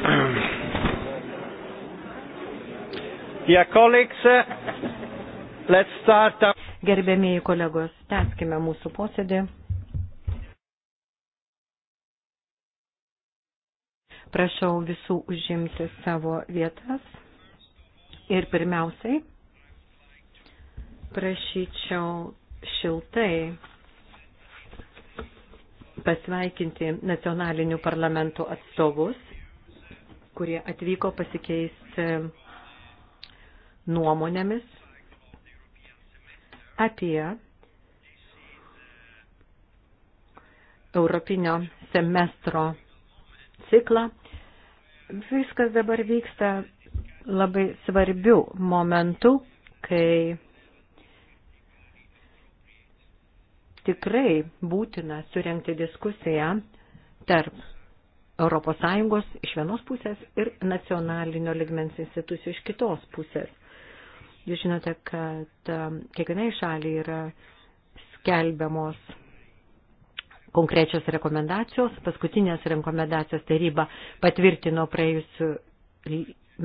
Dear colleagues, uh, let's start. Gerbėmėjai kolegos, tęskime mūsų posėdį. Prašau visų užimti savo vietas. Ir pirmiausiai, prašyčiau šiltai pasveikinti nacionalinių parlamentų atstovus kurie atvyko pasikeisti nuomonėmis apie Europinio semestro ciklą. Viskas dabar vyksta labai svarbių momentų, kai tikrai būtina surenkti diskusiją tarp ES iš vienos pusės ir nacionalinio ligmens institucijų iš kitos pusės. Jūs žinote, kad um, kiekvienai šaliai yra skelbiamos konkrečios rekomendacijos. Paskutinės rekomendacijos taryba patvirtino praėjusiu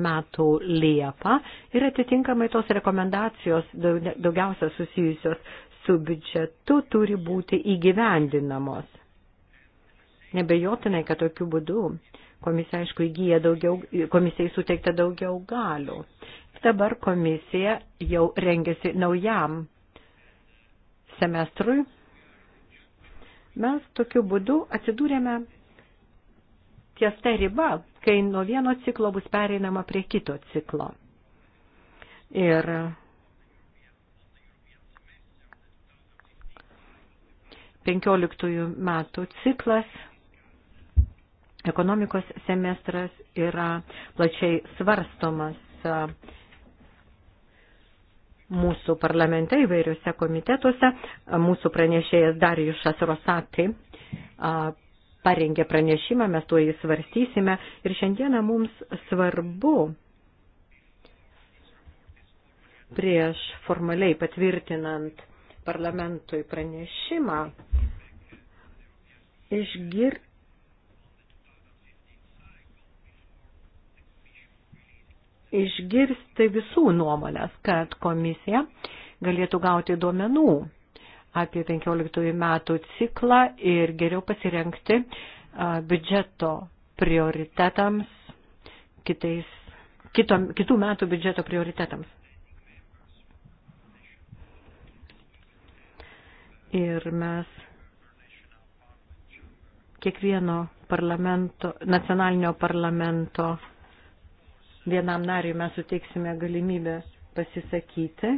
metų Liepą ir atitinkamai tos rekomendacijos daugiausia susijusios su biudžetu turi būti įgyvendinamos. Nebejotinai, kad tokiu būdu komisija, aišku, įgyja daugiau, komisijai suteikta daugiau galių. Dabar komisija jau rengiasi naujam semestrui. Mes tokiu būdu atsidūrėme ties ta riba, kai nuo vieno ciklo bus pereinama prie kito ciklo. Ir penkioliktųjų metų ciklas Ekonomikos semestras yra plačiai svarstomas mūsų parlamente įvairiuose komitetuose. Mūsų pranešėjas Darijušas Rosati parengė pranešimą, mes tuo jį svarstysime ir šiandieną mums svarbu prieš formaliai patvirtinant parlamentui pranešimą išgirti išgirsti visų nuomonės, kad komisija galėtų gauti duomenų apie 15 metų ciklą ir geriau pasirenkti biudžeto prioritetams, kitais, kitom, kitų metų biudžeto prioritetams. Ir mes kiekvieno parlamento, nacionalinio parlamento vienam nariui mes suteiksime galimybę pasisakyti.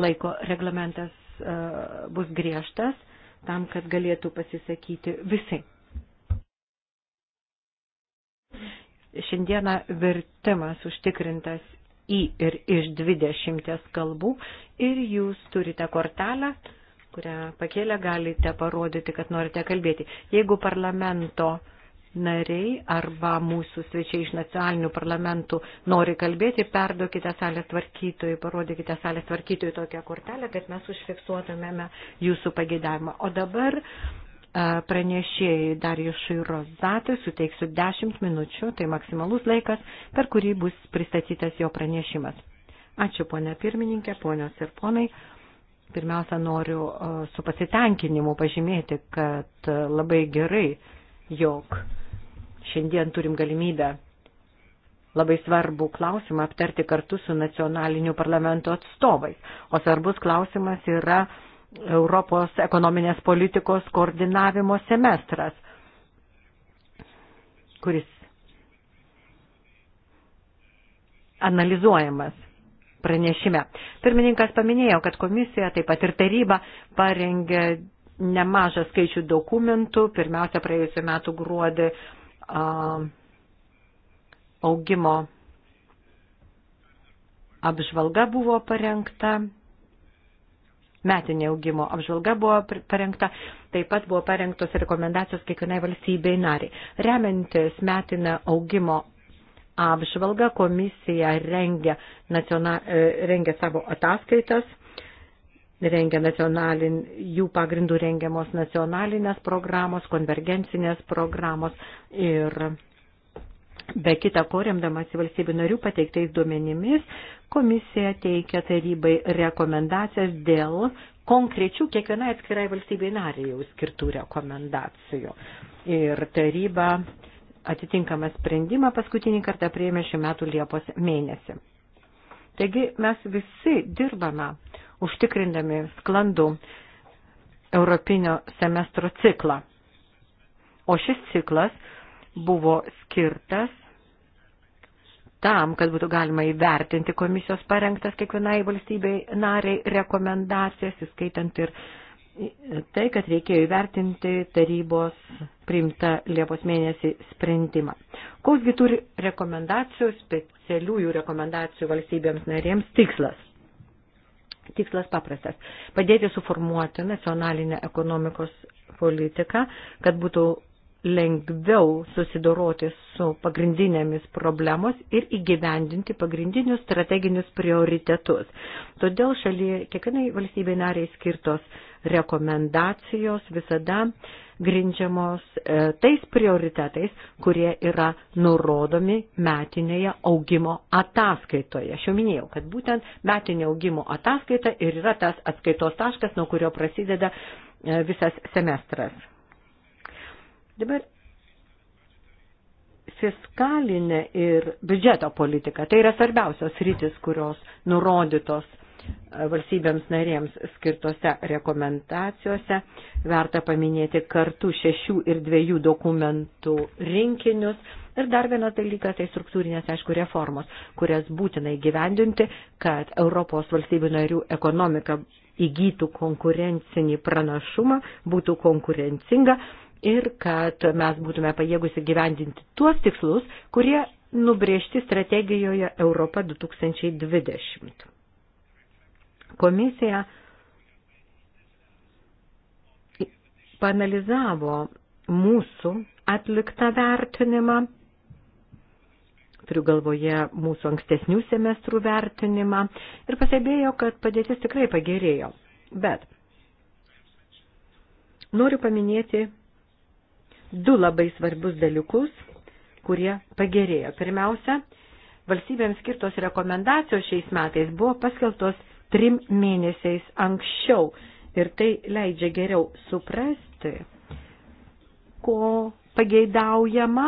Laiko reglamentas e, bus griežtas tam, kad galėtų pasisakyti visi. Šiandieną vertimas užtikrintas į ir iš 20 kalbų ir jūs turite kortelę kurią pakėlę galite parodyti, kad norite kalbėti. Jeigu parlamento nariai arba mūsų svečiai iš nacionalinių parlamentų nori kalbėti, perduokite salės tvarkytojui, parodykite salės tvarkytojui tokią kortelę, kad mes užfiksuotumėme jūsų pagėdavimą. O dabar pranešėjai Darijušui Rozatui suteiksiu 10 minučių, tai maksimalus laikas, per kurį bus pristatytas jo pranešimas. Ačiū, ponia pirmininkė, ponios ir ponai. Pirmiausia, noriu su pasitenkinimu pažymėti, kad labai gerai, jog šiandien turim galimybę labai svarbų klausimą aptarti kartu su nacionaliniu parlamento atstovais. O svarbus klausimas yra Europos ekonominės politikos koordinavimo semestras, kuris analizuojamas pranešime. Pirmininkas paminėjo, kad komisija, taip pat ir taryba parengė nemažą skaičių dokumentų, pirmiausia praėjusiu metu gruodį a, augimo apžvalga buvo parengta, metinė augimo apžvalga buvo parengta, taip pat buvo parengtos rekomendacijos kiekvienai valstybei nariai. Remiantis metinę augimo apžvalgą, komisija rengia, nacional, e, rengia savo ataskaitas, rengia nacionalin, jų pagrindų rengiamos nacionalinės programos, konvergencinės programos ir Be kita ko, remdamas į valstybių narių pateiktais duomenimis, komisija teikia tarybai rekomendacijas dėl konkrečių kiekvienai atskirai valstybei nariai jau skirtų rekomendacijų. Ir taryba uh, atitinkamą sprendimą paskutinį kartą prieėmė šių metų Liepos mėnesį. Taigi mes visi dirbame užtikrindami sklandų Europinio semestro ciklą. O šis ciklas buvo skirtas tam, kad būtų galima įvertinti komisijos parengtas kiekvienai valstybei nariai rekomendacijas, įskaitant ir uh, tai, kad reikėjo įvertinti tarybos priimta Liepos mėnesį sprendimą. Kausgi turi rekomendacijų, specialiųjų rekomendacijų valstybėms narėms tikslas? Tikslas paprastas - padėti suformuoti nacionalinę ekonomikos politiką, kad būtų lengviau susidoroti su pagrindinėmis problemos ir įgyvendinti pagrindinius strateginius prioritetus. Todėl šalyje kiekvienai valstybei nariai skirtos uh, rekomendacijos visada grindžiamos e, tais prioritetais, kurie yra nurodomi metinėje augimo ataskaitoje. Aš jau minėjau, kad būtent metinė augimo ataskaita ir yra tas atskaitos taškas, nuo kurio prasideda e, visas semestras. Dabar fiskalinė ir biudžeto politika. Tai yra svarbiausios rytis, kurios nurodytos valstybėms narėms skirtose rekomendacijose. Verta paminėti kartu šešių ir dviejų dokumentų rinkinius. Ir dar vienas dalykas - tai struktūrinės, aišku, reformos, kurias būtinai gyvendinti, kad Europos valstybių narių ekonomika įgytų konkurencinį pranašumą, būtų konkurencinga ir kad mes būtume pajėgus įgyvendinti tuos tikslus, kurie nubriežti strategijoje Europa 2020. Komisija panalizavo mūsų atliktą vertinimą, turiu galvoje mūsų ankstesnių semestrų vertinimą ir pastebėjo, kad padėtis tikrai pagerėjo. Bet noriu paminėti du labai svarbius dalykus, kurie pagerėjo. Pirmiausia, valstybėms skirtos rekomendacijos šiais metais buvo paskeltos trim mėnesiais anksčiau. Ir tai leidžia geriau suprasti, ko pageidaujama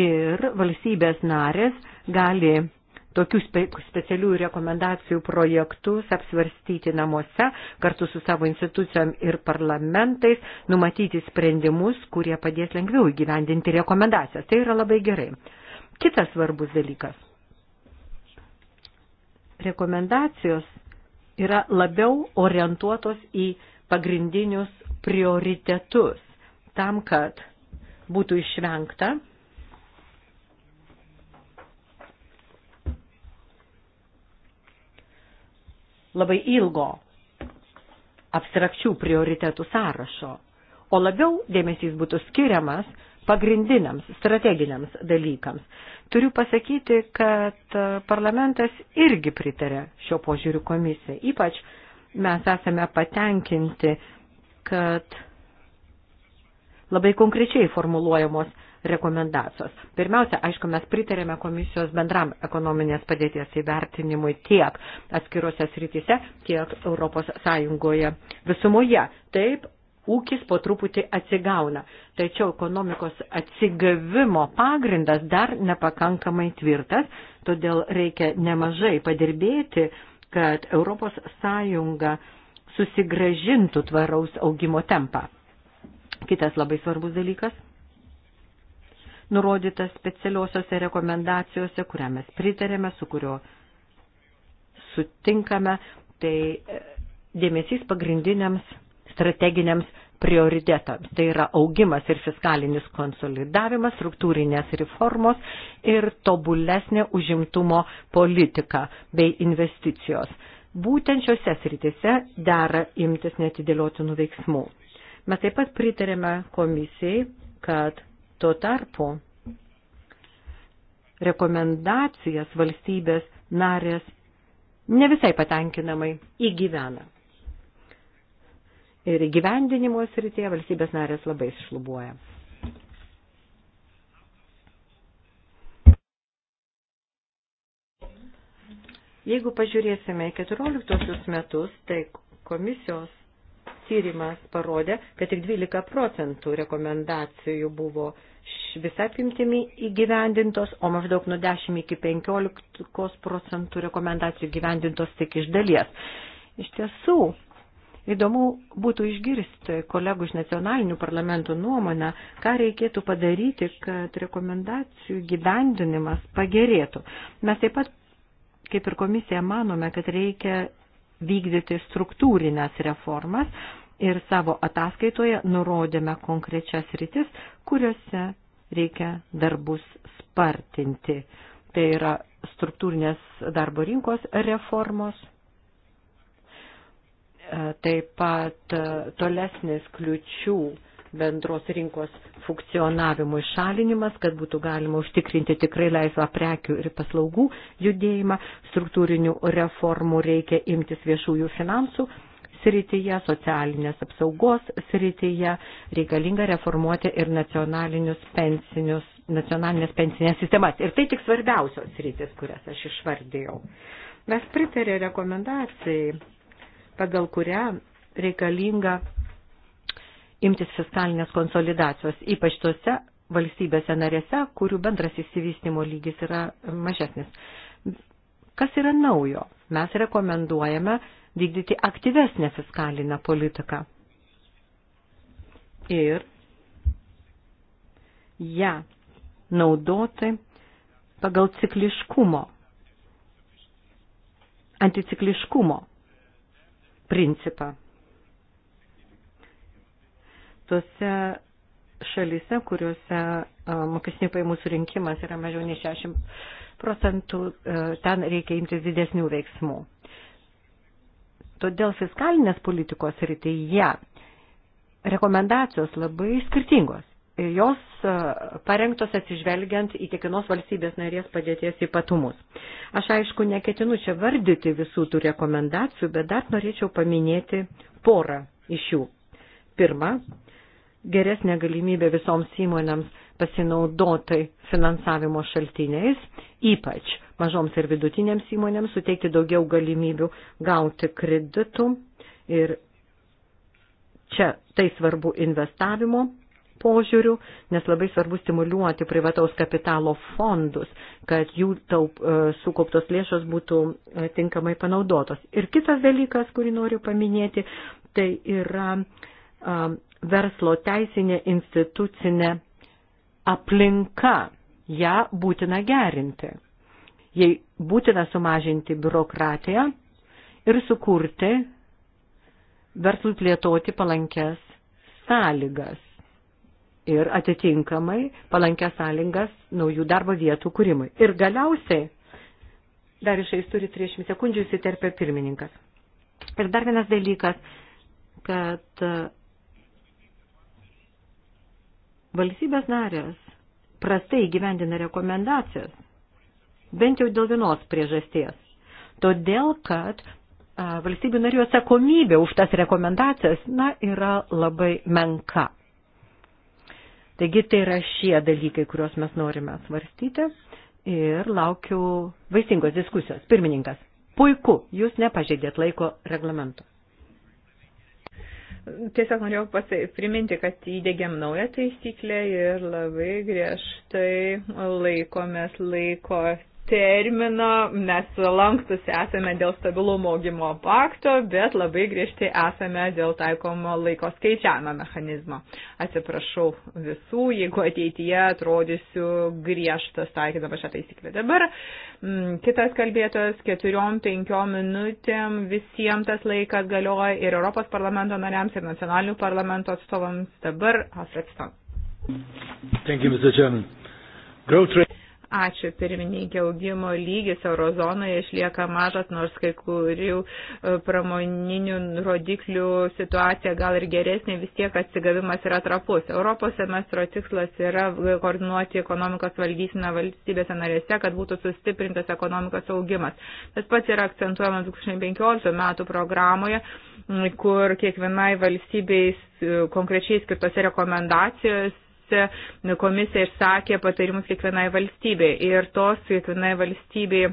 ir valstybės narės gali tokių spe, specialių rekomendacijų projektus apsvarstyti namuose kartu su savo institucijom ir parlamentais, numatyti sprendimus, kurie padės lengviau įgyvendinti rekomendacijas. Tai yra labai gerai. Kitas svarbus dalykas. Rekomendacijos yra labiau orientuotos į pagrindinius prioritetus tam, kad būtų išvengta labai ilgo abstrakčių prioritetų sąrašo, o labiau dėmesys būtų skiriamas pagrindiniams, strateginiams dalykams. Turiu pasakyti, kad parlamentas irgi pritarė šio požiūrių komisijai. Ypač mes esame patenkinti, kad labai konkrečiai formuluojamos rekomendacijos. Pirmiausia, aišku, mes pritarėme komisijos bendram ekonominės padėties įvertinimui tiek atskirose srityse, tiek Europos Sąjungoje visumoje. Taip, ūkis po truputį atsigauna. Tačiau ekonomikos atsigavimo pagrindas dar nepakankamai tvirtas, todėl reikia nemažai padirbėti, kad ES susigražintų tvaraus augimo tempą. Kitas labai svarbus dalykas nurodytas specialiosiose rekomendacijose, kurią mes pritarėme, su kurio sutinkame, tai e, dėmesys pagrindiniams strateginiams prioritetams. Tai yra augimas ir fiskalinis konsolidavimas, struktūrinės reformos ir tobulesnė užimtumo politika bei investicijos. Būtent šiuose sritise dera imtis netidėliotinų veiksmų. Mes taip pat pritarėme komisijai, kad tuo tarpu rekomendacijas valstybės narės ne visai patenkinamai įgyvena ir gyvendinimo srityje valstybės narės labai išlubuoja. Jeigu pažiūrėsime 14 metus, tai komisijos tyrimas parodė, kad tik 12 procentų rekomendacijų buvo visą apimtimį įgyvendintos, o maždaug nuo 10 iki 15 procentų rekomendacijų gyvendintos tik iš dalies. Iš tiesų, Įdomu būtų išgirsti kolegų iš nacionalinių parlamentų nuomonę, ką reikėtų padaryti, kad rekomendacijų gyvendinimas pagerėtų. Mes taip pat, kaip ir komisija, manome, kad reikia vykdyti struktūrinės reformas ir savo ataskaitoje nurodėme konkrečias rytis, kuriuose reikia darbus spartinti. Tai yra struktūrinės darbo rinkos reformos, E, taip pat e, tolesnis kliučių bendros rinkos funkcionavimo išalinimas, kad būtų galima užtikrinti tikrai laisvą prekių ir paslaugų judėjimą. Struktūrinių reformų reikia imtis viešųjų finansų srityje, socialinės apsaugos srityje, reikalinga reformuoti ir nacionalinius pensinius, nacionalinės pensinės sistemas. Ir tai tik svarbiausios sritis, kurias aš išvardėjau. Mes pritarė rekomendacijai pagal kurią reikalinga imtis fiskalinės konsolidacijos, ypač tose valstybėse narėse, kurių bendras įsivystimo lygis yra mažesnis. Kas yra naujo? Mes rekomenduojame vykdyti aktyvesnę fiskalinę politiką. Ir ją ja, naudoti pagal cikliškumo, anticikliškumo principą. Tuose šalise, kuriuose mokesnių paimų surinkimas yra mažiau nei 60 procentų, ten reikia imtis didesnių veiksmų. Todėl fiskalinės politikos rytyje rekomendacijos labai skirtingos jos e, parengtos atsižvelgiant į kiekvienos valstybės narės padėties ypatumus. Aš aišku neketinu čia vardyti visų tų rekomendacijų, bet dar norėčiau paminėti porą iš jų. Pirma, geresnė galimybė visoms įmonėms pasinaudotai finansavimo šaltiniais, ypač mažoms ir vidutinėms įmonėms suteikti daugiau galimybių gauti kreditų ir čia tai svarbu investavimo požiūrių, nes labai svarbu stimuliuoti privataus kapitalo fondus, kad jų taup, e, sukauptos lėšos būtų e, tinkamai panaudotos. Ir kitas dalykas, kurį noriu paminėti, tai yra e, verslo teisinė institucinė aplinka. Ja būtina gerinti. Jei būtina sumažinti biurokratiją ir sukurti verslui plėtoti palankes sąlygas ir atitinkamai palankias sąlygas naujų darbo vietų kūrimui. Ir galiausiai, dar išais turi 30 sekundžių įsiterpia pirmininkas. Ir dar vienas dalykas, kad e, valstybės narės prastai gyvendina rekomendacijas, bent jau dėl vienos priežasties. Todėl, kad e, valstybių narių atsakomybė už tas rekomendacijas, na, yra labai menka. Taigi tai yra šie dalykai, kuriuos mes norime svarstyti ir laukiu vaisingos diskusijos. Pirmininkas, puiku, jūs nepažeidėt laiko reglamento. Tiesiog norėjau pasi, priminti, kad įdėgiam naują taisyklę ir labai griežtai laikomės laiko terminą, mes lankstus esame dėl stabilumo augimo pakto, bet labai griežtai esame dėl taikomo laiko skaičiavimo mechanizmo. Atsiprašau visų, jeigu ateityje atrodysiu griežtas taikydama šią taisyklę. Dabar m, mm, kitas kalbėtojas keturiom, penkiom minutėm visiems tas laikas galioja ir Europos parlamento nariams, ir nacionalinių parlamento atstovams. Dabar Afrekstan. Thank you, Mr. Chairman. Growth rate. Ačiū pirmininkė, augimo lygis eurozonoje išlieka mažas, nors kai kurių e, pramoninių rodiklių situacija gal ir geresnė, vis tiek atsigavimas yra trapus. Europos semestro tikslas yra koordinuoti ekonomikos valdysiną valstybėse narėse, kad būtų sustiprintas ekonomikos augimas. Tas pats yra akcentuojamas 2015 metų programoje, kur kiekvienai valstybei konkrečiai skirtose rekomendacijos kuriuose komisija išsakė patarimus kiekvienai valstybei. Ir tos kiekvienai valstybei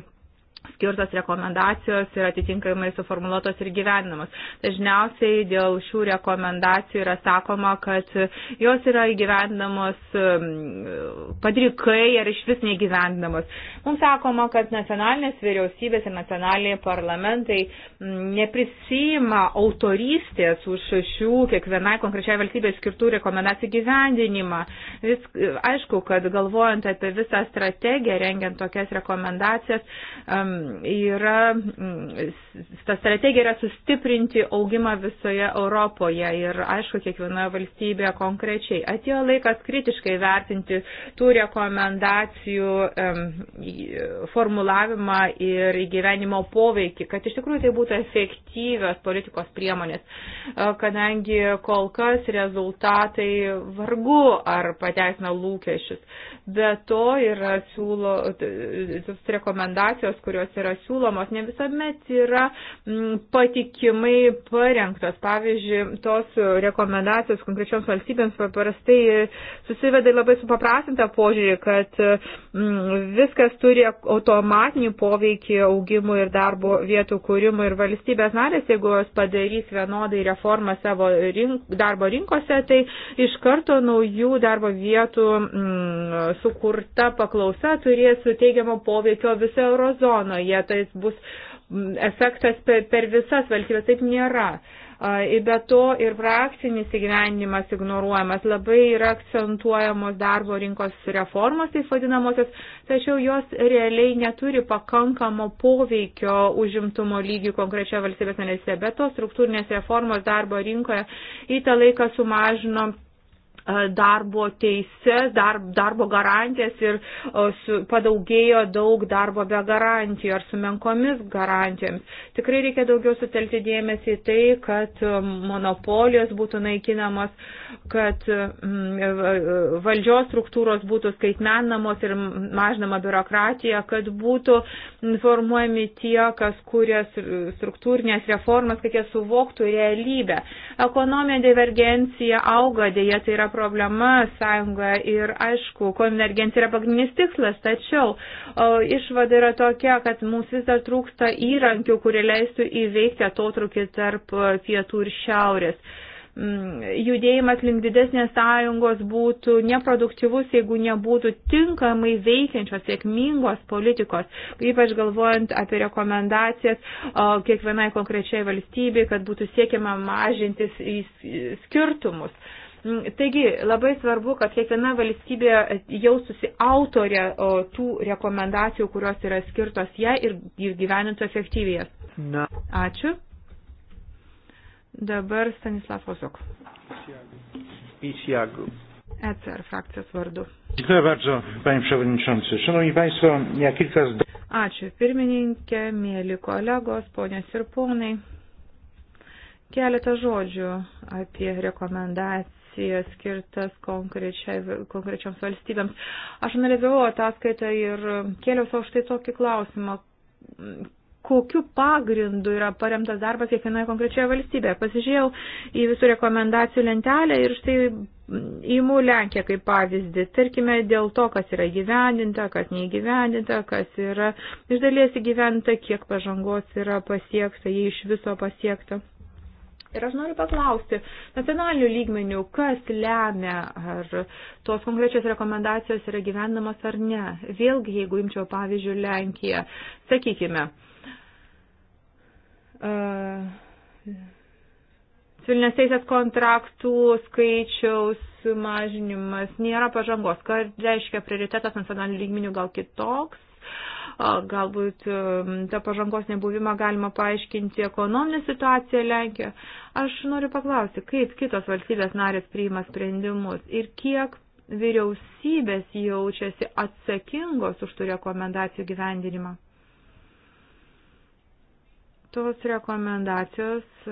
skirtos rekomendacijos yra atitinkamai suformuoluotos ir gyvenamos. Dažniausiai dėl šių rekomendacijų yra sakoma, kad jos yra įgyvendamos um, padrikai ar iš vis negyvendamos. Mums sakoma, kad nacionalinės vyriausybės ir nacionaliniai parlamentai mm, neprisima autorystės už šių kiekvienai konkrečiai valstybės skirtų rekomendacijų gyvendinimą. Vis, aišku, kad galvojant apie visą strategiją, rengiant tokias rekomendacijas, um, yra, mm, ta strategija yra sustiprinti augimą visoje Europoje ir, aišku, kiekvienoje valstybėje konkrečiai. Atėjo laikas kritiškai vertinti tų rekomendacijų um, formulavimą ir įgyvenimo poveikį, kad iš tikrųjų tai būtų efektyvios politikos priemonės, kadangi kol kas rezultatai vargu ar pasiekti nepateisina lūkesčius. Be to yra siūlo, tos rekomendacijos, kurios yra siūlomos, ne visuomet yra mm, patikimai parengtos. Pavyzdžiui, tos rekomendacijos konkrečioms valstybėms paprastai susiveda labai supaprastintą požiūrį, kad mm, viskas turi automatinį poveikį augimui ir darbo vietų kūrimui ir valstybės narės, jeigu jos padarys vienodai reformą savo rink, darbo rinkose, tai iš karto naujų darbo vietų mm, sukurta paklausa turės teigiamo poveikio viso eurozonoje. Tai bus mm, efektas per, per visas valstybės. Taip nėra. Be to ir praktinis įgyvenimas ignoruojamas. Labai yra akcentuojamos darbo rinkos reformos, taip vadinamosios, tačiau jos realiai neturi pakankamo poveikio užimtumo lygių konkrečioje valstybės narėse. Be to struktūrinės reformos darbo rinkoje į tą laiką sumažino darbo teises, dar, darbo garantijas ir su, padaugėjo daug darbo be garantijų ar su menkomis garantijomis. Tikrai reikia daugiau sutelti dėmesį į tai, kad monopolijos būtų naikinamas, kad valdžios struktūros būtų skaitmenamos ir mažinama biurokratija, kad būtų informuojami tie, kas kūrė struktūrinės reformas, kad jie suvoktų realybę. Ekonominė divergencija auga, dėja tai yra problema problema sąjungoje ir aišku, konvergencija yra pagrindinis tikslas, tačiau o, išvada yra tokia, kad mums vis dar trūksta įrankių, kurie leistų įveikti atotrukį tarp pietų ir šiaurės. Mm, judėjimas link didesnės sąjungos būtų neproduktyvus, jeigu nebūtų tinkamai veikiančios sėkmingos politikos, ypač galvojant apie rekomendacijas kiekvienai konkrečiai valstybei, kad būtų siekiama mažintis skirtumus Mm, taigi labai svarbu, kad kiekviena valstybė jaustųsi autorė tų rekomendacijų, kurios yra skirtos jai ir gyvenintų efektyvės. Na. Ačiū. Dabar Stanislav Osok. ECR frakcijos vardu. Dziękuję bardzo, panie przewodniczący. Szanowni państwo, ja kilka z... Ačiū pirmininkė, mėly kolegos, ponios ir ponai. Keletą žodžių apie rekomendacijas rekomendacijas skirtas konkrečioms valstybėms. Aš analizavau ataskaitą ir kėliau savo štai tokį klausimą kokiu pagrindu yra paremtas darbas kiekvienoje konkrečioje valstybėje. Pasižiūrėjau į visų rekomendacijų lentelę ir štai įimu Lenkiją kaip pavyzdį. Tarkime, dėl to, kas yra gyvendinta, kas neįgyvendinta, kas yra iš dalies įgyvendinta, kiek pažangos yra pasiekta, jei iš viso pasiekta. Ir aš noriu paklausti, nacionalinių lygmenių, kas lemia, ar tos konkrečios rekomendacijos yra gyvenamas ar ne. Vėlgi, jeigu imčiau pavyzdžių Lenkiją, sakykime, uh, civilinės teisės kontraktų skaičiaus mažinimas nėra pažangos, ką reiškia prioritetas nacionalinių lygmenių gal kitoks. Uh, Galbūt tą pažangos nebuvimą galima paaiškinti ekonominę situaciją Lenkijoje. Aš noriu paklausti, kaip kitos valstybės narės priima sprendimus ir kiek vyriausybės jaučiasi atsakingos už tų rekomendacijų gyvendinimą tos rekomendacijos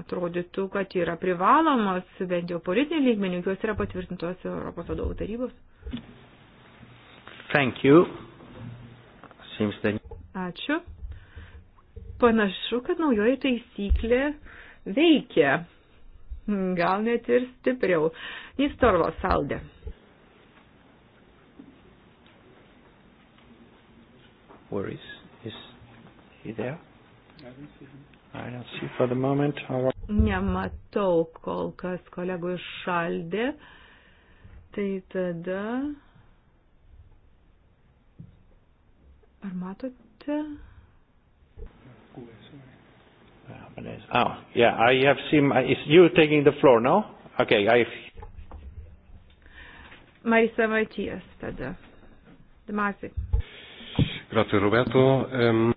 atrodytų, kad yra privalomos, bent jau politinių lygmenių, jos yra patvirtintos Europos vadovų tarybos. Thank you. Ačiū. Panašu, kad naujoji taisyklė veikia. Gal net ir stipriau. Įstorvo saldė. Where is? Is he there? I don't see him. I don't see for the moment. Our... Nematau kol kas kolegų iššaldė. Tai tada Ar matote? Oh, yeah, I have seen. Uh, is you taking the floor now? Okay, I. Marisa Matijas tada. Dimasi. Grazie, Roberto. Um...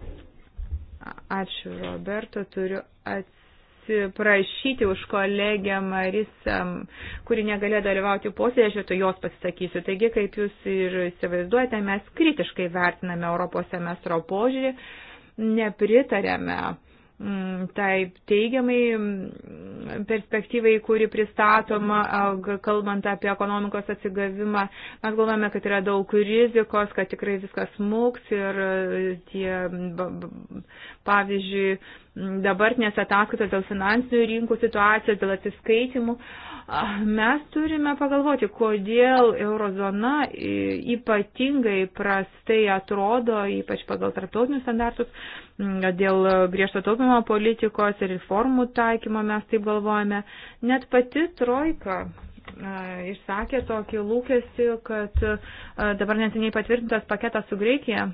Ačiū, Roberto. Turiu atsiprašyti atsiprašyti už kolegę Marisą, kuri negalėjo dalyvauti posėdėje, aš vietoj jos pasisakysiu. Taigi, kaip jūs ir įsivaizduojate, mes kritiškai vertiname Europos semestro požiūrį, nepritarėme tai teigiamai mm, perspektyvai, kuri pristatoma, kalbant apie ekonomikos atsigavimą, mes galvojame, kad yra daug rizikos, kad tikrai viskas mūks ir e, tie, pavyzdžiui, mm, dabartinės ataskaitos dėl finansinių rinkų situacijos, dėl atsiskaitimų, uh, Mes turime pagalvoti, kodėl eurozona ypatingai prastai atrodo, ypač pagal tarptautinius standartus, dėl griežto taupimo politikos ir reformų taikymo mes taip galvojame. Net pati trojka išsakė tokį lūkestį, kad dabar neseniai patvirtintas paketas su Greikija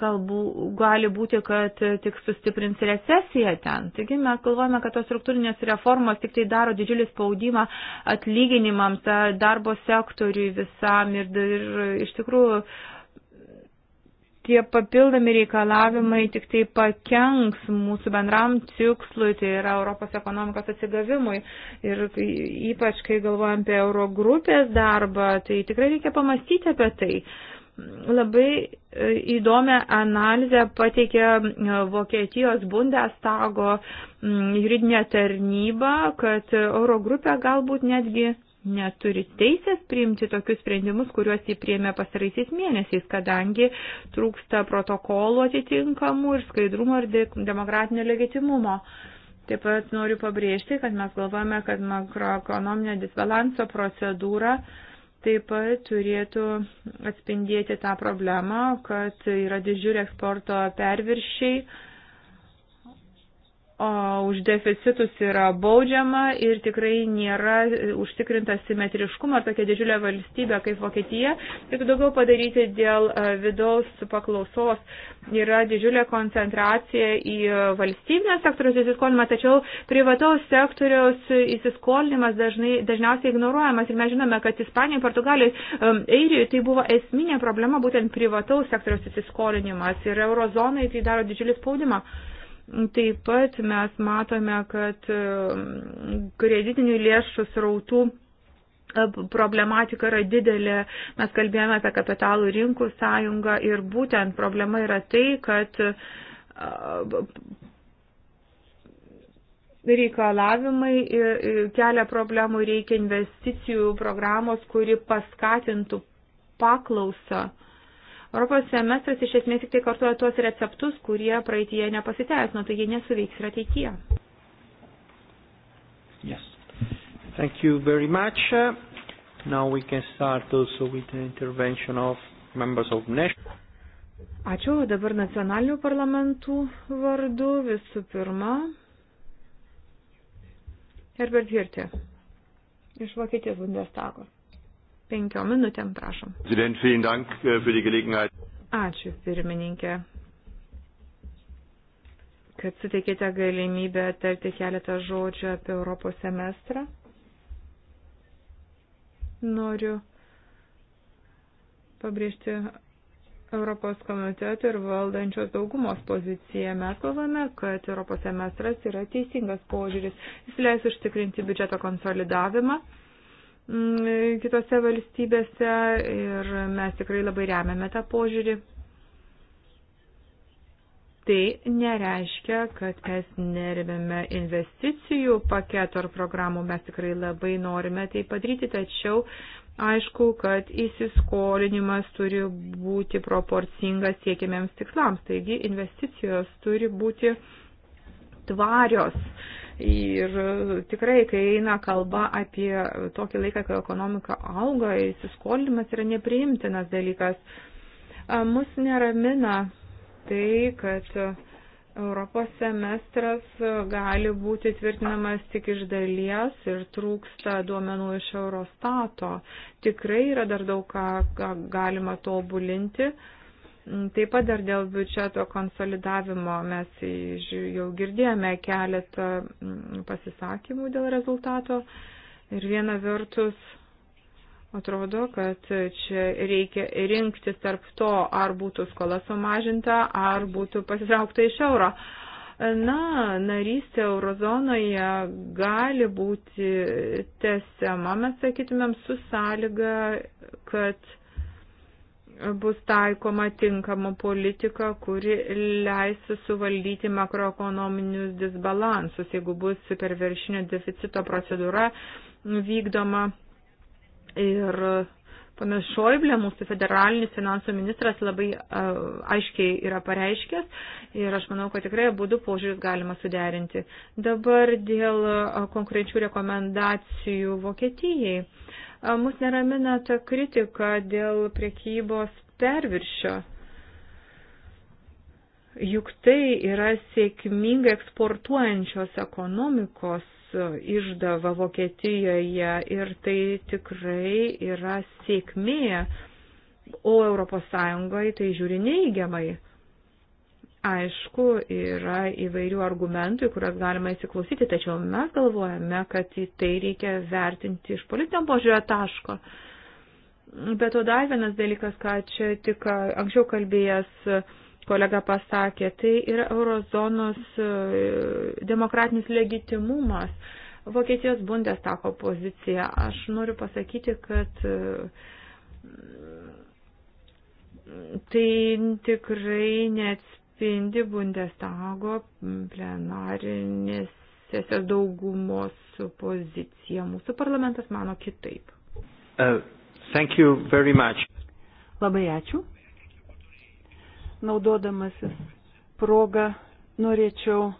galbūt gali būti, kad tik sustiprins recesiją ten. Taigi mes galvojame, kad tos struktūrinės reformos tik tai daro didžiulį spaudimą atlyginimams, darbo sektoriui visam ir, ir iš tikrųjų tie papildomi reikalavimai tik tai pakenks mūsų bendram tikslui, tai yra Europos ekonomikos atsigavimui. Ir ypač, kai galvojam apie Eurogrupės darbą, tai tikrai reikia pamastyti apie tai. Uh, Labai e, įdomią analizę pateikė e, Vokietijos Bundestago juridinė tarnyba, kad Eurogrupė galbūt netgi neturi teisės priimti tokius sprendimus, kuriuos jį priėmė pasaraisiais mėnesiais, kadangi trūksta protokolų atitinkamų ir skaidrumo ir demokratinio legitimumo. Taip pat noriu pabrėžti, kad mes galvojame, kad makroekonominio disbalanso procedūra uh, taip pat turėtų atspindėti tą problemą, kad yra didžiulė eksporto perviršiai o už deficitus yra baudžiama ir tikrai nėra e, užtikrintas simetriškumas tokia didžiulė valstybė kaip Vokietija. Ir daugiau padaryti dėl e, vidaus paklausos yra didžiulė koncentracija į valstybinės sektoriaus įsiskolinimą, tačiau privataus sektoriaus įsiskolinimas dažnai, dažniausiai ignoruojamas. Ir mes žinome, kad Ispanija, Portugalija, e, Airijoje tai buvo esminė problema būtent privataus sektoriaus įsiskolinimas ir eurozonai tai daro didžiulį spaudimą. Taip pat mes matome, kad um, kreditinių lėšų srautų e, problematika yra didelė. Mes kalbėjome apie kapitalų rinkų sąjungą ir būtent problema yra tai, kad e, reikalavimai e, kelia problemų, reikia investicijų programos, kuri paskatintų paklausą. Europos semestras iš esmės tik tai kartuoja tuos receptus, kurie praeitie nepasiteisino, tai jie nesuveiks ir ateityje. Yes. Thank you very much. Now we can start also with the intervention of members of national. Ačiū dabar nacionalinių parlamentų vardu visų pirma. Herbert Hirtė iš Vokietijos Bundestago penkiom minutėm, prašom. Äh, Ačiū, pirmininkė, kad suteikėte galimybę tarti keletą žodžių apie Europos semestrą. Noriu pabrėžti Europos komiteto ir valdančios daugumos poziciją. Mes kalbame, kad Europos semestras yra teisingas požiūris. Jis leis užtikrinti biudžeto konsolidavimą Mm, kitose valstybėse ir mes tikrai labai remiame tą požiūrį. Tai nereiškia, kad mes neremiame investicijų paketo ar programų, mes tikrai labai norime tai padaryti, tačiau aišku, kad įsiskolinimas turi būti proporcingas siekiamiems tikslams, taigi investicijos turi būti tvarios Ir tikrai, kai eina kalba apie tokį laiką, kai ekonomika auga, įsiskolimas yra nepriimtinas dalykas. Mus neramina tai, kad Europos semestras gali būti tvirtinamas tik iš dalies ir trūksta duomenų iš Eurostato. Tikrai yra dar daug ką, ką galima tobulinti. To Taip pat dar dėl biudžeto konsolidavimo mes jau girdėjome keletą mm, pasisakymų dėl rezultato ir viena vertus atrodo, kad čia reikia rinktis tarp to, ar būtų skola sumažinta, ar būtų pasitraukta iš euro. Na, narystė eurozonoje gali būti tesiama, mes sakytumėm, su sąlyga, kad bus taikoma tinkama politika, kuri leis suvaldyti makroekonominius disbalansus, jeigu bus perviršinio deficito procedūra vykdoma. Ir panas Šoiblė, mūsų federalinis finansų ministras, labai uh, aiškiai yra pareiškęs ir aš manau, kad tikrai būdų požiūrius galima suderinti. Dabar dėl uh, konkrečių rekomendacijų Vokietijai. Uh, Mus neramina ta kritika dėl priekybos perviršio. Juk tai yra sėkmingai eksportuojančios ekonomikos išdava Vokietijoje ir tai tikrai yra sėkmė, o ES tai žiūri neigiamai. Aišku, yra įvairių argumentų, į kuriuos galima įsiklausyti, tačiau mes galvojame, kad į tai reikia vertinti iš politinio požiūrio taško. Bet o dar vienas dalykas, ką čia tik anksčiau kalbėjęs kolega pasakė, tai yra eurozonos e, demokratinis legitimumas. Vokietijos bundestako pozicija. Aš noriu pasakyti, kad e, tai tikrai neatspėjo neatspindi Bundestago plenarinės sesijos daugumos poziciją. Mūsų parlamentas mano kitaip. Uh, thank you very much. Labai ačiū. Naudodamasis progą norėčiau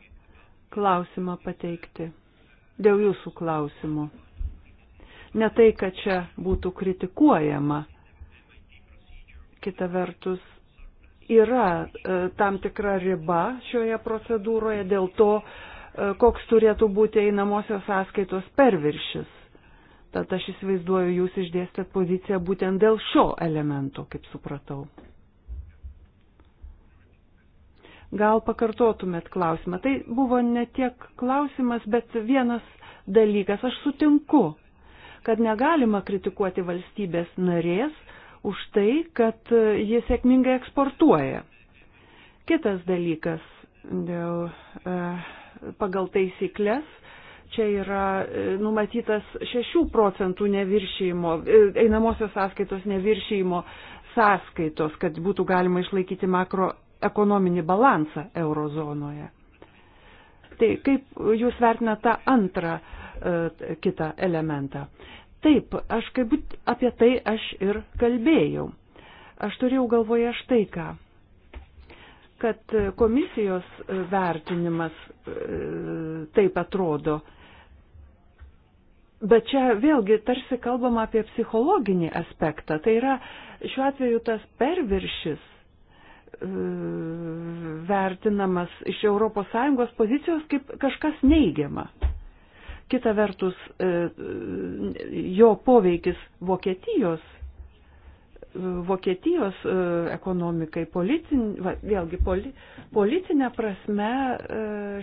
klausimą pateikti. Dėl jūsų klausimų. Ne tai, kad čia būtų kritikuojama. Kita vertus, yra e, tam tikra riba šioje procedūroje dėl to, e, koks turėtų būti einamosios sąskaitos perviršis. Tad aš įsivaizduoju, jūs išdėstėt poziciją būtent dėl šio elemento, kaip supratau. Gal pakartotumėt klausimą. Tai buvo ne tiek klausimas, bet vienas dalykas. Aš sutinku, kad negalima kritikuoti valstybės narės, už tai, kad jie sėkmingai eksportuoja. Kitas dalykas, dėl, e, pagal taisyklės, čia yra e, numatytas 6 procentų neviršymo, e, einamosios sąskaitos neviršymo sąskaitos, kad būtų galima išlaikyti makroekonominį balansą eurozonoje. Tai kaip jūs vertinate tą antrą kitą elementą? Taip, aš kaip būt apie tai aš ir kalbėjau. Aš turėjau galvoje štai ką, kad e, komisijos e, vertinimas e, taip atrodo, Bet čia vėlgi tarsi kalbama apie psichologinį aspektą. Tai yra šiuo atveju tas perviršis e, vertinamas iš ES pozicijos kaip kažkas neigiama. Kita vertus, e, jo poveikis Vokietijos, Vokietijos e, ekonomikai, politin, va, vėlgi poli, politinė prasme e,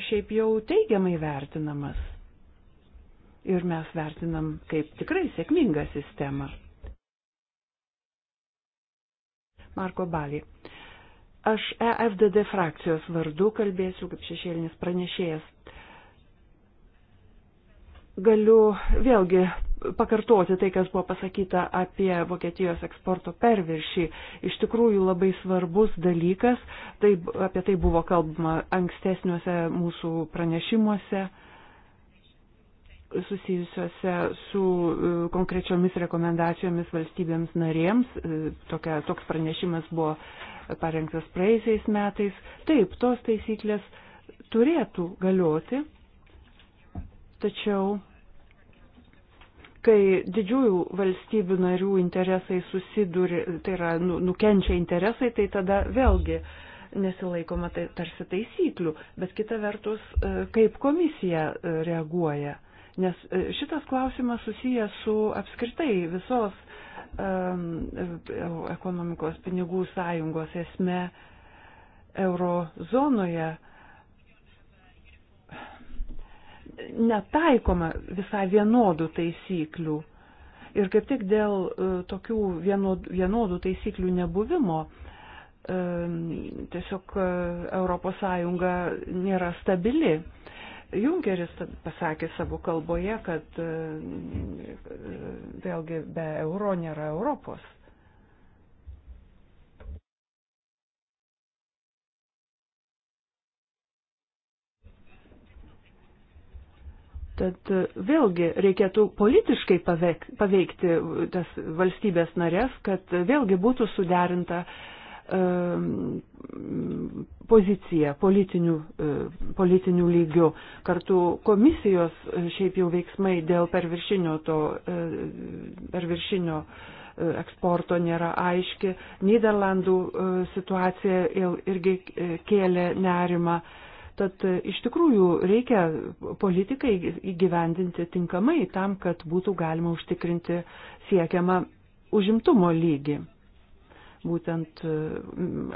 šiaip jau teigiamai vertinamas. Ir mes vertinam kaip tikrai sėkmingą sistemą. Marko Balį. Aš EFDD frakcijos vardu kalbėsiu kaip šešėlinis pranešėjas. Uh, galiu vėlgi pakartoti tai, kas buvo pasakyta apie Vokietijos eksporto perviršį. Iš tikrųjų labai svarbus dalykas, tai, apie tai buvo kalbama ankstesniuose mūsų pranešimuose susijusiuose su e, konkrečiomis rekomendacijomis valstybėms narėms. E, tokia, toks pranešimas buvo parengtas praeisiais metais. Taip, tos taisyklės turėtų galioti Tačiau, kai didžiųjų valstybių narių interesai susiduri, tai yra nu, nukenčia interesai, tai tada vėlgi nesilaikoma tai tarsi taisyklių. Bet kita vertus, e, kaip komisija e, reaguoja? Nes e, šitas klausimas susijęs su apskritai visos um, ekonomikos pinigų sąjungos esme eurozonoje. zonoje netaikoma visai vienodų taisyklių. Ir kaip tik dėl e, tokių vienodų taisyklių nebuvimo e, tiesiog ES nėra stabili. Junkeris pasakė savo kalboje, kad e, vėlgi be euro nėra Europos. Tad e, vėlgi reikėtų politiškai paveikti tas valstybės narės, kad vėlgi būtų suderinta e, pozicija politinių, e, politinių lygių. Kartu komisijos šiaip jau veiksmai dėl perviršinio, to, perviršinio eksporto nėra aiški. Niderlandų situacija irgi kėlė nerimą Tad e, iš tikrųjų reikia politikai įgyvendinti tinkamai tam, kad būtų galima užtikrinti siekiamą užimtumo lygį. Būtent e,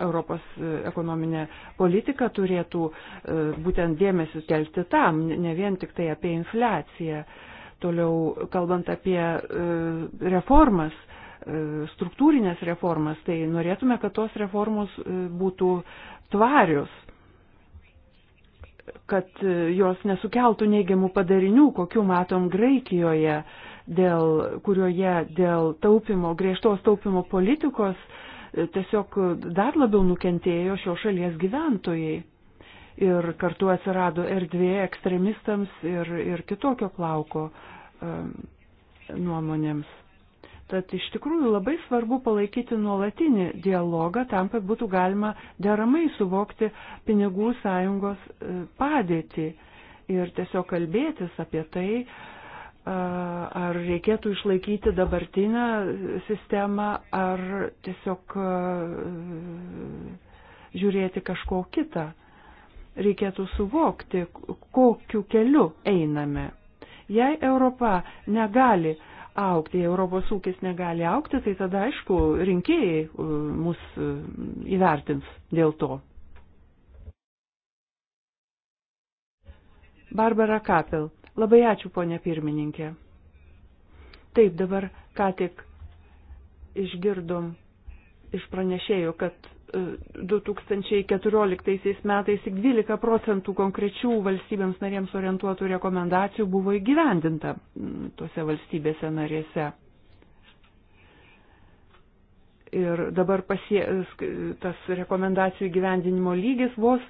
Europos ekonominė politika turėtų e, būtent dėmesį kelti tam, ne vien tik tai apie infliaciją. Toliau, kalbant apie reformas, struktūrinės reformas, tai norėtume, kad tos reformos būtų tvarius kad e, jos nesukeltų neigiamų padarinių, kokių matom Graikijoje, dėl, kurioje dėl taupimo, griežtos taupimo politikos e, tiesiog dar labiau nukentėjo šios šalies gyventojai. Ir kartu atsirado erdvė ekstremistams ir, ir kitokio plauko um, nuomonėms. Tad iš tikrųjų labai svarbu palaikyti nuolatinį dialogą tam, kad būtų galima deramai suvokti pinigų sąjungos e, padėtį ir tiesiog kalbėtis apie tai, e, ar reikėtų išlaikyti dabartinę e, sistemą, ar tiesiog žiūrėti kažko kitą. Reikėtų suvokti, kokiu keliu einame. Jei Europa negali uh, aukti, jei Europos ūkis negali aukti, tai tada, aišku, rinkėjai e, mus e, įvertins dėl to. Barbara Kapel. Labai ačiū, ponė pirmininkė. Taip, dabar ką tik išgirdom iš pranešėjų, kad 2014 metais tik 12 procentų konkrečių valstybėms narėms orientuotų rekomendacijų buvo įgyvendinta mm, tose valstybėse narėse. Ir dabar pasie, tas rekomendacijų įgyvendinimo lygis vos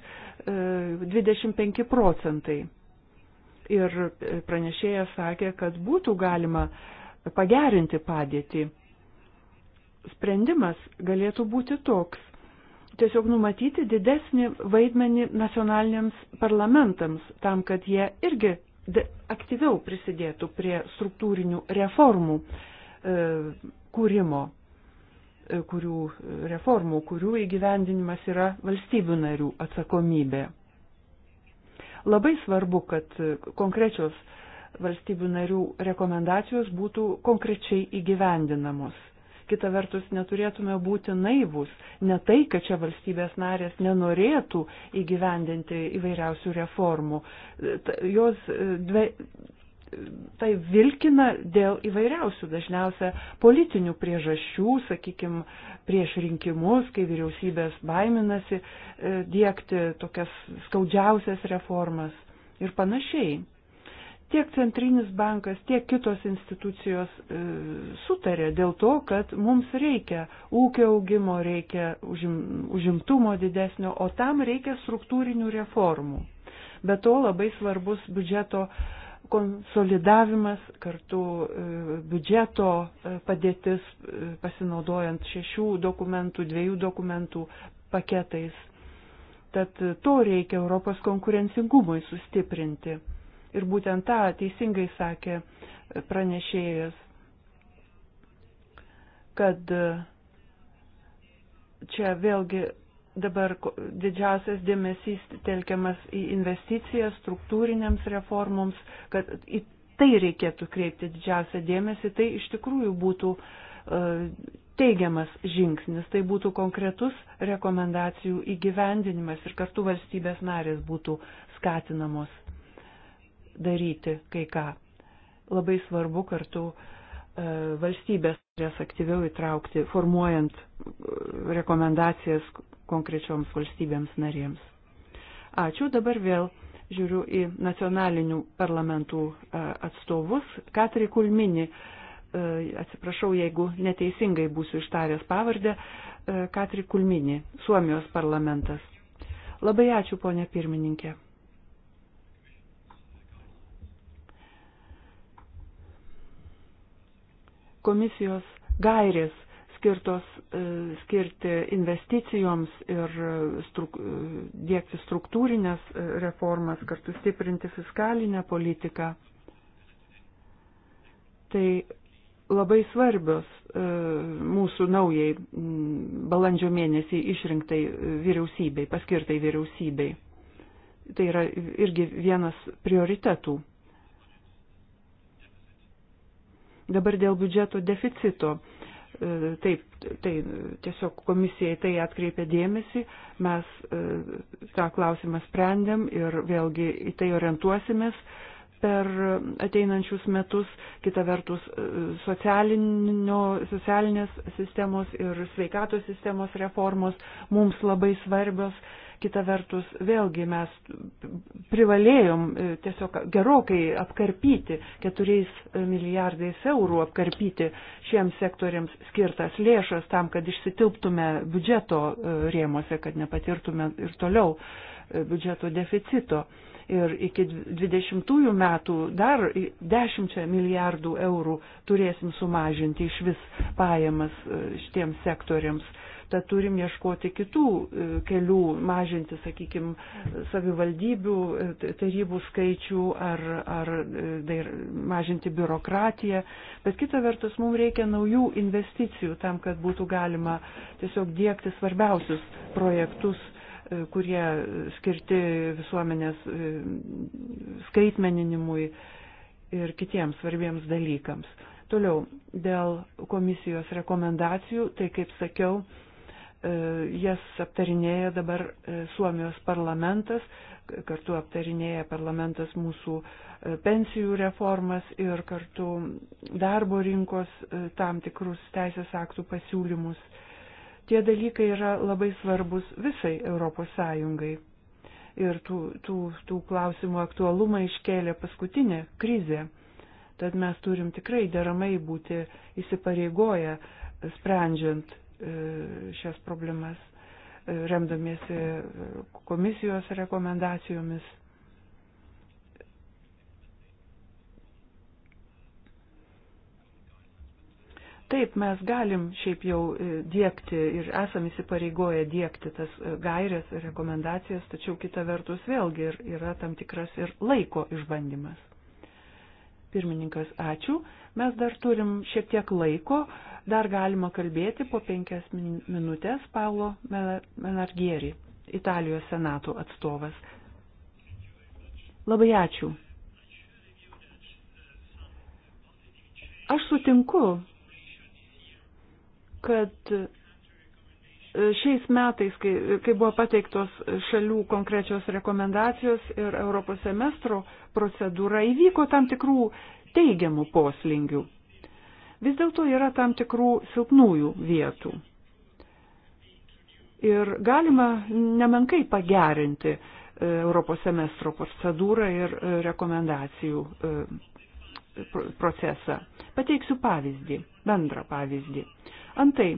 25 e, procentai. Ir e, pranešėjas sakė, kad būtų galima pagerinti padėtį. Sprendimas galėtų būti toks tiesiog numatyti didesnį vaidmenį nacionaliniams parlamentams, tam, kad jie irgi aktyviau prisidėtų prie struktūrinių reformų e, kūrimo, e, kurių reformų, kurių įgyvendinimas yra valstybių narių atsakomybė. Labai svarbu, kad konkrečios valstybių narių rekomendacijos būtų konkrečiai įgyvendinamos kita vertus neturėtume būti naivus. Ne tai, kad čia valstybės narės nenorėtų įgyvendinti įvairiausių reformų. Jos e, dve, tai vilkina dėl įvairiausių, dažniausia politinių priežasčių, sakykime, prieš rinkimus, kai vyriausybės baiminasi e, dėkti tokias skaudžiausias reformas ir panašiai tiek Centrinis bankas, tiek kitos institucijos e, sutarė dėl to, kad mums reikia ūkio augimo, reikia užim, užimtumo didesnio, o tam reikia struktūrinių reformų. Be to labai svarbus biudžeto konsolidavimas, kartu e, biudžeto e, padėtis e, pasinaudojant šešių dokumentų, dviejų dokumentų paketais. Tad to reikia Europos konkurencingumui sustiprinti. Ir būtent tą teisingai sakė pranešėjas, kad e, čia vėlgi dabar didžiausias dėmesys telkiamas į investicijas, struktūriniams reformoms, kad į tai reikėtų kreipti didžiausią dėmesį, tai iš tikrųjų būtų e, teigiamas žingsnis, tai būtų konkretus rekomendacijų įgyvendinimas ir kartu valstybės narės būtų skatinamos daryti kai ką. Labai svarbu kartu e, valstybės turės aktyviau įtraukti, formuojant e, rekomendacijas konkrečioms valstybėms narėms. Ačiū, dabar vėl žiūriu į nacionalinių parlamentų e, atstovus. Katri Kulmini, atsiprašau, jeigu neteisingai būsiu ištaręs pavardę, Katri Kulmini, Suomijos parlamentas. Labai ačiū, ponė pirmininkė. komisijos gairės skirtos e, skirti investicijoms ir e, struk, e, dėkti struktūrinės reformas, kartu stiprinti fiskalinę politiką. Tai labai svarbios mūsų naujai balandžio mėnesį išrinktai vyriausybei, paskirtai vyriausybei. Tai yra irgi vienas prioritetų Dabar dėl biudžeto deficito. E, taip, tai tiesiog komisijai tai atkreipė dėmesį, mes e, tą klausimą sprendėm ir vėlgi į tai orientuosimės per ateinančius metus, kita vertus e, socialinės sistemos ir sveikatos sistemos reformos mums labai svarbios kita vertus, vėlgi mes privalėjom e, tiesiog gerokai apkarpyti, keturiais milijardais eurų apkarpyti šiems sektoriams skirtas lėšas tam, kad išsitilptume biudžeto e, rėmose, kad nepatirtume ir toliau e, biudžeto deficito ir iki 20 metų dar 10 milijardų eurų turėsim sumažinti iš vis pajamas šitiems sektoriams tad turim ieškoti kitų e, kelių, mažinti, sakykime, savivaldybių e, tarybų skaičių ar, ar tai, mažinti biurokratiją. Bet kita vertus, mums reikia naujų investicijų tam, kad būtų galima tiesiog dėkti svarbiausius projektus kurie skirti visuomenės skaitmeninimui ir kitiems svarbiems dalykams. Toliau, dėl komisijos rekomendacijų, tai kaip sakiau, E, jas aptarinėja dabar e, Suomijos parlamentas, kartu aptarinėja parlamentas mūsų e, pensijų reformas ir kartu darbo rinkos tam tikrus teisės aktų pasiūlymus. Tie dalykai yra labai svarbus visai Europos Sąjungai. Ir tų, tų, tų klausimų aktualumą iškėlė paskutinė krizė. Tad mes turim tikrai deramai būti įsipareigoję sprendžiant E, šias problemas, e, remdamiesi e, komisijos rekomendacijomis. Taip, mes galim šiaip jau dėkti ir esam įsipareigoję dėkti tas gairias ir rekomendacijas, tačiau kita vertus vėlgi yra tam tikras ir laiko išbandymas. Pirmininkas, ačiū. Mes dar turim šiek tiek laiko, dar galima kalbėti po penkias minutės Paulo Menargieri, Italijos senato atstovas. Labai ačiū. Aš sutinku, kad šiais metais, kai, kai buvo pateiktos šalių konkrečios rekomendacijos ir Europos semestro procedūra, įvyko tam tikrų teigiamų poslingių. Vis dėlto yra tam tikrų silpnųjų vietų. Ir galima nemenkai pagerinti e, Europos semestro procedūrą ir e, rekomendacijų e, procesą. Pateiksiu pavyzdį, bendrą pavyzdį. Antai,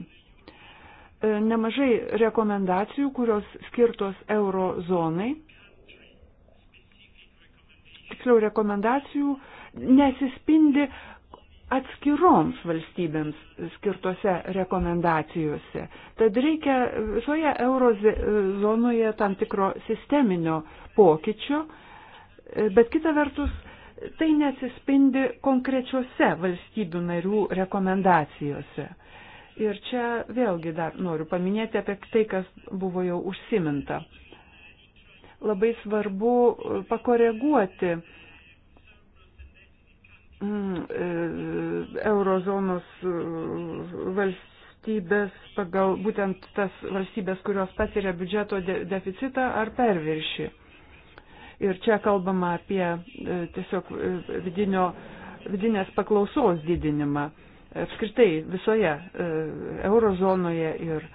E, nemažai rekomendacijų, kurios skirtos eurozonai. Tiksliau, rekomendacijų nesispindi atskiroms valstybėms skirtose rekomendacijose. Tad reikia visoje eurozonoje tam tikro sisteminio pokyčio, e, bet kita vertus, tai nesispindi konkrečiose valstybių narių rekomendacijose. Ir čia vėlgi dar noriu paminėti apie tai, kas buvo jau užsiminta. Labai svarbu e, pakoreguoti mm, e, eurozonos e, valstybės pagal būtent tas valstybės, kurios patiria biudžeto deficitą ar perviršį. Ir čia kalbama apie tiesiog vidinio, vidinės paklausos didinimą apskritai visoje e, eurozonoje ir.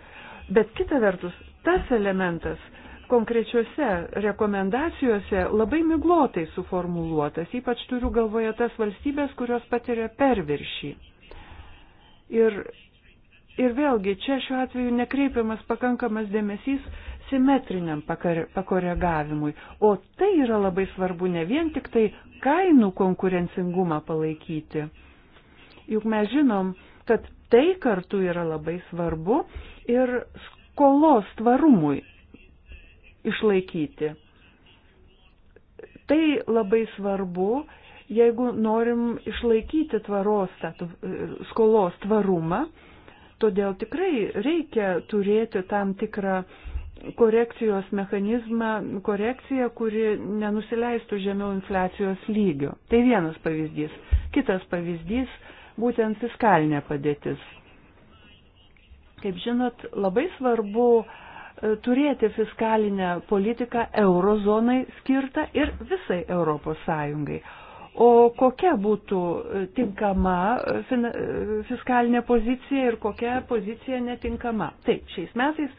Bet kita vertus, tas elementas konkrečiuose rekomendacijose labai miglotai suformuluotas, ypač turiu galvoje tas valstybės, kurios patiria perviršį. Ir, ir vėlgi, čia šiuo atveju nekreipiamas pakankamas dėmesys simetriniam pakoregavimui. O tai yra labai svarbu ne vien tik tai kainų konkurencingumą palaikyti Juk mes žinom, kad tai kartu yra labai svarbu ir skolos tvarumui išlaikyti. Tai labai svarbu, jeigu norim išlaikyti tvaros, skolos tvarumą, todėl tikrai reikia turėti tam tikrą korekcijos mechanizmą, korekciją, kuri nenusileistų žemiau infliacijos lygio. Tai vienas pavyzdys. Kitas pavyzdys būtent fiskalinė padėtis. Kaip žinot, labai svarbu e, turėti fiskalinę politiką eurozonai skirtą ir visai Europos Sąjungai. O kokia būtų e, tinkama e, fiskalinė pozicija ir kokia pozicija netinkama? Taip, šiais metais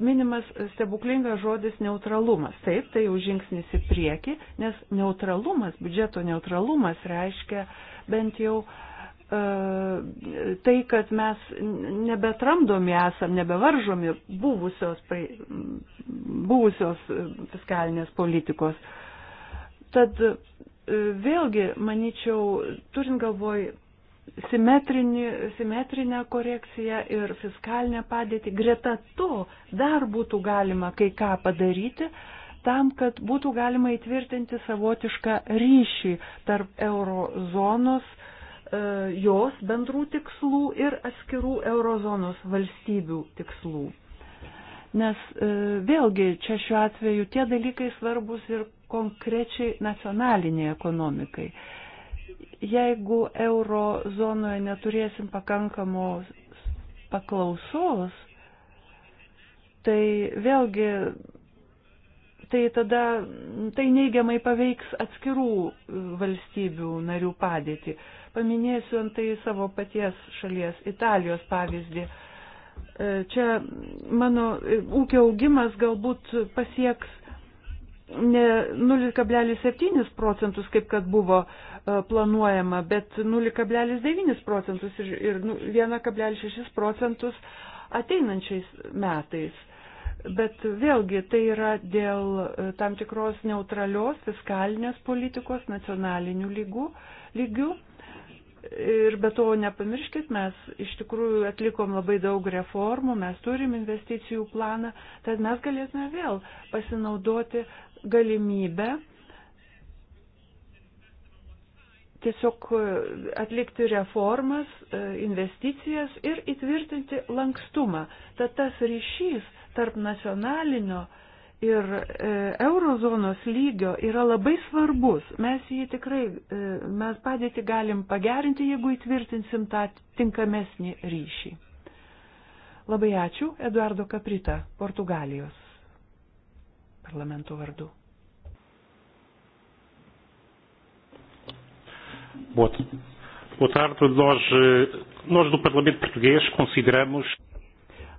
minimas stebuklingas žodis neutralumas. Taip, tai jau žingsnis į priekį, nes neutralumas, biudžeto neutralumas reiškia bent jau uh, E, tai, kad mes nebetramdomi esam, nebevaržomi buvusios, buvusios e, fiskalinės politikos. Tad e, vėlgi, manyčiau, turint galvoj simetrinę korekciją ir fiskalinę padėtį, greta to dar būtų galima kai ką padaryti, tam, kad būtų galima įtvirtinti savotišką ryšį tarp eurozonos E, jos bendrų tikslų ir atskirų eurozonos valstybių tikslų. Nes e, vėlgi čia šiuo atveju tie dalykai svarbus ir konkrečiai nacionaliniai ekonomikai. Jeigu eurozonoje neturėsim pakankamos paklausos, tai vėlgi tai tada tai neigiamai paveiks atskirų valstybių narių padėtį. Paminėsiu antai savo paties šalies, Italijos pavyzdį. E, čia mano e, ūkio augimas galbūt pasieks ne 0,7 procentus, kaip kad buvo e, planuojama, bet 0,9 procentus ir 1,6 nu, procentus ateinančiais metais. Bet vėlgi tai yra dėl tam tikros neutralios fiskalinės politikos nacionalinių lygų, lygių. Ir be to nepamirškit, mes iš tikrųjų atlikom labai daug reformų, mes turim investicijų planą, tad mes galėtume vėl pasinaudoti galimybę tiesiog e, atlikti reformas, e, investicijas ir įtvirtinti lankstumą. Tad tas ryšys tarp nacionalinio uh, ir e, eurozonos lygio yra labai svarbus. Mes jį tikrai, e, mes padėti galim pagerinti, jeigu įtvirtinsim tą tinkamesnį ryšį. Labai ačiū Eduardo Kaprita, Portugalijos parlamento vardu. Boa, boa tarde. Nós, nós do Parlamento Português consideramos.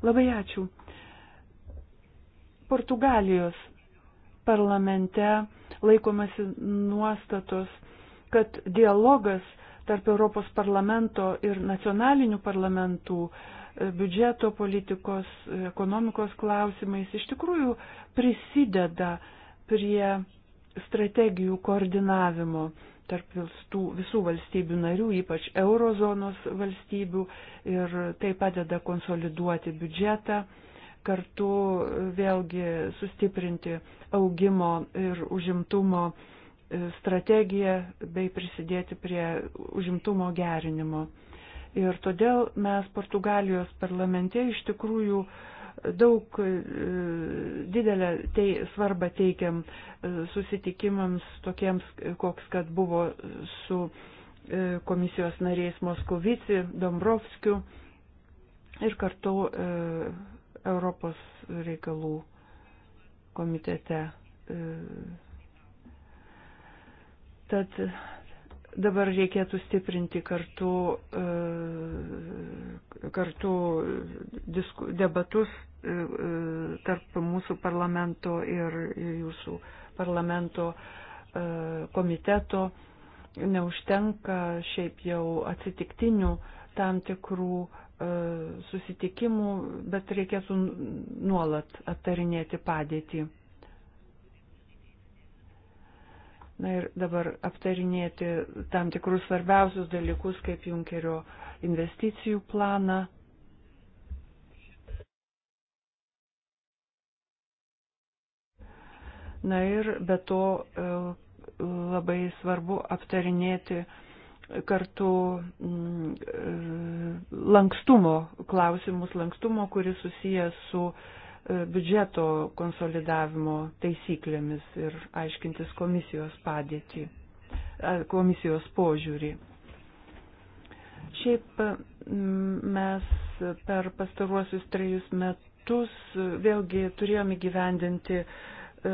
Labai ačiū. Portugalijos parlamente laikomasi nuostatos, kad dialogas tarp Europos parlamento ir nacionalinių parlamentų e, biudžeto politikos, e, ekonomikos klausimais iš tikrųjų prisideda prie strategijų koordinavimo tarp visų, visų valstybių narių, ypač eurozonos valstybių ir tai padeda konsoliduoti biudžetą kartu vėlgi sustiprinti augimo ir užimtumo e, strategiją bei prisidėti prie užimtumo gerinimo. Ir todėl mes Portugalijos parlamente iš tikrųjų daug e, didelę tei, svarbą teikiam e, susitikimams tokiems, koks kad buvo su komisijos nariais Moskovici, Dombrovskiu ir kartu Europos reikalų komitete. E, tad dabar reikėtų stiprinti kartu, e, kartu disku, debatus e, tarp mūsų parlamento ir jūsų parlamento komiteto. Neužtenka šiaip jau atsitiktinių tam tikrų E, susitikimų, bet reikėtų nuolat aptarinėti padėtį. Na ir dabar aptarinėti tam tikrus svarbiausius dalykus, kaip Junkerio investicijų planą. Na ir be to e, labai svarbu aptarinėti uh, kartu mm, e, lankstumo klausimus, lankstumo, kuris susijęs su e, biudžeto konsolidavimo taisyklėmis ir aiškintis komisijos padėtį, e, komisijos požiūrį. Šiaip mes per pastaruosius trejus metus vėlgi turėjome gyvendinti uh, E,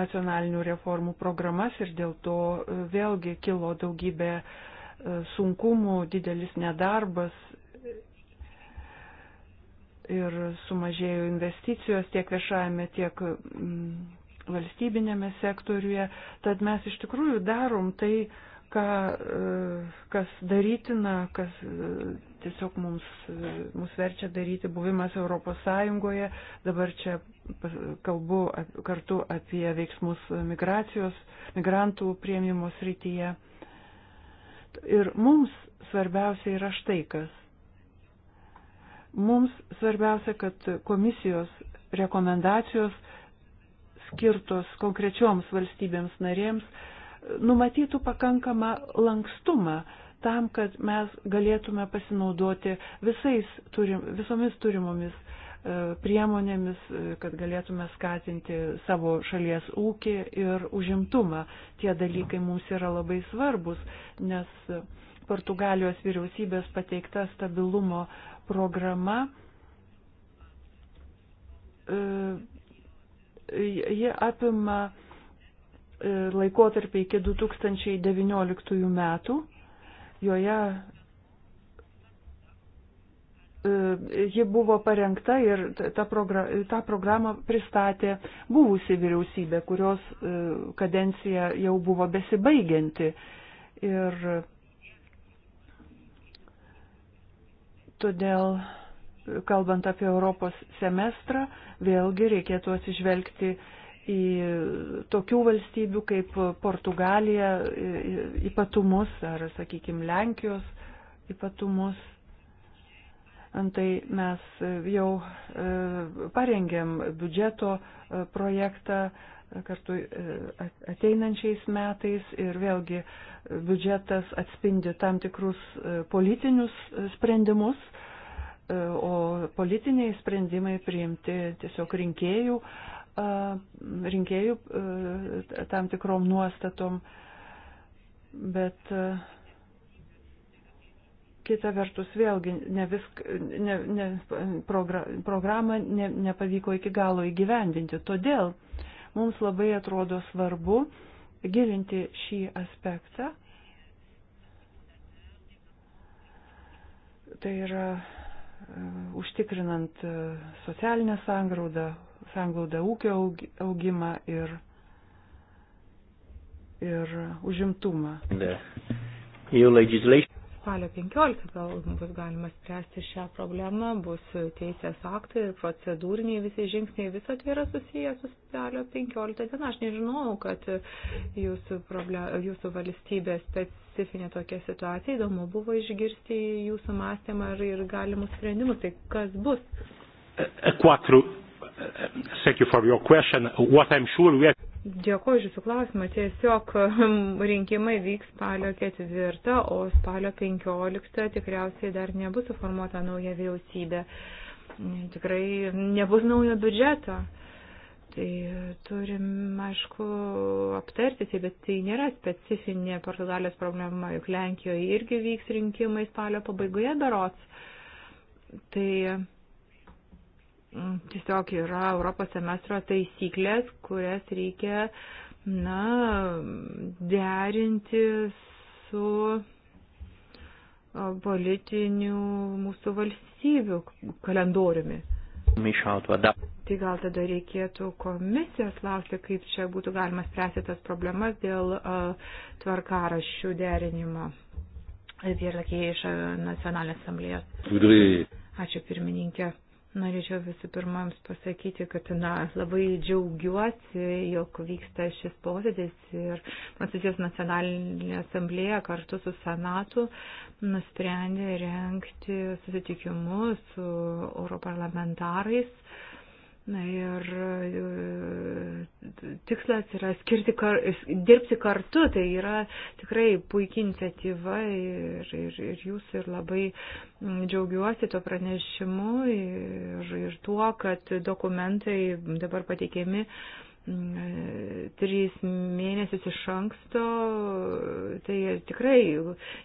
nacionalinių reformų programas ir dėl to e, vėlgi kilo daugybė e, sunkumų, didelis nedarbas ir sumažėjo investicijos tiek viešajame, tiek valstybinėme sektoriuje. Tad mes iš tikrųjų darom tai, ką, kas darytina, kas tiesiog mums, mus verčia daryti buvimas Europos Sąjungoje. Dabar čia kalbu kartu apie veiksmus migracijos, migrantų prieimimo srityje. Ir mums svarbiausia yra štai kas. Mums svarbiausia, kad komisijos rekomendacijos skirtos konkrečioms valstybėms narėms numatytų pakankamą lankstumą tam, kad mes galėtume pasinaudoti visais turim, visomis turimomis e, priemonėmis, e, kad galėtume skatinti savo šalies ūkį ir užimtumą. Tie dalykai mums yra labai svarbus, nes Portugalijos vyriausybės pateikta stabilumo programa e, ji apima laikotarpį iki 2019 metų Joje e, ji buvo parengta ir tą, progra tą programą pristatė buvusi vyriausybė, kurios e, kadencija jau buvo besibaigianti. Ir todėl, kalbant apie Europos semestrą, vėlgi reikėtų atsižvelgti į tokių valstybių kaip Portugalija ypatumus ar, sakykime, Lenkijos ypatumus. Antai mes jau e, parengėm biudžeto e, projektą e, kartu ateinančiais metais ir vėlgi biudžetas atspindi tam tikrus politinius sprendimus, o politiniai sprendimai priimti tiesiog rinkėjų rinkėjų tam tikrom nuostatom, bet kita vertus vėlgi ne visk, ne, ne, progra, programą ne, nepavyko iki galo įgyvendinti. Todėl mums labai atrodo svarbu gilinti šį aspektą. Tai yra užtikrinant socialinę sangraudą, sanglaudą ūkio augimą ir, ir užimtumą. Spalio 15 gal bus galima spręsti šią problemą, bus teisės aktai ir procedūriniai visi žingsniai, viso tai yra susiję su spalio 15 diena. Aš nežinau, kad jūsų, problem, jūsų valstybė specifinė tokia situacija, įdomu buvo išgirsti jūsų mąstymą ir, ir galimus sprendimus, tai kas bus. Quattro Thank you for your question. What I'm sure we are... Dėkuoju jūsų klausimą. Tiesiog um, rinkimai vyks spalio 4, o spalio 15 tikriausiai dar nebus suformuota nauja vyriausybė. Tikrai nebus naujo biudžeto. Tai turim, aišku, aptarti tai, bet tai nėra specifinė Portugalijos problema, juk Lenkijoje irgi vyks rinkimai spalio pabaigoje darots. Tai Mm, tiesiog yra Europos semestro taisyklės, kurias reikia na, derinti su politiniu mūsų valstybių kalendoriumi. Tai gal tada reikėtų komisijos klausti, kaip čia būtų galima spręsti tas problemas dėl uh, tvarkaraščių derinimo. Ir jie iš nacionalinės asamblėjos. Ačiū pirmininkė. Norėčiau visų pirma Jums pasakyti, kad na, labai džiaugiuosi, jog vyksta šis posėdis ir Prancūzijos nacionalinė asamblėja kartu su Senatu nusprendė renkti susitikimus su europarlamentarais. Uh, Na ir e, tikslas yra skirti kar, dirbti kartu, tai yra tikrai puikiai iniciatyva ir, ir, ir jūs ir labai mm, džiaugiuosi tuo pranešimu ir, ir tuo, kad dokumentai dabar pateikiami uh, Mm, tris mėnesius iš anksto, tai tikrai,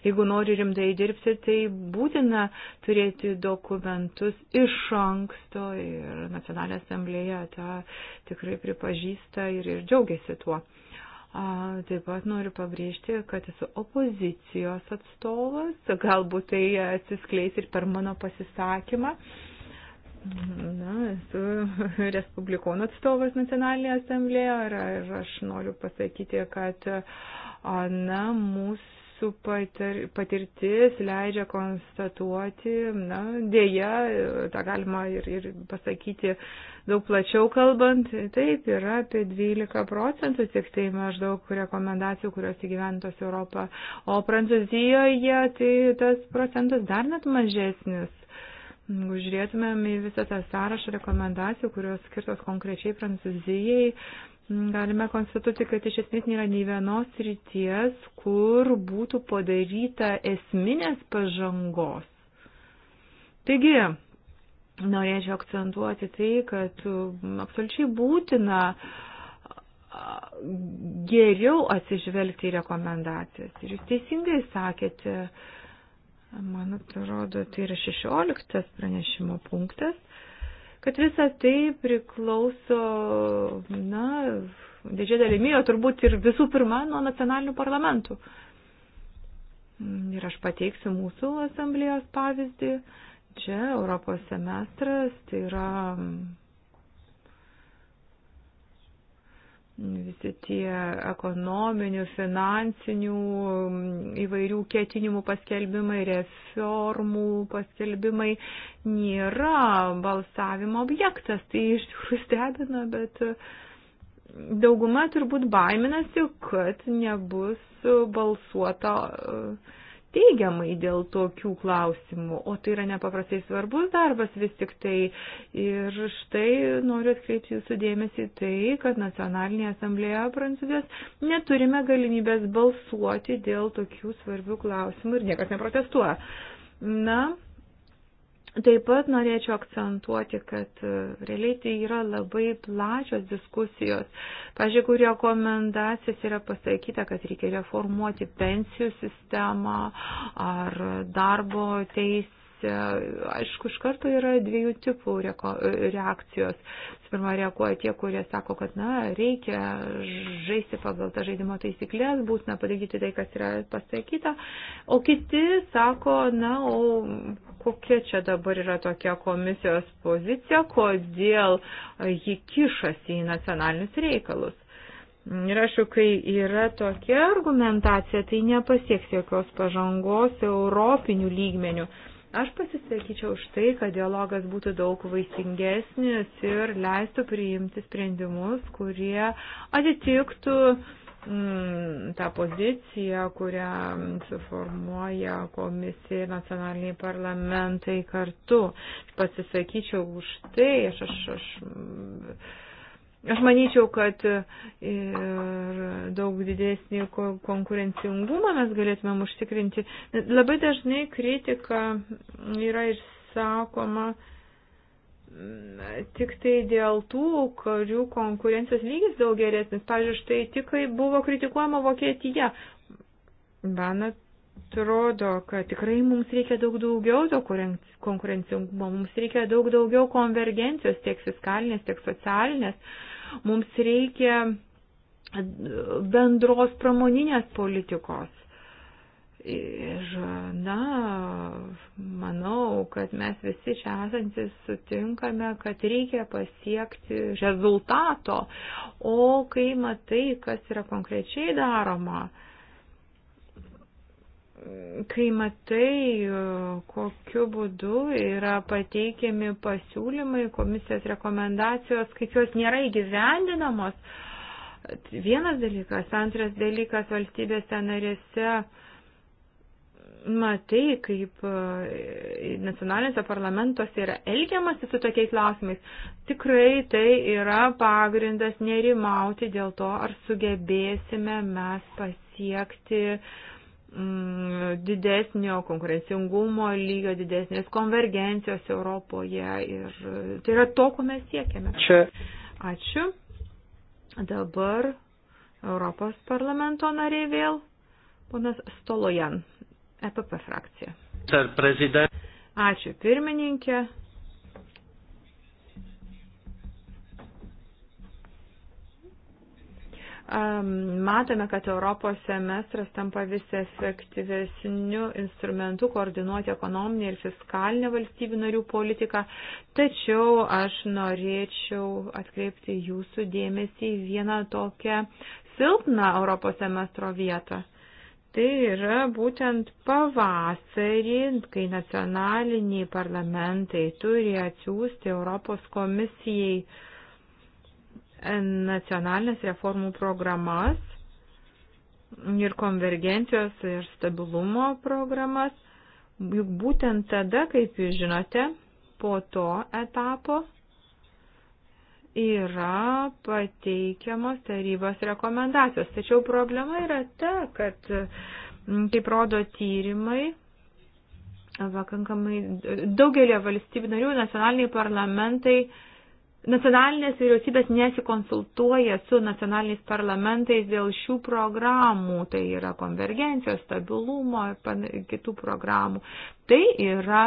jeigu nori rimtai dirbti, tai būtina turėti dokumentus iš anksto ir Nacionalinė asamblėja tą tikrai pripažįsta ir, ir džiaugiasi tuo. A, taip pat noriu pabrėžti, kad esu opozicijos atstovas, galbūt tai atsiskleis ir per mano pasisakymą. A, Na, esu Respublikonų atstovas nacionalinėje asamblėje ir, ir aš noriu pasakyti, kad na, mūsų patirtis leidžia konstatuoti, na, dėja, tą galima ir, ir pasakyti daug plačiau kalbant, taip yra apie 12 procentų tik tai maždaug rekomendacijų, kurios įgyventos Europą, o Prancūzijoje tai tas procentas dar net mažesnis. Jeigu žiūrėtumėm į visą tą sąrašą rekomendacijų, kurios skirtos konkrečiai Prancūzijai, galime konstatuoti, kad iš esmės nėra nei vienos ryties, kur būtų padaryta esminės pažangos. Taigi, norėčiau akcentuoti tai, kad absoliučiai būtina geriau atsižvelgti į rekomendacijas. Ir jūs teisingai sakėte, man atrodo, tai yra 16 pranešimo punktas, kad visa tai priklauso, na, didžiai dalimi, o turbūt ir visų pirma nuo nacionalinių parlamentų. Ir aš pateiksiu mūsų asamblėjos pavyzdį. Čia Europos semestras tai yra visi tie ekonominių, finansinių įvairių ketinimų paskelbimai, reformų paskelbimai nėra balsavimo objektas. Tai iš tikrųjų stebina, bet dauguma turbūt baiminasi, kad nebus balsuota. Uh, teigiamai dėl tokių klausimų, o tai yra nepaprastai svarbus darbas vis tik tai. Ir štai noriu atkreipti jūsų dėmesį tai, kad Nacionalinėje asamblėje Prancūzijos neturime galimybės balsuoti dėl tokių svarbių klausimų ir niekas neprotestuoja. Na, Taip pat norėčiau akcentuoti, kad e, realiai tai yra labai plačios diskusijos. Pavyzdžiui, jeigu rekomendacijas yra pasakyta, kad reikia reformuoti pensijų sistemą ar darbo teisę, reakcija. Aišku, iš karto yra dviejų tipų reakcijos. Pirma, reaguoja tie, kurie sako, kad, na, reikia žaisti pagal tą žaidimo taisyklės, būtina padaryti tai, kas yra pasakyta. O kiti sako, na, o kokia čia dabar yra tokia komisijos pozicija, kodėl ji kišasi į nacionalinius reikalus. Ir aišku, kai yra tokia argumentacija, tai nepasieks jokios pažangos europinių lygmenių. Aš pasisakyčiau už tai, kad dialogas būtų daug vaisingesnis ir leistų priimti sprendimus, kurie atitiktų mm, tą poziciją, kurią suformuoja komisija ir nacionaliniai parlamentai kartu. Pasisakyčiau už tai, aš, aš, aš Aš manyčiau, kad ir daug didesnį konkurencingumą mes galėtumėm užtikrinti. Labai dažnai kritika yra išsakoma mm, tik tai dėl tų, kurių konkurencijos lygis daug geresnis. Pavyzdžiui, štai tik buvo kritikuojama Vokietija. Man atrodo, kad tikrai mums reikia daug daugiau to konkurencingumo, mums reikia daug daugiau konvergencijos tiek fiskalinės, tiek socialinės Mums reikia bendros pramoninės politikos. Ir, na, manau, kad mes visi čia esantis sutinkame, kad reikia pasiekti rezultato. O kai matai, kas yra konkrečiai daroma, uh, kai matai, e, kokiu būdu yra pateikiami pasiūlymai, komisijos rekomendacijos, kaip jos nėra įgyvendinamos, tai vienas dalykas, antras dalykas valstybėse narėse, matai, kaip e, nacionaliniuose parlamentuose yra elgiamasi su tokiais klausimais, tikrai tai yra pagrindas nerimauti dėl to, ar sugebėsime mes pasiekti uh, Mm, didesnio konkurencingumo lygio, didesnės konvergencijos Europoje ir tai yra to, ko mes siekiame. Čia. Ačiū. Dabar Europos parlamento nariai vėl. Ponas Stolojan, EPP frakcija. Ačiū pirmininkė. Matome, kad Europos semestras tampa vis efektyvesniu instrumentu koordinuoti ekonominę ir fiskalinę valstybių narių politiką, tačiau aš norėčiau atkreipti jūsų dėmesį į vieną tokią silpną Europos semestro vietą. Tai yra būtent pavasarį, kai nacionaliniai parlamentai turi atsiųsti Europos komisijai nacionalinės reformų programas ir konvergencijos ir stabilumo programas. Juk būtent tada, kaip jūs žinote, po to etapo yra pateikiamos tarybos rekomendacijos. Tačiau problema yra ta, kad, mm, kaip rodo tyrimai, pakankamai daugelio valstybių narių nacionaliniai parlamentai uh, Nacionalinės vyriausybės nesikonsultuoja su nacionaliniais parlamentais dėl šių programų, tai yra konvergencijos, stabilumo ir kitų programų. Tai yra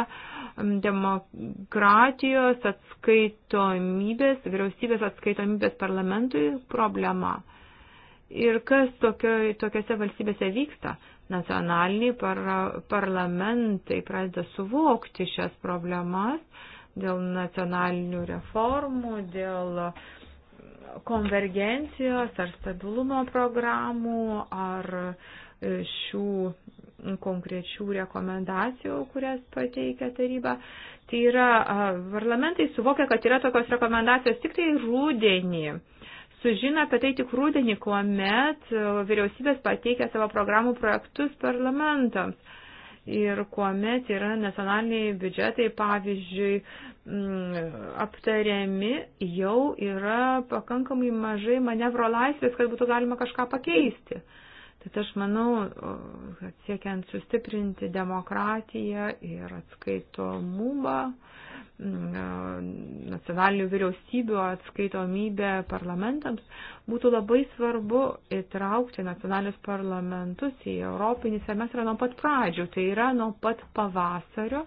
demokratijos atskaitomybės, vyriausybės atskaitomybės parlamentui problema. Ir kas tokio, tokiose valstybėse vyksta? Nacionaliniai par, parlamentai pradeda suvokti šias problemas dėl nacionalinių reformų, dėl konvergencijos ar stabilumo programų, ar šių konkrečių rekomendacijų, kurias pateikia taryba. Tai yra, parlamentai suvokia, kad yra tokios rekomendacijos tik tai rūdienį sužino apie tai tik rūdienį, kuomet vyriausybės pateikia savo programų projektus parlamentams ir kuomet yra nacionaliniai biudžetai, pavyzdžiui, mm, aptariami, jau yra pakankamai mažai manevro laisvės, kad būtų galima kažką pakeisti. Tad aš manau, kad siekiant sustiprinti demokratiją ir atskaitomumą, nacionalinių vyriausybių atskaitomybė parlamentams, būtų labai svarbu įtraukti nacionalinius parlamentus į Europinį semestrą nuo pat pradžių, tai yra nuo pat pavasario,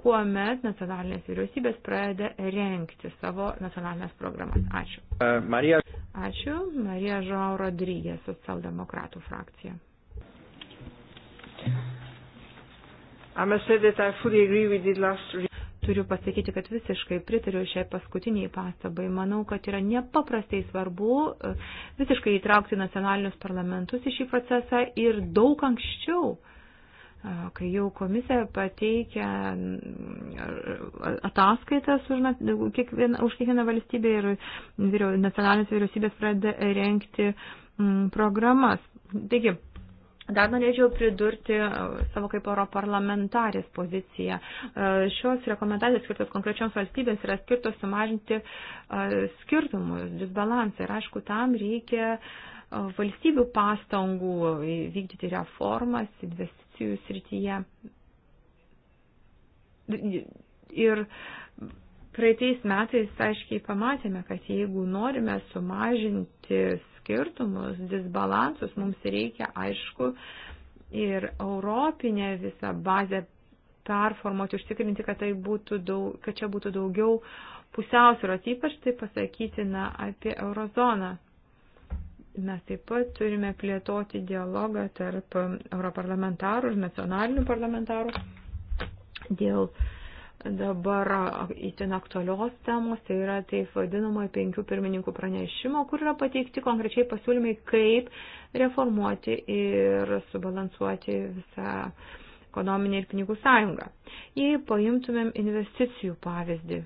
kuomet nacionalinės vyriausybės pradeda renkti savo nacionalinės programas. Ačiū. E, Marija. Ačiū. Marija Žao Rodrygė, socialdemokratų frakcija. I must say that I fully agree with the last turiu pasakyti, kad visiškai pritariu šiai paskutiniai pastabai. Manau, kad yra nepaprastai svarbu e, visiškai įtraukti nacionalinius parlamentus į šį procesą ir daug anksčiau e, kai jau komisija pateikia mm, ataskaitas už, kiekvieną, už kiekvieną valstybę ir vyriau, nacionalinės vyriausybės pradeda renkti mm, programas. Taigi, Dar norėčiau pridurti e, savo kaip europarlamentarės poziciją. E, šios rekomendacijos skirtos konkrečioms valstybėms yra skirtos sumažinti e, skirtumus, disbalansą. Ir aišku, tam reikia valstybių pastangų vykdyti reformas investicijų srityje. Ir praeitais metais aiškiai pamatėme, kad jeigu norime sumažinti skirtumus, disbalansus, mums reikia, aišku, ir europinę visą bazę performuoti, užtikrinti, kad, tai būtų daug, kad čia būtų daugiau pusiausvėros, ypač tai pasakytina apie eurozoną. Mes taip pat turime plėtoti dialogą tarp europarlamentarų ir nacionalinių parlamentarų dėl uh, dabar įtin aktualios temos, tai yra taip vadinama penkių pirmininkų pranešimo, kur yra pateikti konkrečiai pasiūlymai, kaip reformuoti ir subalansuoti visą ekonominį ir pinigų sąjungą. Jei paimtumėm investicijų pavyzdį.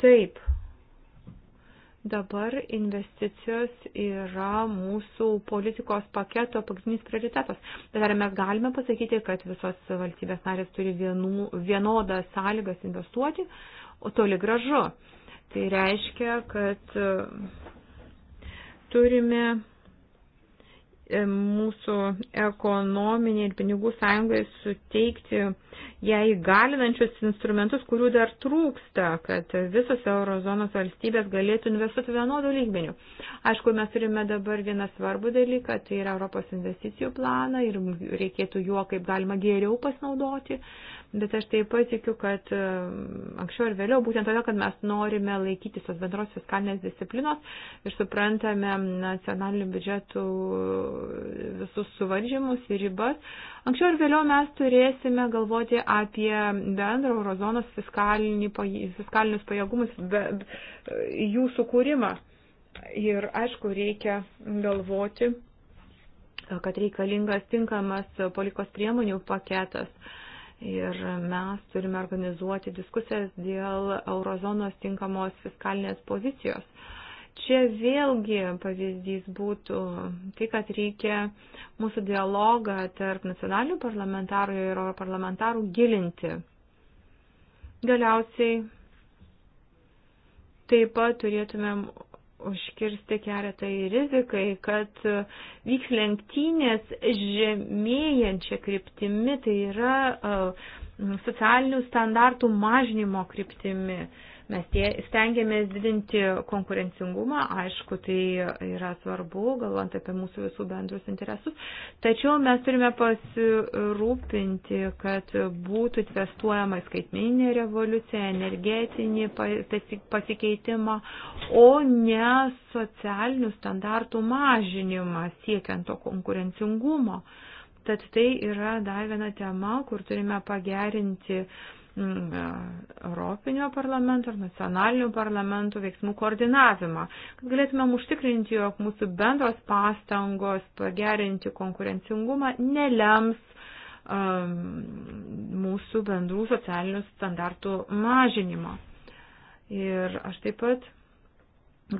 Taip, Dabar investicijos yra mūsų politikos paketo pagrindinis prioritetas. Bet ar mes galime pasakyti, kad visos valstybės narės turi vienų, vienodas sąlygas investuoti, o toli gražu. Tai reiškia, kad e, turime e, mūsų ekonominį ir pinigų sąjungai suteikti ją įgalinančius instrumentus, kurių dar trūksta, kad visos eurozonos valstybės galėtų investuoti vienodų lygmenių. Aišku, mes turime dabar vieną svarbų dalyką, tai yra Europos investicijų planą ir reikėtų juo kaip galima geriau pasinaudoti, bet aš taip pat tikiu, kad um, anksčiau ir vėliau, būtent todėl, kad mes norime laikytis tos bendros fiskalinės disciplinos ir suprantame nacionalinių biudžetų visus suvaržymus ir ribas, anksčiau ir vėliau mes turėsime galvoti, galvoti apie bendrą eurozonos fiskalinius pajėgumus, be, jų sukūrimą. Ir aišku, reikia galvoti, kad reikalingas tinkamas politikos priemonių paketas. Ir mes turime organizuoti diskusijas dėl eurozonos tinkamos fiskalinės pozicijos. Čia vėlgi pavyzdys būtų tai, kad reikia mūsų dialogą tarp nacionalinių parlamentarų ir europarlamentarų gilinti. Galiausiai taip pat turėtumėm užkirsti keletą į rizikai, kad vyks lenktynės žemėjančia kryptimi, tai yra uh, socialinių standartų mažnymo kryptimi. Uh, Mes tie, stengiamės didinti konkurencingumą, aišku, tai yra svarbu, galvant apie mūsų visų bendrus interesus, tačiau mes turime pasirūpinti, kad būtų investuojama į skaitmeninę revoliuciją, energetinį pasikeitimą, o ne socialinių standartų mažinimą siekiant to konkurencingumo. Tad tai yra dar viena tema, kur turime pagerinti uh, Europinio parlamento ir nacionalinių parlamentų veiksmų koordinavimą, kad galėtumėm užtikrinti, jog mūsų bendros pastangos pagerinti konkurencingumą nelems um, mūsų bendrų socialinių standartų mažinimo. Ir aš taip pat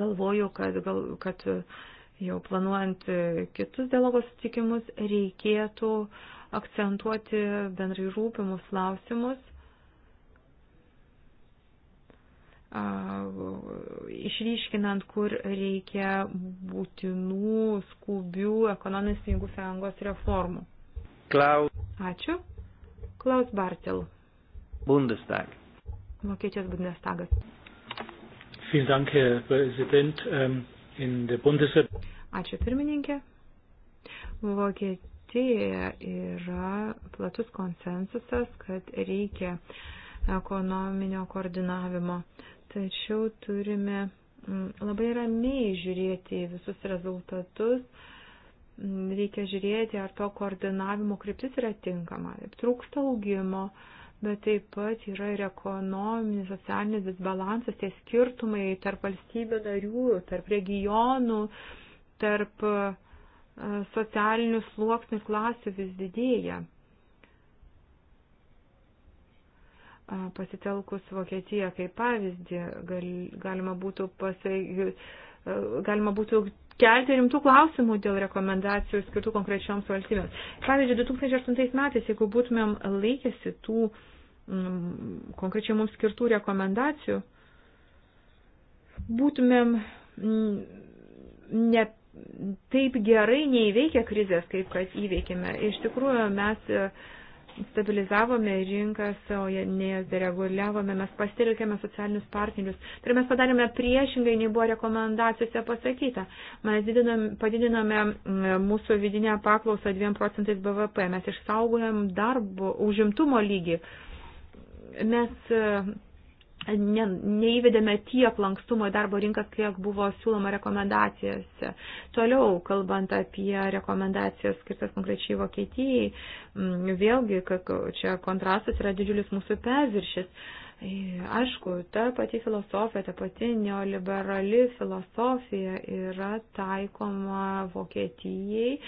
galvoju, kad, gal, kad jau planuojant kitus dialogos sutikimus reikėtų akcentuoti bendrai rūpimus klausimus išryškinant, kur reikia būtinų, skubių ekonominės pinigų sąjungos reformų. Klaus. Ačiū. Klaus Bartel. Bundestag. Vokietijos Bundestagas. Vielen Dank, Herr Präsident. Ähm, in der Bundes Ačiū pirmininkė. Vokietijoje yra platus konsensusas, kad reikia ekonominio koordinavimo. Tačiau turime mm, labai ramiai žiūrėti į visus rezultatus. Mm, Reikia žiūrėti, ar to koordinavimo kryptis yra tinkama. Trūksta augimo, bet taip pat yra ir ekonominis, socialinis disbalansas, tie skirtumai tarp valstybių narių, tarp regionų, tarp e, socialinių sluoksnių klasių vis didėja. pasitelkus Vokietiją kaip pavyzdį, gal, galima būtų pasai, galima būtų kelti rimtų klausimų dėl rekomendacijų skirtų konkrečioms valstybėms. Pavyzdžiui, 2008 metais, jeigu būtumėm laikėsi tų mm, konkrečiai mums skirtų rekomendacijų, būtumėm mm, ne taip gerai neįveikę krizės, kaip kad įveikėme. Iš tikrųjų, mes mm, stabilizavome rinkas, o nedereguliavome, mes pasitelkėme socialinius partnerius. Tai mes padarėme priešingai, nei buvo rekomendacijose pasakyta. Mes didinome, padidinome mm, mūsų vidinę paklausą 2 procentais BVP, mes išsaugojom darbo, užimtumo lygį. Mes ne, neįvedėme tiek lankstumo į darbo rinką, kiek buvo siūloma rekomendacijose. Toliau, kalbant apie rekomendacijas skirtas konkrečiai Vokietijai, mm, vėlgi, kad čia kontrastas yra didžiulis mūsų perviršis. E, aišku, ta pati filosofija, ta pati neoliberali filosofija yra taikoma Vokietijai,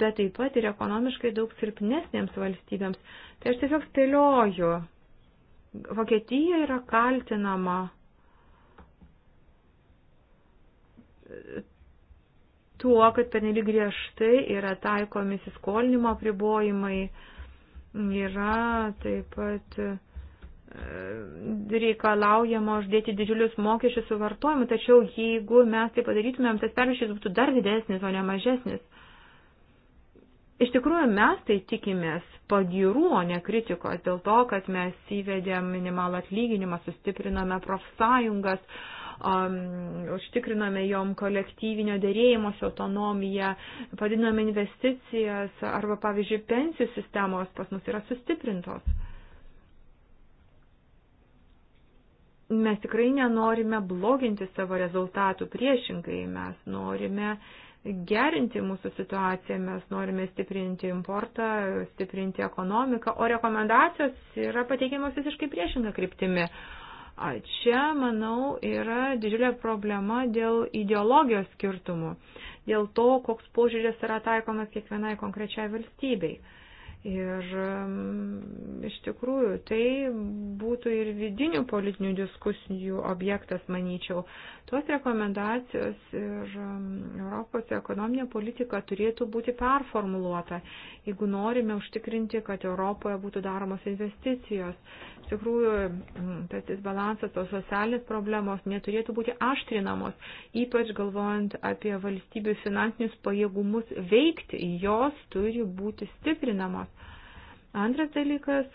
bet taip pat ir ekonomiškai daug silpnesnėms valstybėms. Tai aš tiesiog spėlioju, Vokietija yra kaltinama tuo, kad pernelyg griežtai yra taikomi įsiskolinimo apribojimai, yra taip pat e, reikalaujama uždėti didžiulius mokesčius su vartojimu, tačiau jeigu mes tai padarytumėm, tas perviršys būtų dar didesnis, o ne mažesnis. Iš tikrųjų, mes tai tikimės pagirų, o ne kritikos, dėl to, kad mes įvedėm minimalą atlyginimą, sustiprinome profsąjungas, um, užtikrinome jom kolektyvinio dėrėjimosi autonomiją, padidinome investicijas arba, pavyzdžiui, pensijų sistemos pas mus yra sustiprintos. Mes tikrai nenorime bloginti savo rezultatų, priešingai mes norime uh, gerinti mūsų situaciją, mes norime stiprinti importą, stiprinti ekonomiką, o rekomendacijos yra pateikiamos visiškai priešinga kryptimi. Čia, manau, yra didžiulė problema dėl ideologijos skirtumų, dėl to, koks požiūrės yra taikomas kiekvienai konkrečiai valstybei. Ir iš tikrųjų tai būtų ir vidinių politinių diskusijų objektas, manyčiau. Tos rekomendacijos ir Europos ekonominė politika turėtų būti performuluota, jeigu norime užtikrinti, kad Europoje būtų daromos investicijos iš tikrųjų tas disbalansas, tos socialinės problemos neturėtų būti aštrinamos, ypač galvojant apie valstybių finansinius pajėgumus veikti, jos turi būti stiprinamos. Antras dalykas,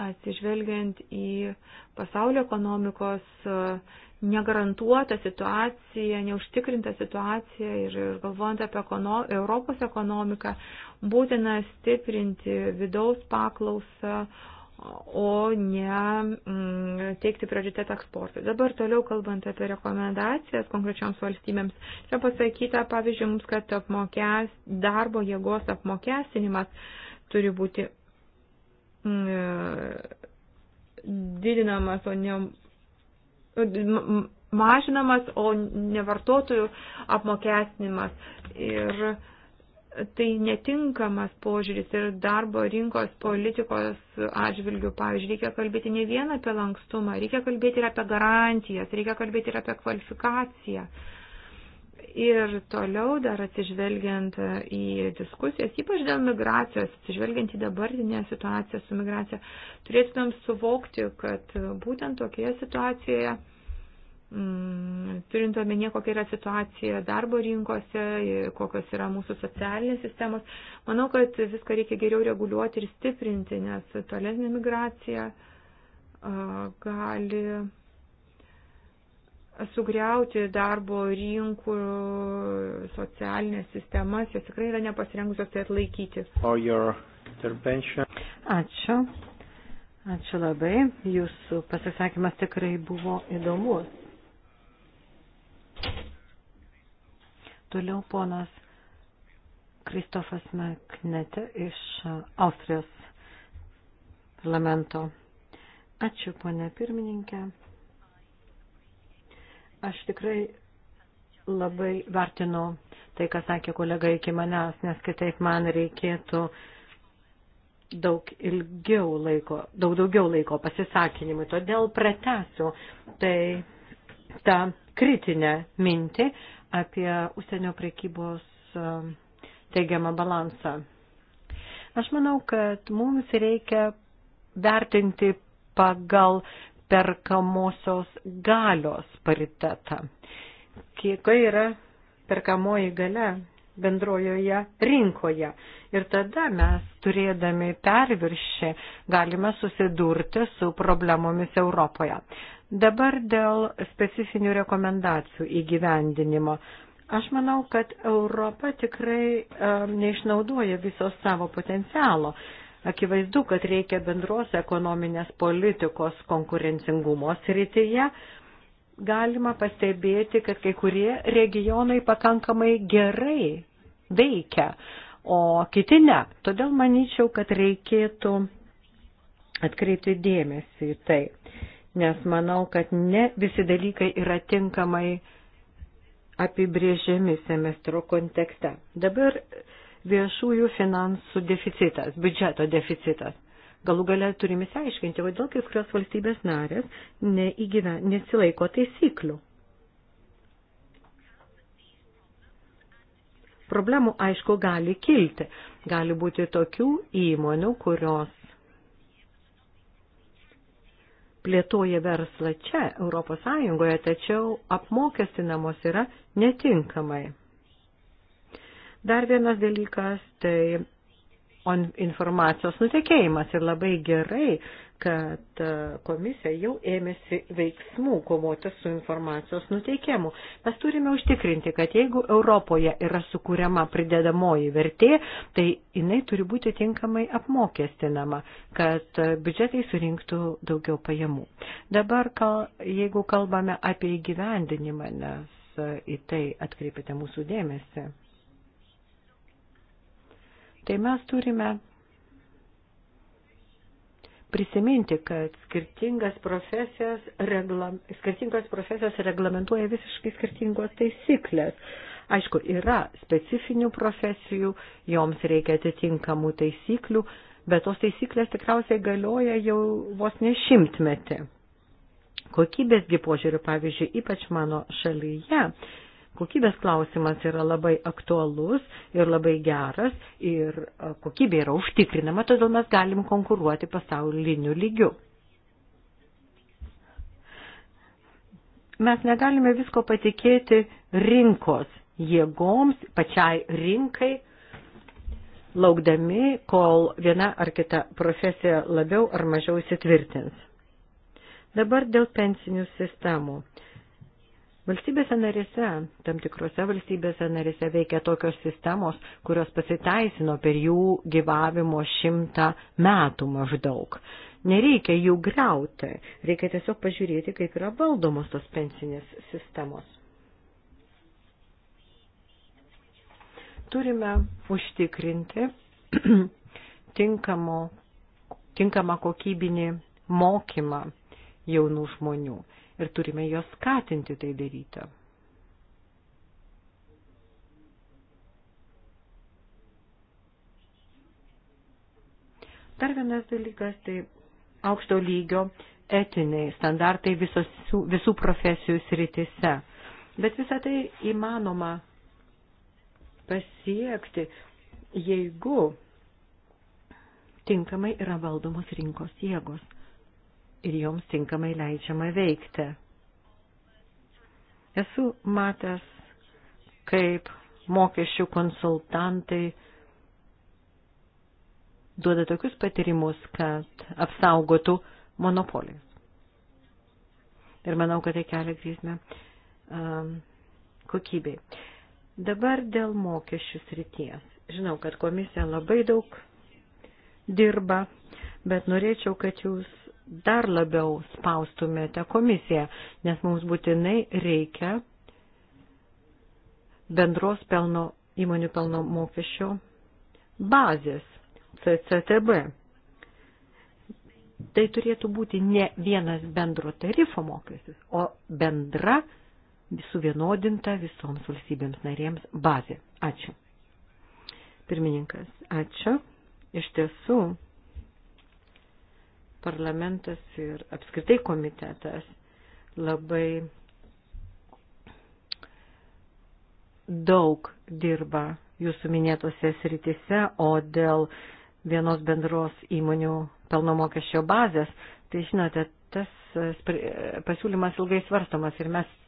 atsižvelgiant į pasaulio ekonomikos e, negarantuotą situaciją, neužtikrintą situaciją ir, ir galvojant apie ekono, Europos ekonomiką, būtina stiprinti vidaus paklausą, o ne mm, teikti prioritetą eksportui. Dabar toliau kalbant apie rekomendacijas konkrečioms valstybėms, čia pasakyta, pavyzdžiui, mums, kad apmokės, darbo jėgos apmokestinimas turi būti mm, didinamas, o ne mažinamas, o ne vartotojų apmokestinimas. Ir tai netinkamas požiūris ir darbo rinkos politikos atžvilgių. Pavyzdžiui, reikia kalbėti ne vien apie lankstumą, reikia kalbėti ir apie garantijas, reikia kalbėti ir apie kvalifikaciją. Ir toliau dar atsižvelgiant į diskusijas, ypač dėl migracijos, atsižvelgiant į dabartinę situaciją su migracija, turėtumėm suvokti, kad būtent tokioje situacijoje Mm, turint omenyje, kokia yra situacija darbo rinkose, kokios yra mūsų socialinės sistemos, manau, kad viską reikia geriau reguliuoti ir stiprinti, nes tolesnė migracija gali sugriauti darbo rinkų socialinės sistemas, jos tikrai yra nepasirengusios tai atlaikyti. Ačiū. Ačiū labai. Jūsų pasisakymas tikrai buvo įdomus. Toliau ponas Kristofas Meknete iš Austrijos parlamento. Ačiū, ponė pirmininkė. Aš tikrai labai vertinu tai, ką sakė kolega iki manęs, nes kitaip man reikėtų daug ilgiau laiko, daug daugiau laiko pasisakinimui. Todėl pratesiu tai tą. Ta, kritinę mintį apie užsienio prekybos e, teigiamą balansą. Aš manau, kad mums reikia vertinti pagal perkamosios galios paritetą. Kiek yra perkamoji gale bendrojoje rinkoje Ir tada mes, turėdami perviršį, galime susidurti su problemomis Europoje. Dabar dėl specifinių rekomendacijų įgyvendinimo. Aš manau, kad Europa tikrai um, neišnaudoja viso savo potencialo. Akivaizdu, kad reikia bendros ekonominės politikos konkurencingumo srityje. Galima pastebėti, kad kai kurie regionai pakankamai gerai veikia o kiti ne. Todėl manyčiau, kad reikėtų atkreipti dėmesį į tai, nes manau, kad ne visi dalykai yra tinkamai apibrėžiami semestro kontekste. Dabar viešųjų finansų deficitas, biudžeto deficitas. Galų gale turime įsiaiškinti, kodėl kai kurios valstybės narės neįgyven, nesilaiko taisyklių. problemų aišku gali kilti. Gali būti tokių įmonių, kurios plėtoja verslą čia, Europos Sąjungoje, tačiau apmokestinamos yra netinkamai. Dar vienas dalykas tai informacijos nutekėjimas ir labai gerai, kad e, komisija jau ėmėsi veiksmų kovoti su informacijos nuteikimu. Mes turime užtikrinti, kad jeigu Europoje yra sukūriama pridedamoji vertė, tai jinai turi būti tinkamai apmokestinama, kad e, biudžetai surinktų daugiau pajamų. Dabar, jeigu kalbame apie įgyvendinimą, nes e, į tai atkreipite mūsų dėmesį, tai mes turime prisiminti, kad skirtingas profesijas, regla, skirtingas profesijas reglamentuoja visiškai skirtingos taisyklės. Aišku, yra specifinių profesijų, joms reikia atitinkamų taisyklių, bet tos taisyklės tikriausiai galioja jau vos ne šimtmetį. Kokybės požiūrių, pavyzdžiui, ypač mano šalyje, kokybės klausimas yra labai aktualus ir labai geras ir e, kokybė yra užtikrinama, todėl mes galim konkuruoti pasauliniu lygiu. Mes negalime visko patikėti rinkos jėgoms, pačiai rinkai, laukdami, kol viena ar kita profesija labiau ar mažiau įsitvirtins. Dabar dėl pensinių sistemų. Valstybėse narėse, tam tikrose valstybėse narėse veikia tokios sistemos, kurios pasiteisino per jų gyvavimo šimtą metų maždaug. Nereikia jų greuti, reikia tiesiog pažiūrėti, kaip yra valdomos tos pensinės sistemos. Turime užtikrinti tinkamo, tinkamą kokybinį mokymą jaunų žmonių ir turime juos skatinti tai daryti. Dar vienas dalykas, tai aukšto lygio etiniai standartai visos, visų profesijų sritise. Bet visą tai įmanoma pasiekti, jeigu tinkamai yra valdomos rinkos jėgos ir joms tinkamai leidžiama veikti. Esu matęs, kaip mokesčių konsultantai duoda tokius patirimus, kad apsaugotų monopolius. Ir manau, kad tai kelia grėsmę um, kokybei. Dabar dėl mokesčių srities. Žinau, kad komisija labai daug dirba, bet norėčiau, kad jūs dar labiau spaustumėte komisiją, nes mums būtinai reikia bendros pelno, įmonių pelno mokesčio bazės CCTB. Tai turėtų būti ne vienas bendro tarifo mokestis, o bendra suvienodinta visoms valstybėms narėms bazė. Ačiū. Pirmininkas, ačiū. Iš tiesų, parlamentas ir apskritai komitetas labai daug dirba jūsų minėtose sritise, o dėl vienos bendros įmonių pelno mokesčio bazės, tai žinote, tas pasiūlymas ilgai svarstomas ir mes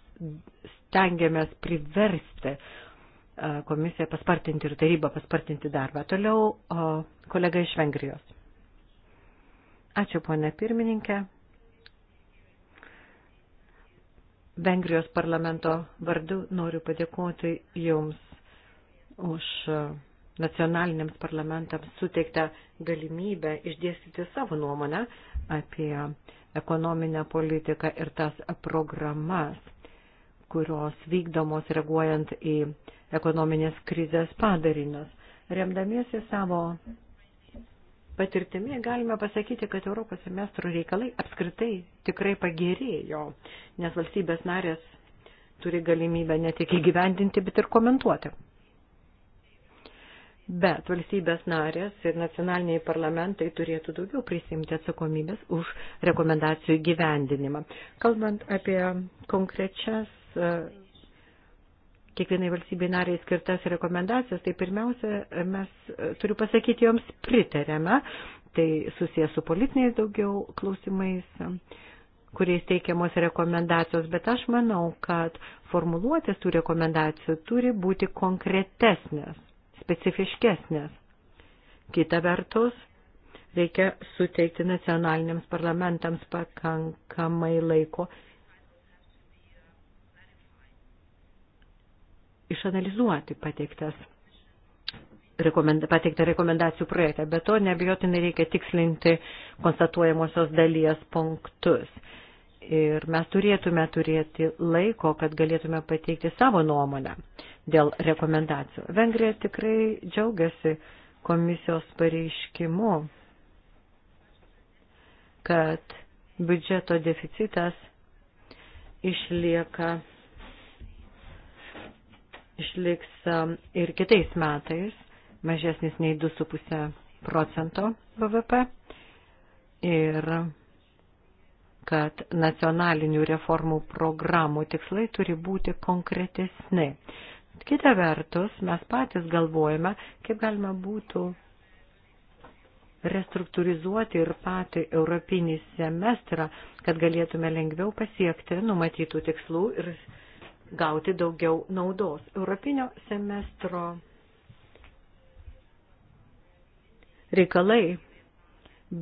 stengiamės priversti komisiją paspartinti ir tarybą paspartinti darbą. Toliau o, kolega iš Vengrijos. Ačiū, ponė pirmininkė. Vengrijos parlamento vardu noriu padėkoti Jums už nacionaliniams parlamentams suteiktą galimybę išdėstyti savo nuomonę apie ekonominę politiką ir tas programas, kurios vykdomos reaguojant į ekonominės krizės padarinius. Remdamiesi savo patirtimi galime pasakyti, kad Europos semestro reikalai apskritai tikrai pagerėjo, nes valstybės narės turi galimybę ne tik įgyvendinti, bet ir komentuoti. Bet valstybės narės ir nacionaliniai parlamentai turėtų daugiau prisimti atsakomybės už rekomendacijų gyvendinimą. Kalbant apie konkrečias kiekvienai valstybei nariai skirtas rekomendacijas, tai pirmiausia, mes turiu pasakyti, joms pritarėme, tai susijęs su politiniais daugiau klausimais kuriais teikiamos rekomendacijos, bet aš manau, kad formuluotės tų rekomendacijų turi būti konkretesnės, specifiškesnės. Kita vertus, reikia suteikti nacionaliniams parlamentams pakankamai laiko išanalizuoti pateiktas rekomenda, pateiktą rekomendacijų projektą. Be to, nebejotinai reikia tikslinti konstatuojamosios dalies punktus. Ir mes turėtume turėti laiko, kad galėtume pateikti savo nuomonę dėl rekomendacijų. Vengrija tikrai džiaugiasi komisijos pareiškimu, kad biudžeto deficitas išlieka išliks um, ir kitais metais mažesnis nei 2,5 procento BVP ir kad nacionalinių reformų programų tikslai turi būti konkretesni. Kita vertus, mes patys galvojame, kaip galima būtų restruktūrizuoti ir patį europinį semestrą, kad galėtume lengviau pasiekti numatytų tikslų ir gauti daugiau naudos. Europinio semestro reikalai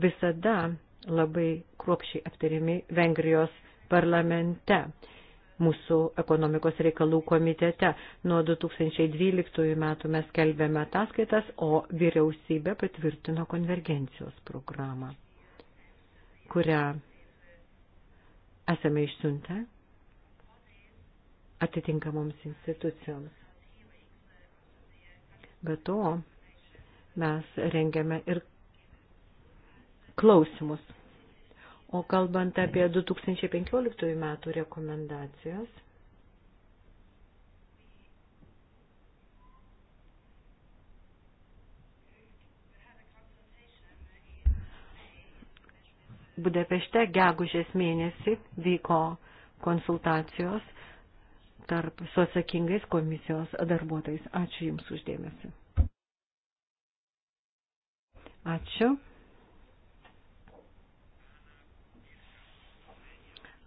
visada labai kruopšiai aptariami Vengrijos parlamente, mūsų ekonomikos reikalų komitete. Nuo 2012 metų mes kelbėme ataskaitas, o vyriausybė patvirtino konvergencijos programą, kurią esame išsiuntę atitinkamoms institucijoms. Be to, mes rengiame ir klausimus. O kalbant apie 2015 metų rekomendacijas, Budapešte gegužės mėnesį vyko konsultacijos tarp su atsakingais komisijos darbuotojais. Ačiū Jums uždėmesi. Ačiū.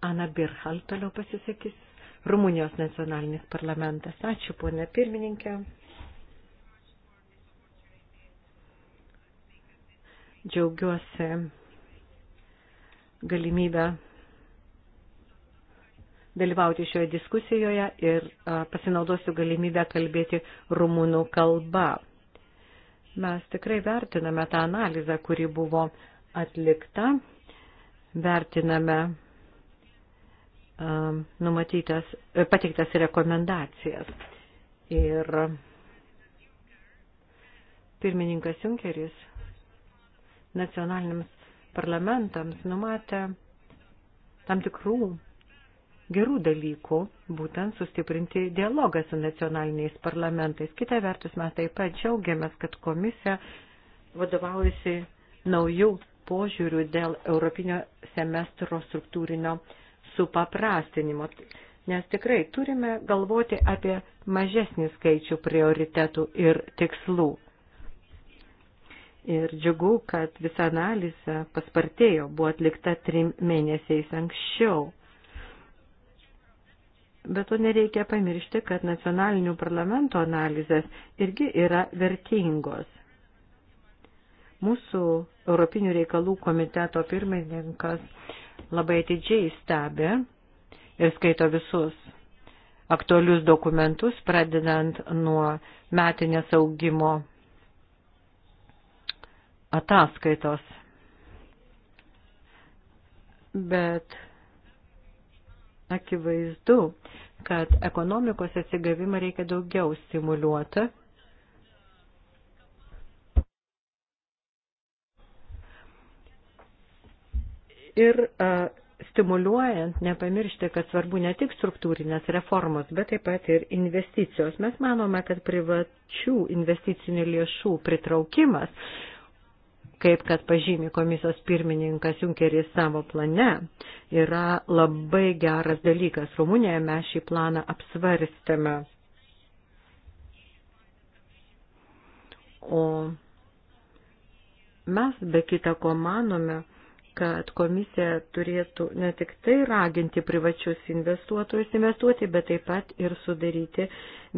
Ana Birhal toliau pasisakys. Rumunijos nacionalinis parlamentas. Ačiū, ponė pirmininkė. Džiaugiuosi galimybę dalyvauti šioje diskusijoje ir pasinaudosiu galimybę kalbėti rumunų kalba. Mes tikrai vertiname tą analizę, kuri buvo atlikta, vertiname numatytas, e, pateiktas rekomendacijas. Ir pirmininkas Junkeris nacionaliniams parlamentams numatė tam tikrų gerų dalykų, būtent sustiprinti dialogą su nacionaliniais parlamentais. Kita vertus, mes taip pat džiaugiamės, kad komisija vadovaujasi naujų požiūrių dėl Europinio semestro struktūrinio supaprastinimo. Nes tikrai turime galvoti apie mažesnį skaičių prioritetų ir tikslų. Ir džiugu, kad visa analizė paspartėjo, buvo atlikta trim mėnesiais anksčiau. Bet to nereikia pamiršti, kad nacionalinių parlamento analizės irgi yra vertingos. Mūsų Europinių reikalų komiteto pirmininkas labai atidžiai stebi ir skaito visus aktualius dokumentus, pradedant nuo metinės augimo ataskaitos. Bet akivaizdu, kad ekonomikos atsigavimą reikia daugiau stimuliuoti. Ir uh, stimuliuojant, nepamiršti, kad svarbu ne tik struktūrinės reformos, bet taip pat ir investicijos. Mes manome, kad privačių investicinių lėšų pritraukimas kaip kad pažymi komisijos pirmininkas Junkeris savo plane, yra labai geras dalykas. Rumunijoje mes šį planą apsvarstėme. O mes be kita ko manome, kad komisija turėtų ne tik tai raginti privačius investuotojus investuoti, bet taip pat ir sudaryti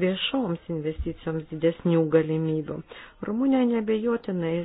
viešoms investicijoms didesnių galimybių. Rumunija nebejotinai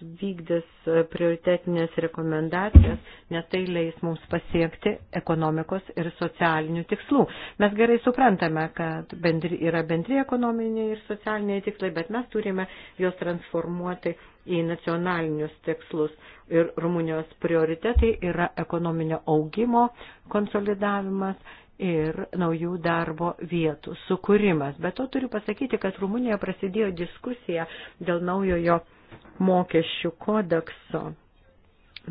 vykdys prioritetinės rekomendacijas, nes tai leis mums pasiekti ekonomikos ir socialinių tikslų. Mes gerai suprantame, kad bendri, yra bendri ekonominiai ir socialiniai tikslai, bet mes turime juos transformuoti į nacionalinius tikslus. Ir Rumunijos prioritetai yra ekonominio augimo konsolidavimas ir naujų darbo vietų sukūrimas. Bet to turiu pasakyti, kad Rumunijoje prasidėjo diskusija dėl naujojo mokesčių kodekso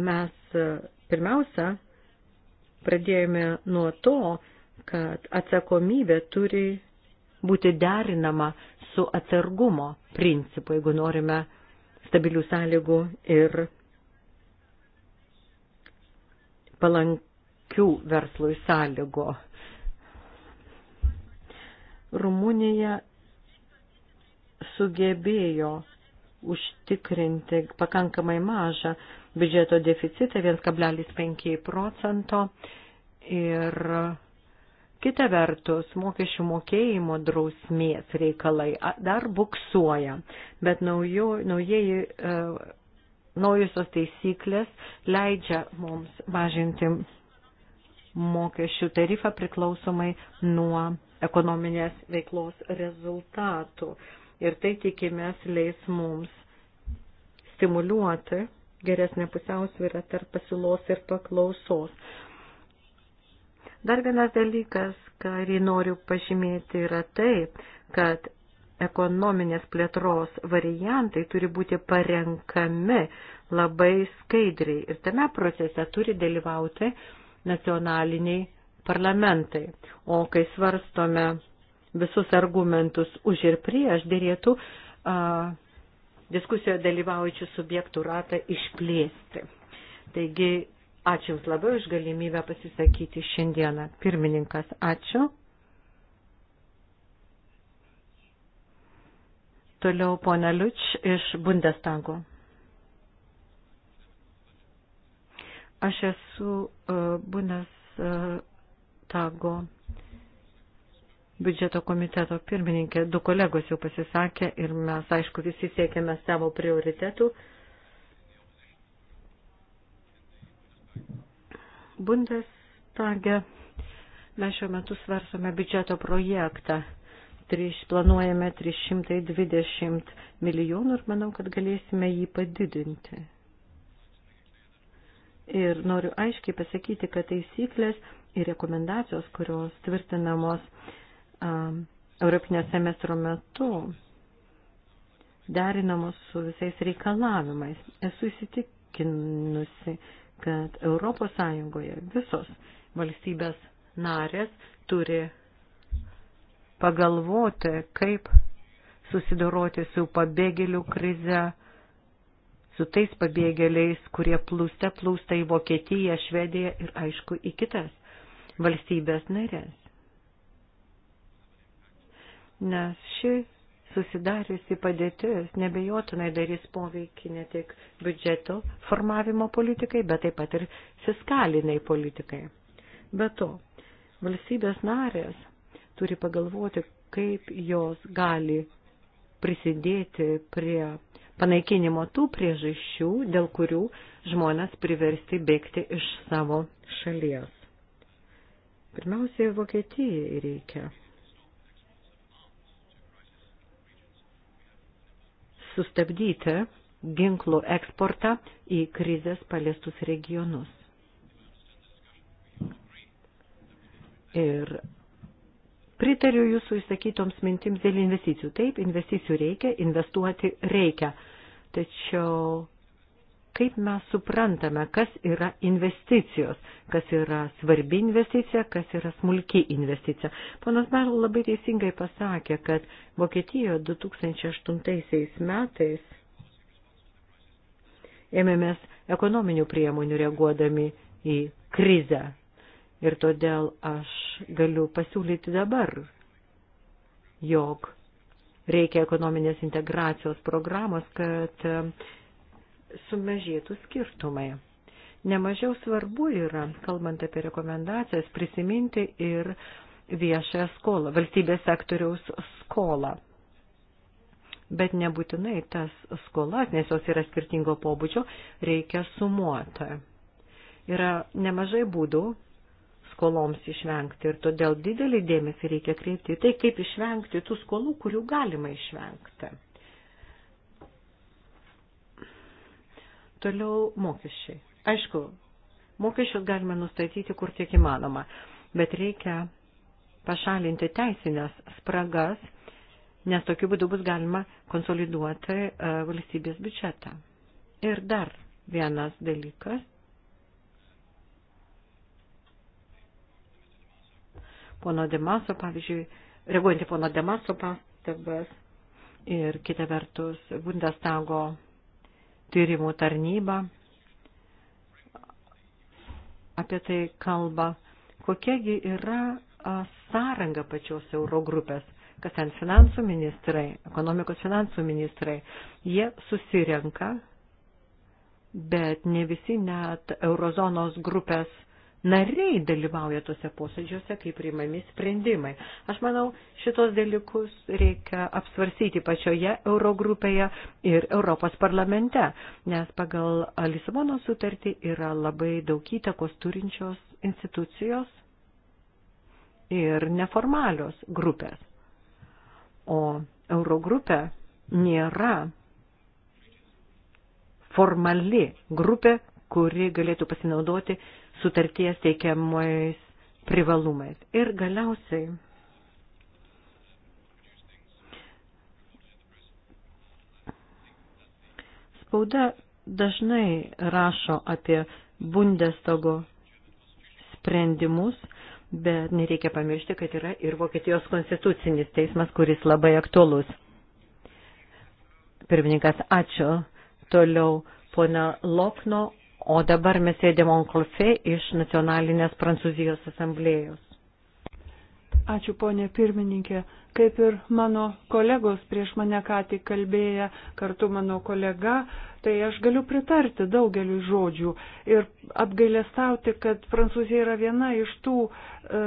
mes e, pirmiausia pradėjome nuo to, kad atsakomybė turi būti derinama su atsargumo principu, jeigu norime stabilių sąlygų ir palankių verslui sąlygo. Rumunija sugebėjo užtikrinti pakankamai mažą biudžeto deficitą 1,5 procento ir kita vertus mokesčių mokėjimo drausmės reikalai dar buksuoja, bet naujo, naujieji, e, naujusios taisyklės leidžia mums mažinti mokesčių tarifą priklausomai nuo ekonominės veiklos rezultatų ir tai tikimės leis mums stimuliuoti geresnė pusiausvyrą tarp pasiūlos ir paklausos. Dar vienas dalykas, kurį noriu pažymėti, yra tai, kad ekonominės plėtros variantai turi būti parenkami labai skaidriai ir tame procese turi dalyvauti nacionaliniai parlamentai. O kai svarstome visus argumentus už ir prieš, dėrėtų a, diskusijoje dalyvaujančių subjektų ratą išplėsti. Taigi, ačiū Jums labai už galimybę pasisakyti šiandieną. Pirmininkas, ačiū. Toliau pona Liuč iš Bundestago. Aš esu uh, Bundestago biudžeto komiteto pirmininkė. Du kolegos jau pasisakė ir mes, aišku, visi siekiame savo prioritetų. Bundestage mes šiuo metu svarsome biudžeto projektą. Triš, planuojame 320 milijonų ir manau, kad galėsime jį padidinti. Ir noriu aiškiai pasakyti, kad taisyklės ir rekomendacijos, kurios tvirtinamos uh, Um, Europinio semestro metu derinamos su visais reikalavimais. Esu įsitikinusi, kad Europos Sąjungoje visos valstybės narės turi pagalvoti, kaip susidoroti su pabėgėlių krize, su tais pabėgėliais, kurie plūste plūsta į Vokietiją, Švediją ir aišku į kitas valstybės narės nes ši susidariusi padėtis nebejotinai darys poveikį ne tik biudžeto formavimo politikai, bet taip pat ir fiskaliniai politikai. Be to, valstybės narės turi pagalvoti, kaip jos gali prisidėti prie panaikinimo tų priežasčių, dėl kurių žmonės priversti bėgti iš savo šalies. Pirmiausiai, Vokietijai reikia sustabdyti ginklų eksportą į krizės paliestus regionus. Ir Pritariu jūsų įsakytoms mintims dėl investicijų. Taip, investicijų reikia, investuoti reikia. Tačiau kaip mes suprantame, kas yra investicijos, kas yra svarbi investicija, kas yra smulki investicija. Ponas Merl labai teisingai pasakė, kad Vokietijoje 2008 metais ėmėmės ekonominių priemonių reaguodami į krizę. Ir todėl aš galiu pasiūlyti dabar, jog reikia ekonominės integracijos programos, kad sumažėtų skirtumai. Nemažiau svarbu yra, kalbant apie rekomendacijas, prisiminti ir viešąją skolą, valstybės sektoriaus skolą. Bet nebūtinai tas skolas, nes jos yra skirtingo pobūdžio, reikia sumuoti. Yra nemažai būdų skoloms išvengti ir todėl didelį dėmesį reikia kreipti į tai, kaip išvengti tų skolų, kurių galima išvengti. Toliau mokesčiai. Aišku, mokesčius galime nustatyti kur tiek įmanoma, bet reikia pašalinti teisinės spragas, nes tokiu būdu bus galima konsoliduoti e, valstybės biudžetą. Ir dar vienas dalykas. Pono Demaso, pavyzdžiui, reaguojant į pono Demaso pastabas ir kitą vertus Bundestago tyrimų tarnyba apie tai kalba, kokiagi yra sąranga pačios Eurogrupės, kas ten finansų ministrai, ekonomikos finansų ministrai, jie susirenka, bet ne visi net Eurozonos grupės nariai dalyvauja tose posėdžiuose, kaip priimami sprendimai. Aš manau, šitos dalykus reikia apsvarsyti pačioje Eurogrupėje ir Europos parlamente, nes pagal Lisabono sutartį yra labai daug įtakos turinčios institucijos ir neformalios grupės. O Eurogrupė nėra formali grupė, kuri galėtų pasinaudoti sutarties teikiamais privalumais. Ir galiausiai spauda dažnai rašo apie Bundestago sprendimus, bet nereikia pamiršti, kad yra ir Vokietijos konstitucinis teismas, kuris labai aktuolus. Pirmininkas, ačiū. Toliau pona Lokno O dabar mes sėdėm Onkolfe iš nacionalinės Prancūzijos asamblėjos. Ačiū, ponė pirmininkė. Kaip ir mano kolegos prieš mane ką tik kalbėję, kartu mano kolega, tai aš galiu pritarti daugeliu žodžių ir apgailestauti, kad Prancūzija yra viena iš tų e,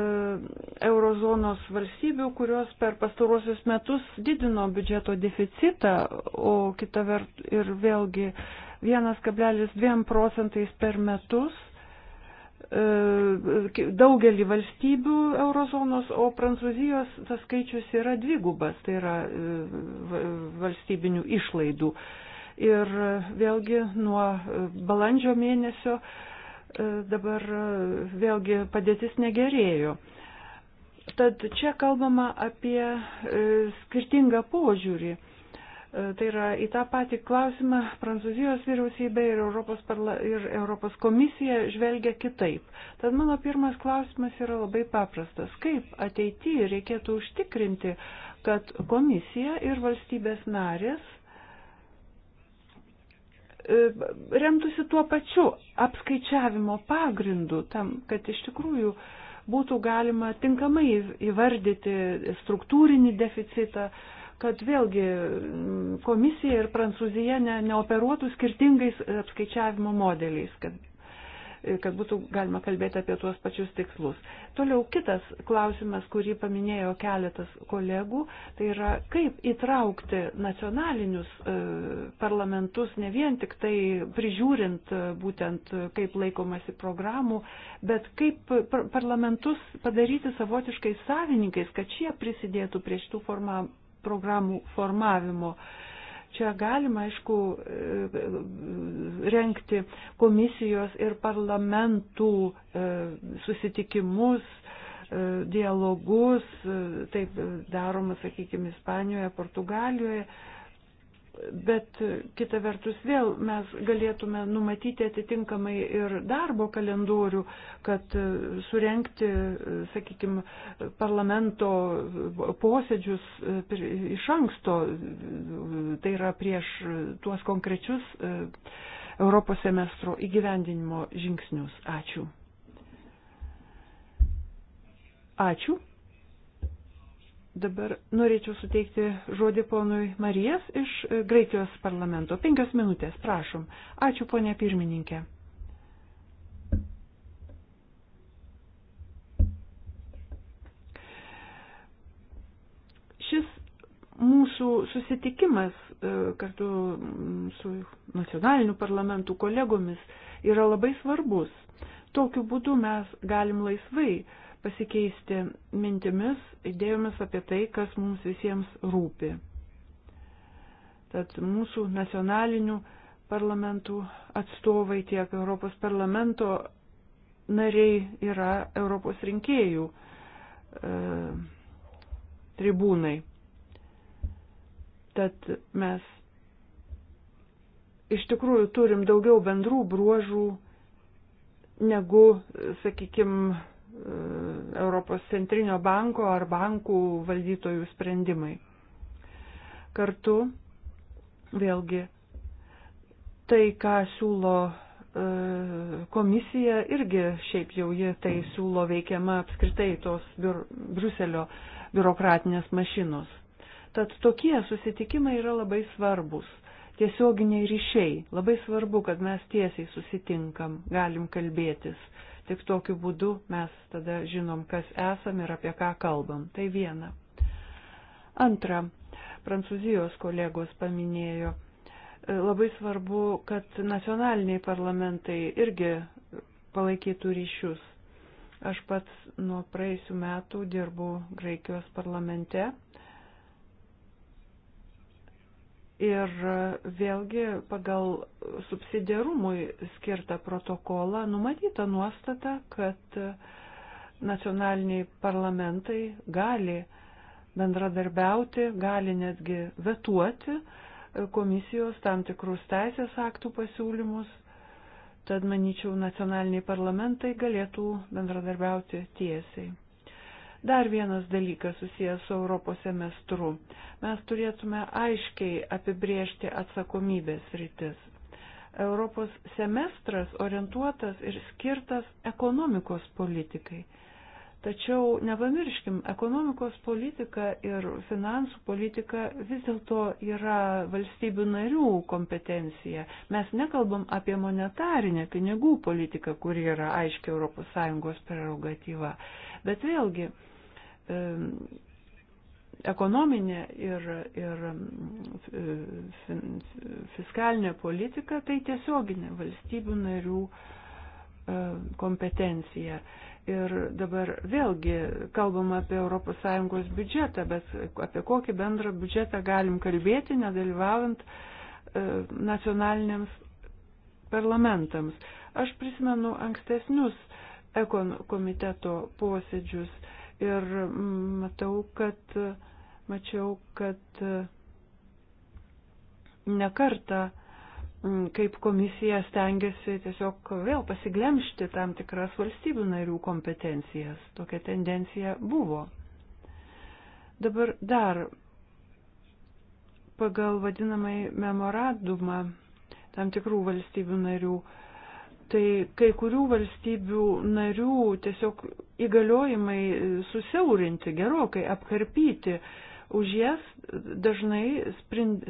eurozonos valstybių, kurios per pastaruosius metus didino biudžeto deficitą, o kita vert ir vėlgi e, 1,2 procentais per metus e, daugelį valstybių eurozonos, o Prancūzijos tas skaičius yra dvigubas, tai yra e, valstybinių išlaidų. Ir e, vėlgi nuo balandžio mėnesio dabar vėlgi padėtis negerėjo. Tad čia kalbama apie skirtingą požiūrį E, tai yra į tą patį klausimą Prancūzijos vyriausybė ir Europos, parla, ir Europos komisija žvelgia kitaip. Tad mano pirmas klausimas yra labai paprastas. Kaip ateityje reikėtų užtikrinti, kad komisija ir valstybės narės e, remtųsi tuo pačiu apskaičiavimo pagrindu, tam, kad iš tikrųjų būtų galima tinkamai įvardyti struktūrinį deficitą, kad vėlgi mm, komisija ir Prancūzija ne, neoperuotų skirtingais apskaičiavimo modeliais, kad, kad būtų galima kalbėti apie tuos pačius tikslus. Toliau kitas klausimas, kurį paminėjo keletas kolegų, tai yra kaip įtraukti nacionalinius e, parlamentus ne vien tik tai prižiūrint e, būtent e, kaip laikomasi programų, bet kaip parlamentus padaryti savotiškai savininkais, kad šie prisidėtų prie šitų formavimų programų formavimo. Čia galima, aišku, renkti komisijos ir parlamentų e, susitikimus, e, dialogus, e, taip daroma, sakykime, Ispanijoje, Portugalijoje bet e, kita vertus vėl mes galėtume numatyti atitinkamai ir darbo kalendorių, kad e, surenkti, e, sakykime, parlamento posėdžius iš anksto, tai yra prieš tuos konkrečius Europos semestro įgyvendinimo žingsnius. Ačiū. Ačiū. Dabar norėčiau suteikti žodį ponui Marijas iš e, Graikijos parlamento. Penkios minutės, prašom. Ačiū, ponė pirmininkė. Šis mūsų susitikimas e, kartu su nacionaliniu parlamentu kolegomis yra labai svarbus. Tokiu būdu mes galim laisvai uh, pasikeisti mintimis, idėjomis apie tai, kas mums visiems rūpi. Tad mūsų nacionalinių parlamentų atstovai tiek Europos parlamento nariai yra Europos rinkėjų e, tribūnai. Tad mes iš tikrųjų turim daugiau bendrų bruožų negu, sakykime, E, Europos centrinio banko ar bankų valdytojų sprendimai. Kartu vėlgi tai, ką siūlo e, komisija, irgi šiaip jau ji tai siūlo veikiama apskritai tos biur, Bruselio biurokratinės mašinos. Tad tokie susitikimai yra labai svarbus. Tiesioginiai ryšiai. Labai svarbu, kad mes tiesiai susitinkam, galim kalbėtis Tik tokiu būdu mes tada žinom, kas esam ir apie ką kalbam. Tai viena. Antra, prancūzijos kolegos paminėjo, e, labai svarbu, kad nacionaliniai parlamentai irgi palaikytų ryšius. Aš pats nuo praeisių metų dirbu Graikijos parlamente Ir e, vėlgi pagal subsidiarumui skirtą protokolą numatyta nuostata, kad e, nacionaliniai parlamentai gali bendradarbiauti, gali netgi vetuoti e, komisijos tam tikrus teisės aktų pasiūlymus. Tad, manyčiau, nacionaliniai parlamentai galėtų bendradarbiauti tiesiai. Dar vienas dalykas susijęs su Europos semestru. Mes turėtume aiškiai apibriežti atsakomybės rytis. Europos semestras orientuotas ir skirtas ekonomikos politikai. Tačiau nepamirškim, ekonomikos politika ir finansų politika vis dėlto yra valstybių narių kompetencija. Mes nekalbam apie monetarinę pinigų politiką, kuri yra aiškiai ES prerogatyva. Bet vėlgi, ekonominė ir, ir fiskalinė politika tai tiesioginė valstybių narių kompetencija. Ir dabar vėlgi kalbam apie ES biudžetą, bet apie kokį bendrą biudžetą galim kalbėti, nedalyvaujant e, nacionaliniams parlamentams. Aš prisimenu ankstesnius ekon komiteto posėdžius ir matau, kad mačiau, kad nekarta, kaip komisija stengiasi tiesiog vėl pasiglemšti tam tikras valstybių narių kompetencijas. Tokia tendencija buvo. Dabar dar pagal vadinamai memorandumą tam tikrų valstybių narių uh, tai kai kurių valstybių narių tiesiog įgaliojimai susiaurinti gerokai, apkarpyti, už jas dažnai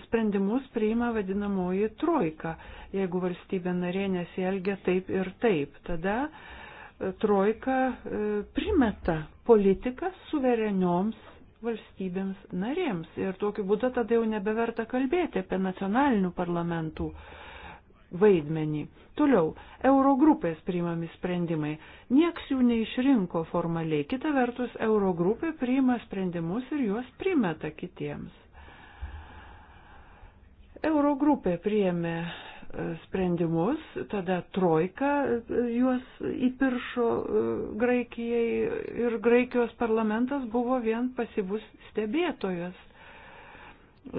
sprendimus priima vadinamoji trojka. Jeigu valstybė narė nesielgia taip ir taip, tada e, trojka e, primeta politiką suverenioms valstybėms narėms. Ir tokiu būdu tada jau nebeverta kalbėti apie nacionalinių parlamentų uh, vaidmenį. Toliau, Eurogrupės priimami sprendimai. Nieks jų neišrinko formaliai. Kita vertus, Eurogrupė priima sprendimus ir juos primeta kitiems. Eurogrupė priėmė e, sprendimus, tada Trojka e, juos įpiršo e, Graikijai ir Graikijos parlamentas buvo vien pasibus stebėtojas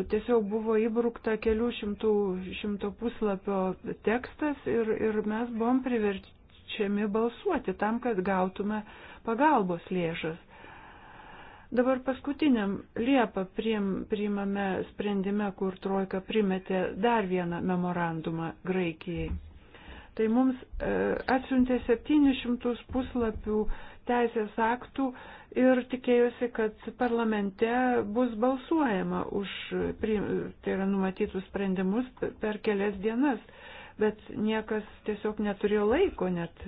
tiesiog buvo įbrukta kelių šimtų, šimto puslapio tekstas ir, ir mes buvom priverčiami balsuoti tam, kad gautume pagalbos lėšas. Dabar paskutiniam Liepą priim, priimame sprendime, kur Trojka primetė dar vieną memorandumą Graikijai. Tai mums e, atsiuntė 700 puslapių teisės aktų ir tikėjosi, kad parlamente bus balsuojama už, tai yra numatytus sprendimus per kelias dienas, bet niekas tiesiog neturėjo laiko net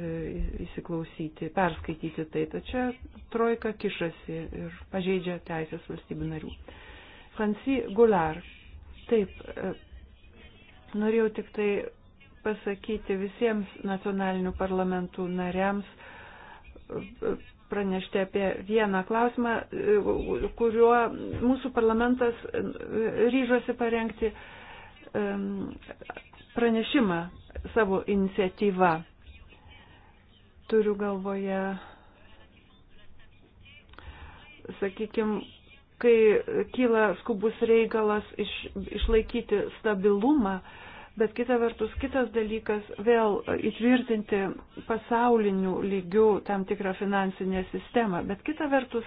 įsiklausyti, perskaityti tai. Tačiau trojka kišasi ir pažeidžia teisės valstybių narių. Franci Gular. Taip, e, norėjau tik tai pasakyti visiems nacionalinių parlamentų nariams, pranešti apie vieną klausimą, kuriuo mūsų parlamentas ryžosi parengti pranešimą savo iniciatyvą. Turiu galvoje, sakykime, kai kyla skubus reikalas iš, išlaikyti stabilumą, uh, Bet kita vertus, kitas dalykas vėl įtvirtinti pasaulinių lygių tam tikrą finansinę sistemą. Bet kita vertus,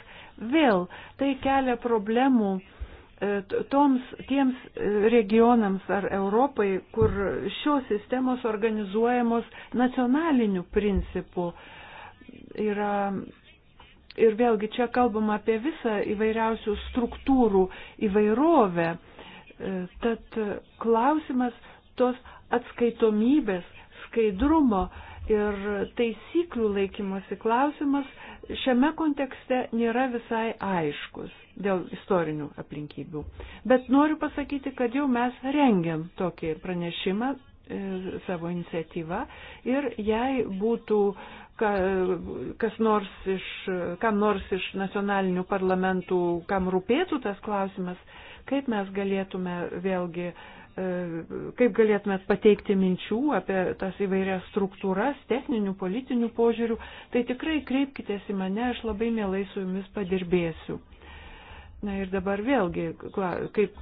vėl tai kelia problemų e, toms, tiems e, regionams ar Europai, kur šios sistemos organizuojamos nacionaliniu principu. Yra, ir vėlgi čia kalbama apie visą įvairiausių struktūrų įvairovę. E, tad klausimas, tos atskaitomybės, skaidrumo ir taisyklių laikymosi klausimas šiame kontekste nėra visai aiškus dėl istorinių aplinkybių. Bet noriu pasakyti, kad jau mes rengiam tokį pranešimą e, savo iniciatyvą ir jei būtų ka, kas nors iš, kam nors iš nacionalinių parlamentų, kam rūpėtų tas klausimas, kaip mes galėtume vėlgi E, kaip galėtumėt pateikti minčių apie tas įvairias struktūras, techninių, politinių požiūrių, tai tikrai kreipkitės į mane, aš labai mielai su jumis padirbėsiu. Na ir dabar vėlgi, kaip,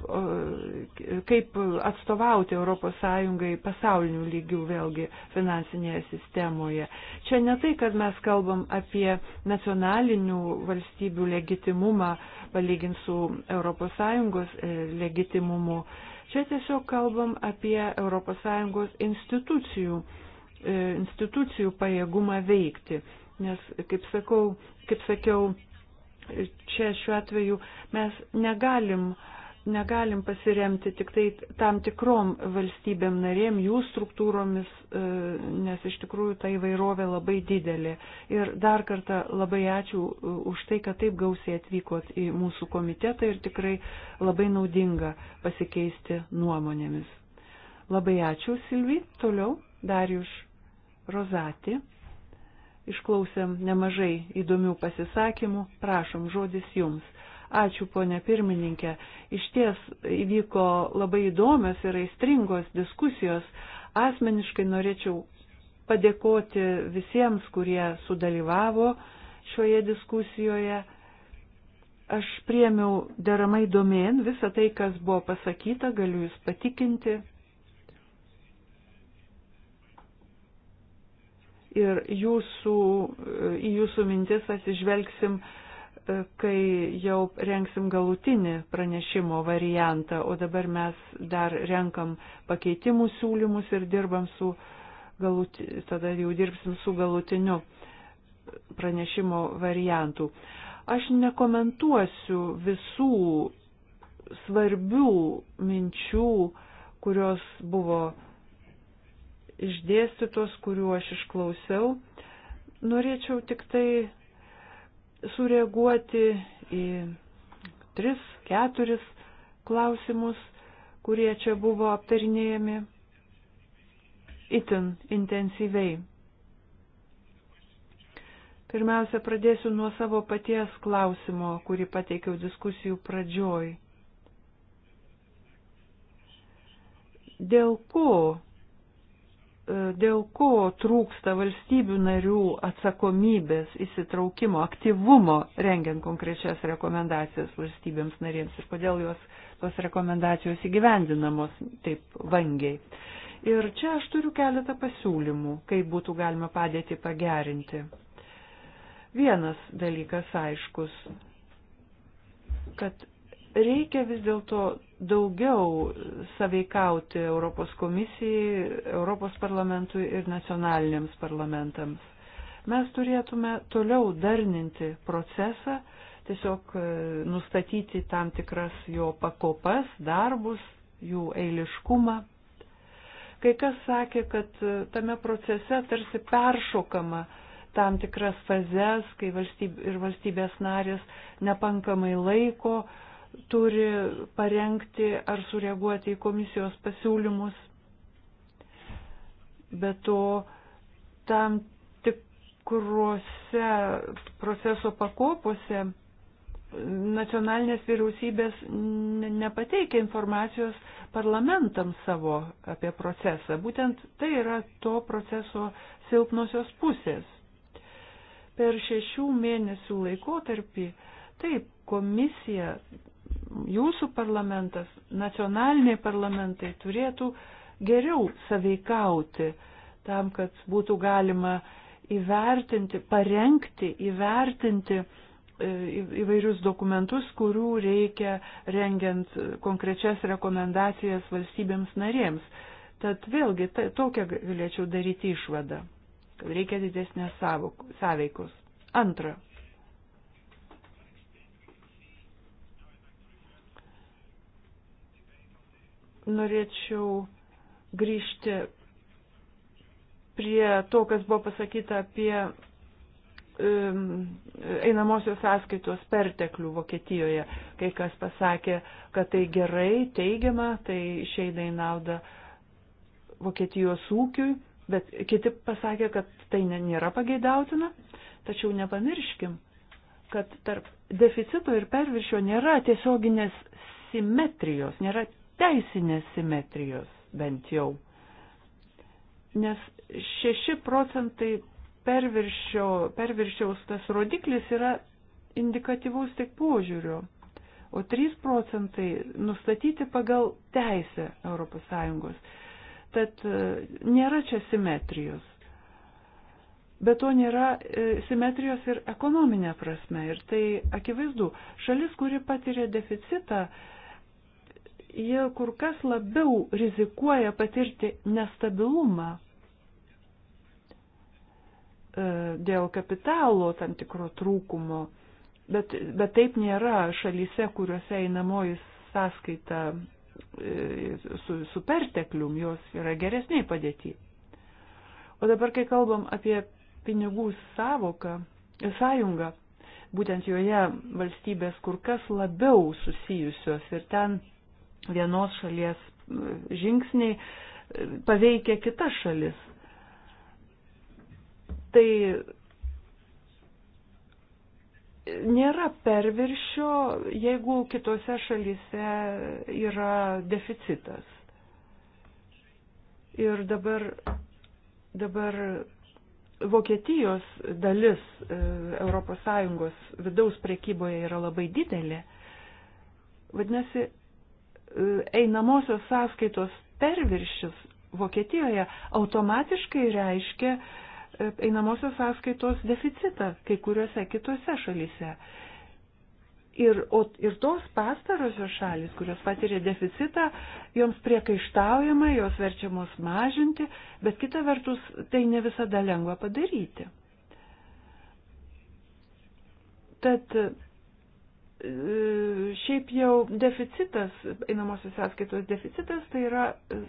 kaip atstovauti ES pasaulinių lygių vėlgi finansinėje sistemoje. Čia ne tai, kad mes kalbam apie nacionalinių valstybių legitimumą palyginti su ES e, legitimumu, Čia tiesiog kalbam apie ES institucijų, e, institucijų pajėgumą veikti, nes, kaip, sakau, kaip sakiau, čia šiuo atveju mes negalim uh, negalim pasiremti tik tai tam tikrom valstybėm narėm, jų struktūromis, e, nes iš tikrųjų ta įvairovė labai didelė. Ir dar kartą labai ačiū e, už tai, kad taip gausiai atvykot į mūsų komitetą ir tikrai labai naudinga pasikeisti nuomonėmis. Labai ačiū Silvi, toliau Darius Rozati. Išklausėm nemažai įdomių pasisakymų, prašom žodis jums. Ačiū, ponė pirmininkė. Iš ties įvyko labai įdomios ir aistringos diskusijos. Asmeniškai norėčiau padėkoti visiems, kurie sudalyvavo šioje diskusijoje. Aš priemiau deramai domėn visą tai, kas buvo pasakyta, galiu jūs patikinti. Ir jūsų, į jūsų mintis atsižvelgsim uh, kai jau renksim galutinį pranešimo variantą, o dabar mes dar renkam pakeitimų siūlymus ir dirbam su galuti, tada jau dirbsim su galutiniu pranešimo variantu. Aš nekomentuosiu visų svarbių minčių, kurios buvo išdėstytos, kuriuo aš išklausiau. Norėčiau tik tai sureaguoti į tris, keturis klausimus, kurie čia buvo aptarinėjami itin intensyviai. Pirmiausia, pradėsiu nuo savo paties klausimo, kurį pateikiau diskusijų pradžioj. Dėl ko E, dėl ko trūksta valstybių narių atsakomybės įsitraukimo, aktyvumo rengiant konkrečias rekomendacijas valstybėms narėms ir kodėl jos tos rekomendacijos įgyvendinamos taip vangiai. Ir čia aš turiu keletą pasiūlymų, kaip būtų galima padėti pagerinti. Vienas dalykas aiškus, kad reikia vis dėlto daugiau saveikauti Europos komisijai, Europos parlamentui ir nacionaliniams parlamentams. Mes turėtume toliau darninti procesą, tiesiog e, nustatyti tam tikras jo pakopas, darbus, jų eiliškumą. Kai kas sakė, kad e, tame procese tarsi peršokama tam tikras fazes, kai valstybė ir valstybės narės nepankamai laiko, uh, turi parengti ar sureaguoti į komisijos pasiūlymus. Be to, tam tikruose proceso pakopose nacionalinės vyriausybės nepateikia informacijos parlamentams savo apie procesą. Būtent tai yra to proceso silpnosios pusės. Per šešių mėnesių laikotarpį taip komisija jūsų parlamentas, nacionaliniai parlamentai turėtų geriau saveikauti tam, kad būtų galima įvertinti, parengti, įvertinti e, įvairius dokumentus, kurių reikia rengiant konkrečias rekomendacijas valstybėms narėms. Tad vėlgi ta, tokią galėčiau daryti išvadą, kad reikia didesnės sąveikos. Antra, norėčiau grįžti prie to, kas buvo pasakyta apie einamosios sąskaitos perteklių Vokietijoje. Kai kas pasakė, kad tai gerai, teigiama, tai išeina į naudą Vokietijos ūkiui, bet kiti pasakė, kad tai nėra pageidautina. Tačiau nepamirškim, kad tarp deficito ir perviršio nėra tiesioginės simetrijos, nėra teisinės simetrijos bent jau. Nes 6 procentai perviršio, perviršiaus tas rodiklis yra indikatyvus tik požiūriu, o 3 procentai nustatyti pagal teisę ES. Tad e, nėra čia simetrijos. Bet to nėra e, simetrijos ir ekonominė prasme. Ir tai akivaizdu, šalis, kuri patiria deficitą, jie kur kas labiau rizikuoja patirti nestabilumą e, dėl kapitalo tam tikro trūkumo, bet, bet taip nėra šalyse, kuriuose einamoji sąskaita e, su, su perteklium, jos yra geresniai padėti. O dabar, kai kalbam apie pinigų savoką, sąjungą, būtent joje valstybės kur kas labiau susijusios ir ten vienos šalies e, žingsniai e, paveikia kitas šalis. Tai nėra perviršio, jeigu kitose šalyse yra deficitas. Ir dabar, dabar Vokietijos dalis ES vidaus prekyboje yra labai didelė. Vadinasi, einamosios sąskaitos perviršis Vokietijoje automatiškai reiškia e, einamosios sąskaitos deficitą kai kuriuose kitose šalyse. Ir, o, ir tos pastarosios šalis, kurios patiria deficitą, joms priekaištaujama, jos verčiamos mažinti, bet kita vertus tai ne visada lengva padaryti. Tad šiaip jau deficitas, einamosios sąskaitos deficitas, tai yra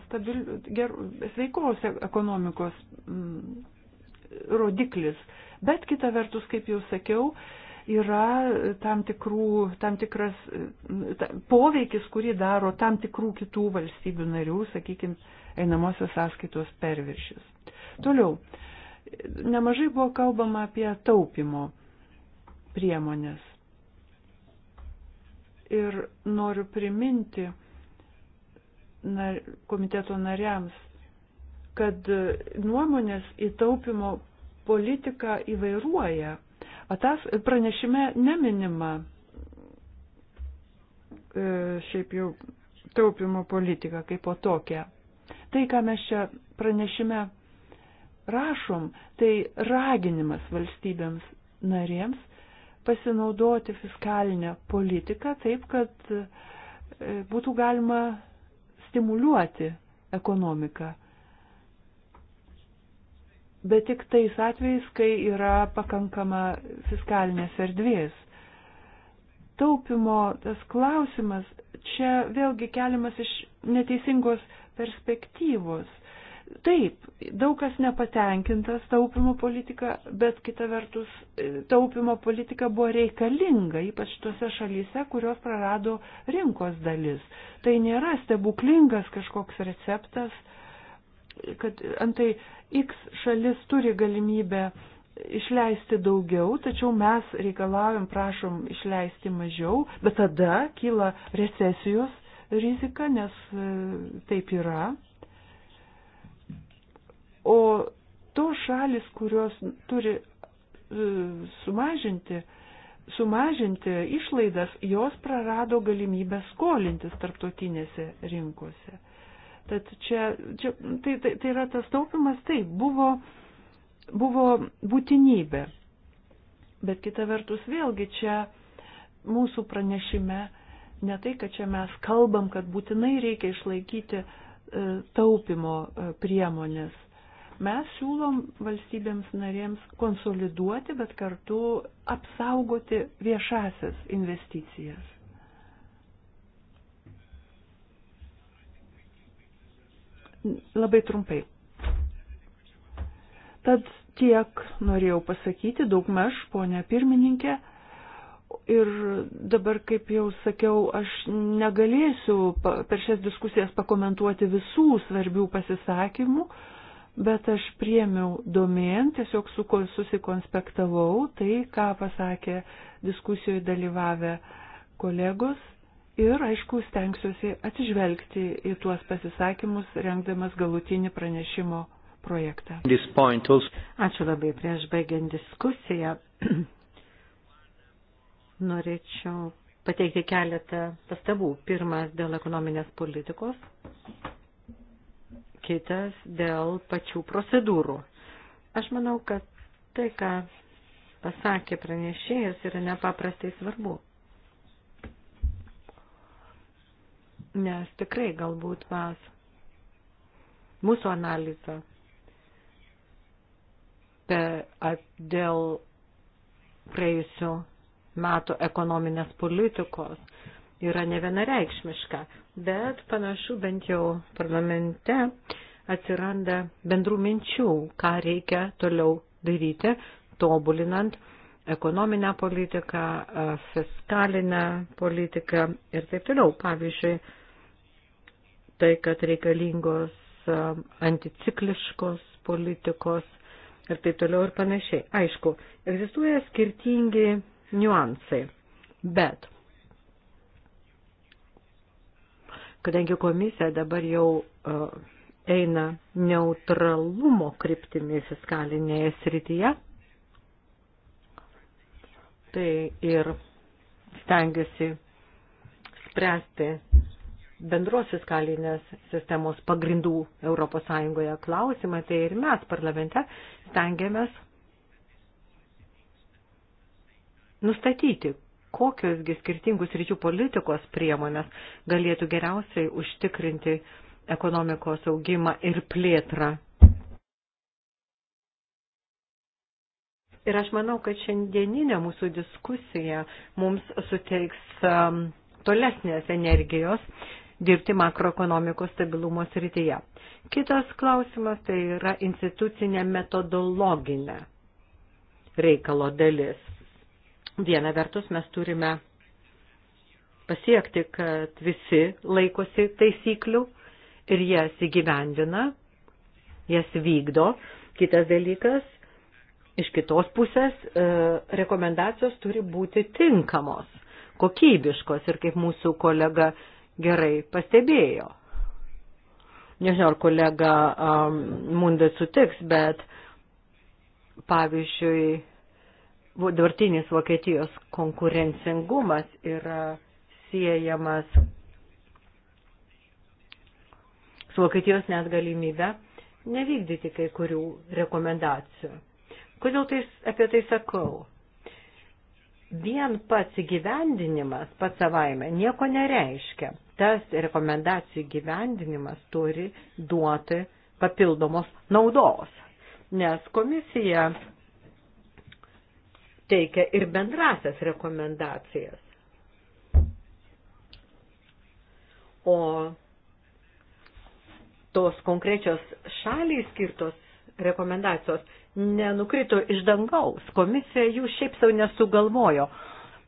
stabil, ger, sveikos ekonomikos mm, rodiklis. Bet kita vertus, kaip jau sakiau, yra tam, tikrų, tam tikras mm, ta, poveikis, kurį daro tam tikrų kitų valstybių narių, sakykime, einamosios sąskaitos perviršis. Toliau, nemažai buvo kalbama apie taupimo priemonės ir noriu priminti nar, komiteto nariams, kad nuomonės įtaupimo politika įvairuoja. Atas pranešime neminima e, šiaip jau taupimo politika kaip po tokia. Tai, ką mes čia pranešime rašom, tai raginimas valstybėms narėms pasinaudoti fiskalinę politiką taip, kad e, būtų galima stimuliuoti ekonomiką. Bet tik tais atvejais, kai yra pakankama fiskalinės erdvės. Taupimo tas klausimas čia vėlgi keliamas iš neteisingos perspektyvos Taip, daug kas nepatenkintas taupimo politika, bet kita vertus e, taupimo politika buvo reikalinga, ypač tose šalyse, kurios prarado rinkos dalis. Tai nėra stebuklingas kažkoks receptas, kad antai X šalis turi galimybę išleisti daugiau, tačiau mes reikalaujam, prašom išleisti mažiau, bet tada kyla recesijos rizika, nes e, taip yra. O tos šalis, kurios turi e, sumažinti, sumažinti išlaidas, jos prarado galimybę skolintis tarptautinėse rinkose. Tad čia, čia tai, tai, tai yra tas taupimas, tai buvo, buvo būtinybė. Bet kita vertus vėlgi čia mūsų pranešime ne tai, kad čia mes kalbam, kad būtinai reikia išlaikyti e, taupimo e, priemonės Mes siūlom valstybėms narėms konsoliduoti, bet kartu apsaugoti viešasias investicijas. Labai trumpai. Tad tiek norėjau pasakyti, daug maž, ponia pirmininkė. Ir dabar, kaip jau sakiau, aš negalėsiu per šias diskusijas pakomentuoti visų svarbių pasisakymų, bet aš priemiau domėn, tiesiog susikonspektavau tai, ką pasakė diskusijoje dalyvavę kolegos ir, aišku, stengsiuosi atsižvelgti į tuos pasisakymus, rengdamas galutinį pranešimo projektą. Ačiū labai prieš baigiant diskusiją. Norėčiau pateikti keletą pastabų. Pirmas dėl ekonominės politikos kitas dėl pačių procedūrų. Aš manau, kad tai, ką pasakė pranešėjas, yra nepaprastai svarbu. Nes tikrai galbūt mes, mūsų analiza dėl praėjusių metų ekonominės politikos yra ne vienareikšmiška, bet panašu bent jau parlamente atsiranda bendrų minčių, ką reikia toliau daryti, tobulinant ekonominę politiką, fiskalinę politiką ir taip toliau. Pavyzdžiui, tai, kad reikalingos anticikliškos politikos ir taip toliau ir panašiai. Aišku, egzistuoja skirtingi niuansai, bet kadangi komisija dabar jau e, eina neutralumo kryptimi fiskalinėje srityje, tai ir stengiasi spręsti bendros fiskalinės sistemos pagrindų ES klausimą, tai ir mes parlamente stengiamės nustatyti, kokiosgi skirtingus ryčių politikos priemonės galėtų geriausiai užtikrinti ekonomikos augimą ir plėtrą. Ir aš manau, kad šiandieninė mūsų diskusija mums suteiks um, tolesnės energijos dirbti makroekonomikos stabilumo srityje. Kitas klausimas tai yra institucinė metodologinė reikalo dalis. Viena vertus mes turime pasiekti, kad visi laikosi taisyklių ir jas įgyvendina, jas vykdo. Kitas dalykas, iš kitos pusės, e, rekomendacijos turi būti tinkamos, kokybiškos ir kaip mūsų kolega gerai pastebėjo. Nežinau, ar kolega um, Mundas sutiks, bet pavyzdžiui, dabartinis Vokietijos konkurencingumas yra siejamas su Vokietijos net galimybe nevykdyti kai kurių rekomendacijų. Kodėl tai, apie tai sakau? Vien pats įgyvendinimas pats savaime nieko nereiškia. Tas rekomendacijų įgyvendinimas turi duoti papildomos naudos, nes komisija teikia ir bendrasias rekomendacijas. O tos konkrečios šaliai skirtos rekomendacijos nenukrito iš dangaus. Komisija jų šiaip savo nesugalvojo,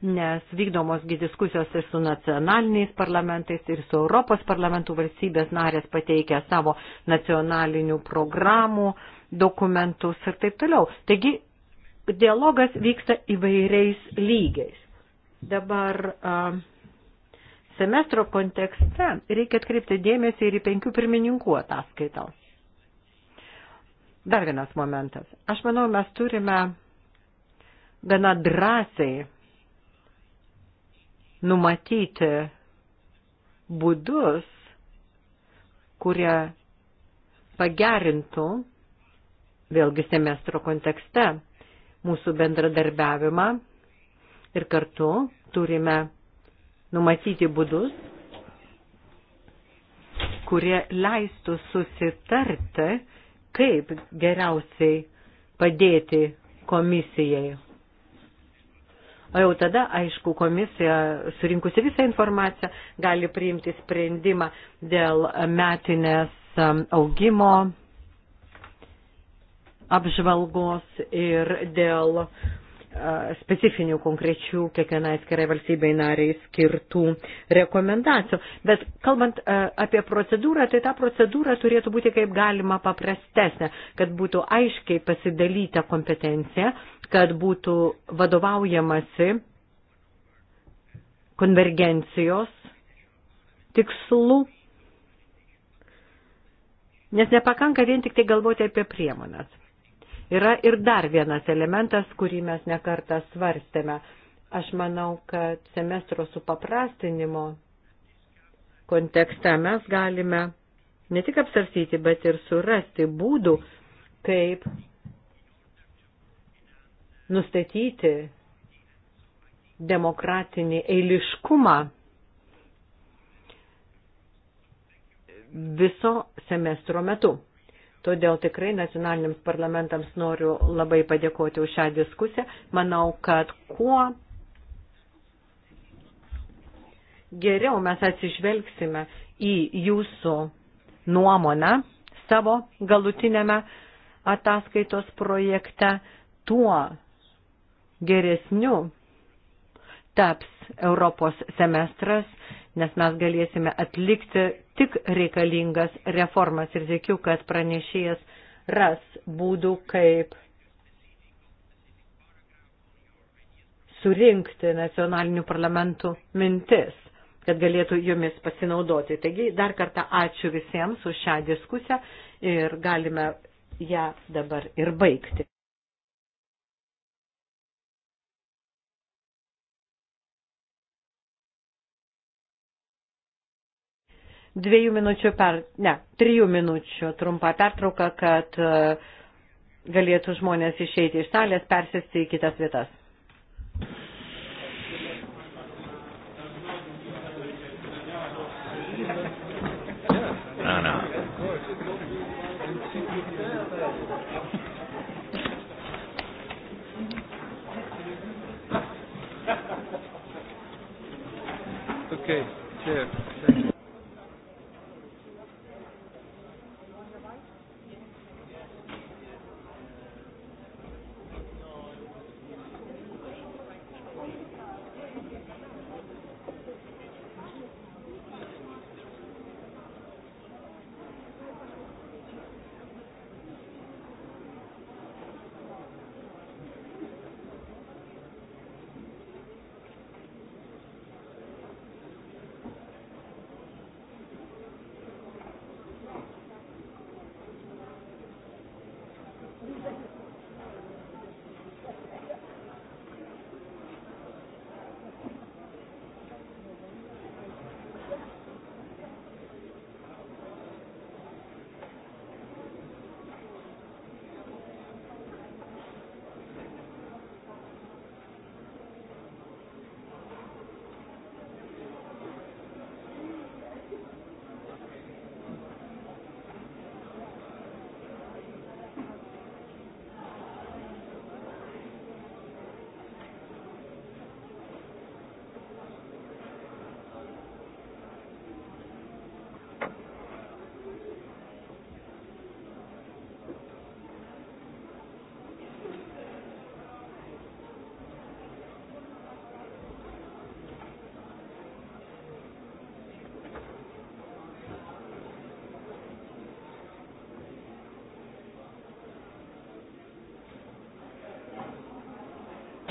nes vykdomosgi diskusijos ir su nacionaliniais parlamentais, ir su Europos parlamentų valstybės narės pateikia savo nacionalinių programų, dokumentus ir taip toliau. Taigi dialogas vyksta įvairiais lygiais. Dabar semestro kontekste reikia atkreipti dėmesį ir į penkių pirmininkų ataskaitą. Dar vienas momentas. Aš manau, mes turime gana drąsiai numatyti būdus, kurie pagerintų, vėlgi semestro kontekste, mūsų bendradarbiavimą ir kartu turime numatyti būdus, kurie leistų susitarti, kaip geriausiai padėti komisijai. O jau tada, aišku, komisija, surinkusi visą informaciją, gali priimti sprendimą dėl metinės um, augimo apžvalgos ir dėl e, specifinių konkrečių kiekvienai atskirai valstybei nariai skirtų rekomendacijų. Bet kalbant e, apie procedūrą, tai ta procedūra turėtų būti kaip galima paprastesnė, kad būtų aiškiai pasidalyta kompetencija, kad būtų vadovaujamasi konvergencijos tikslų. Nes nepakanka vien tik tai galvoti apie priemonės Yra ir dar vienas elementas, kurį mes nekartą svarstėme. Aš manau, kad semestro supaprastinimo kontekste mes galime ne tik apsarstyti, bet ir surasti būdų, kaip nustatyti demokratinį eiliškumą viso semestro metu. Todėl tikrai nacionaliniams parlamentams noriu labai padėkoti už šią diskusiją. Manau, kad kuo geriau mes atsižvelgsime į jūsų nuomonę savo galutinėme ataskaitos projekte, tuo geresniu taps Europos semestras nes mes galėsime atlikti tik reikalingas reformas ir tikiu, kad pranešėjas ras būdų, kaip surinkti nacionalinių parlamentų mintis, kad galėtų jomis pasinaudoti. Taigi dar kartą ačiū visiems už šią diskusiją ir galime ją dabar ir baigti. dviejų minučių per, ne, trijų minučių trumpą pertrauką, kad e, galėtų žmonės išeiti iš salės, persėsti į kitas vietas. No, no. Okay, cheers. Thank you.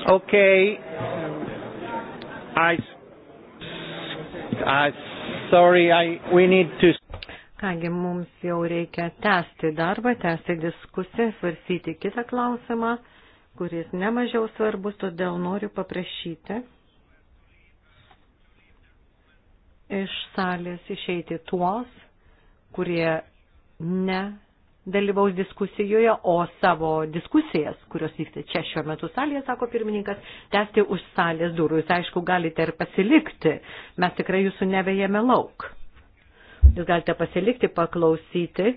Okay. I, I, sorry, I, we need to. Kągi mums jau reikia tęsti darbą, tęsti diskusiją, svarstyti kitą klausimą, kuris nemažiau svarbus, todėl noriu paprašyti iš salės išeiti tuos, kurie ne dalyvaus diskusijoje, o savo diskusijas, kurios vyksta čia šiuo metu salėje, sako pirmininkas, tęsti už salės durų. Jūs aišku galite ir pasilikti, mes tikrai jūsų nevėjame lauk. Jūs galite pasilikti, paklausyti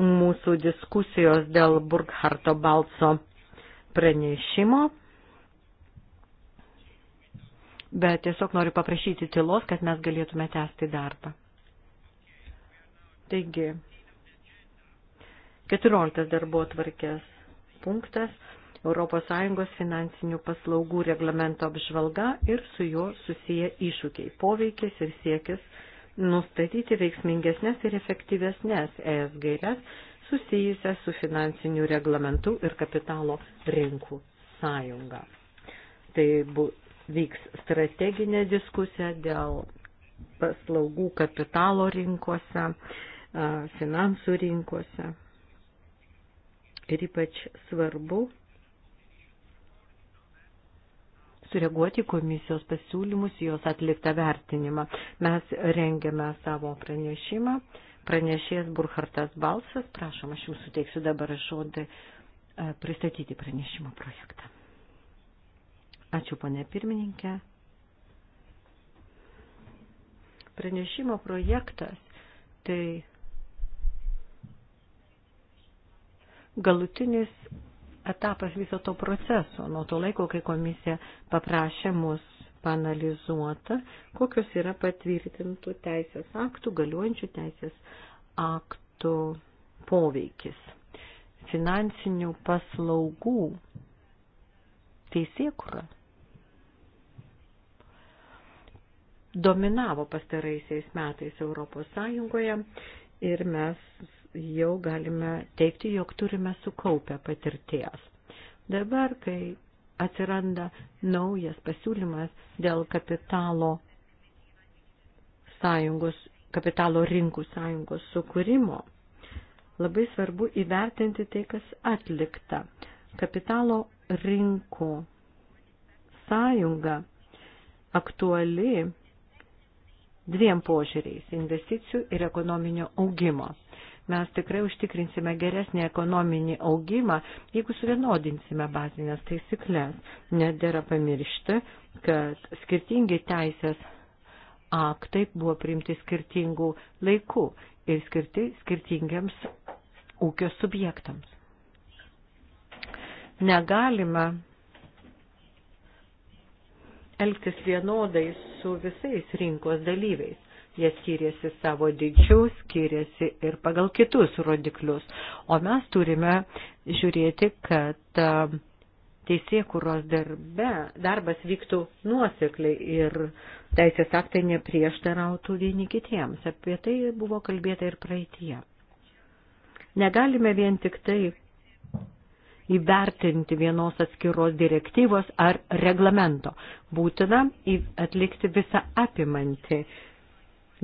mūsų diskusijos dėl Burgharto Balso pranešimo. Bet tiesiog noriu paprašyti tylos, kad mes galėtume tęsti darbą. Taigi, 14 darbo tvarkės punktas ES finansinių paslaugų reglamento apžvalga ir su juo susiję iššūkiai, poveikis ir siekis nustatyti veiksmingesnės ir efektyvesnės ES gairias susijusias su finansiniu reglamentu ir kapitalo rinkų sąjunga. Tai bu, vyks strateginė diskusija dėl paslaugų kapitalo rinkose, finansų rinkose ir ypač svarbu sureaguoti komisijos pasiūlymus į jos atliktą vertinimą. Mes rengiame savo pranešimą. Pranešėjas Burkhartas Balsas, prašom, aš jums suteiksiu dabar žodį e, pristatyti pranešimo projektą. Ačiū, ponė pirmininkė. Pranešimo projektas tai galutinis etapas viso to proceso, nuo to laiko, kai komisija paprašė mus panalizuota, kokios yra patvirtintų teisės aktų, galiuojančių teisės aktų poveikis. Finansinių paslaugų teisėkura dominavo pastaraisiais metais Europos Sąjungoje ir mes jau galime teikti, jog turime sukaupę patirties. Dabar, kai atsiranda naujas pasiūlymas dėl kapitalo sąjungos, kapitalo rinkų sąjungos sukūrimo, labai svarbu įvertinti tai, kas atlikta. Kapitalo rinkų sąjunga aktuali dviem požiūriais - investicijų ir ekonominio augimo mes tikrai užtikrinsime geresnį ekonominį augimą, jeigu suvienodinsime bazinės taisyklės. Nedėra pamiršti, kad skirtingi teisės aktai buvo priimti skirtingų laikų ir skirti skirtingiams ūkio subjektams. Negalima elgtis vienodai su visais rinkos dalyviais jie skiriasi savo dydžiu, skiriasi ir pagal kitus rodiklius. O mes turime žiūrėti, kad teisėkuros darbe darbas vyktų nuosekliai ir teisės aktai neprieštarautų vieni kitiems. Apie tai buvo kalbėta ir praeitie. Negalime vien tik tai įvertinti vienos atskiros direktyvos ar reglamento. Būtina atlikti visą apimantį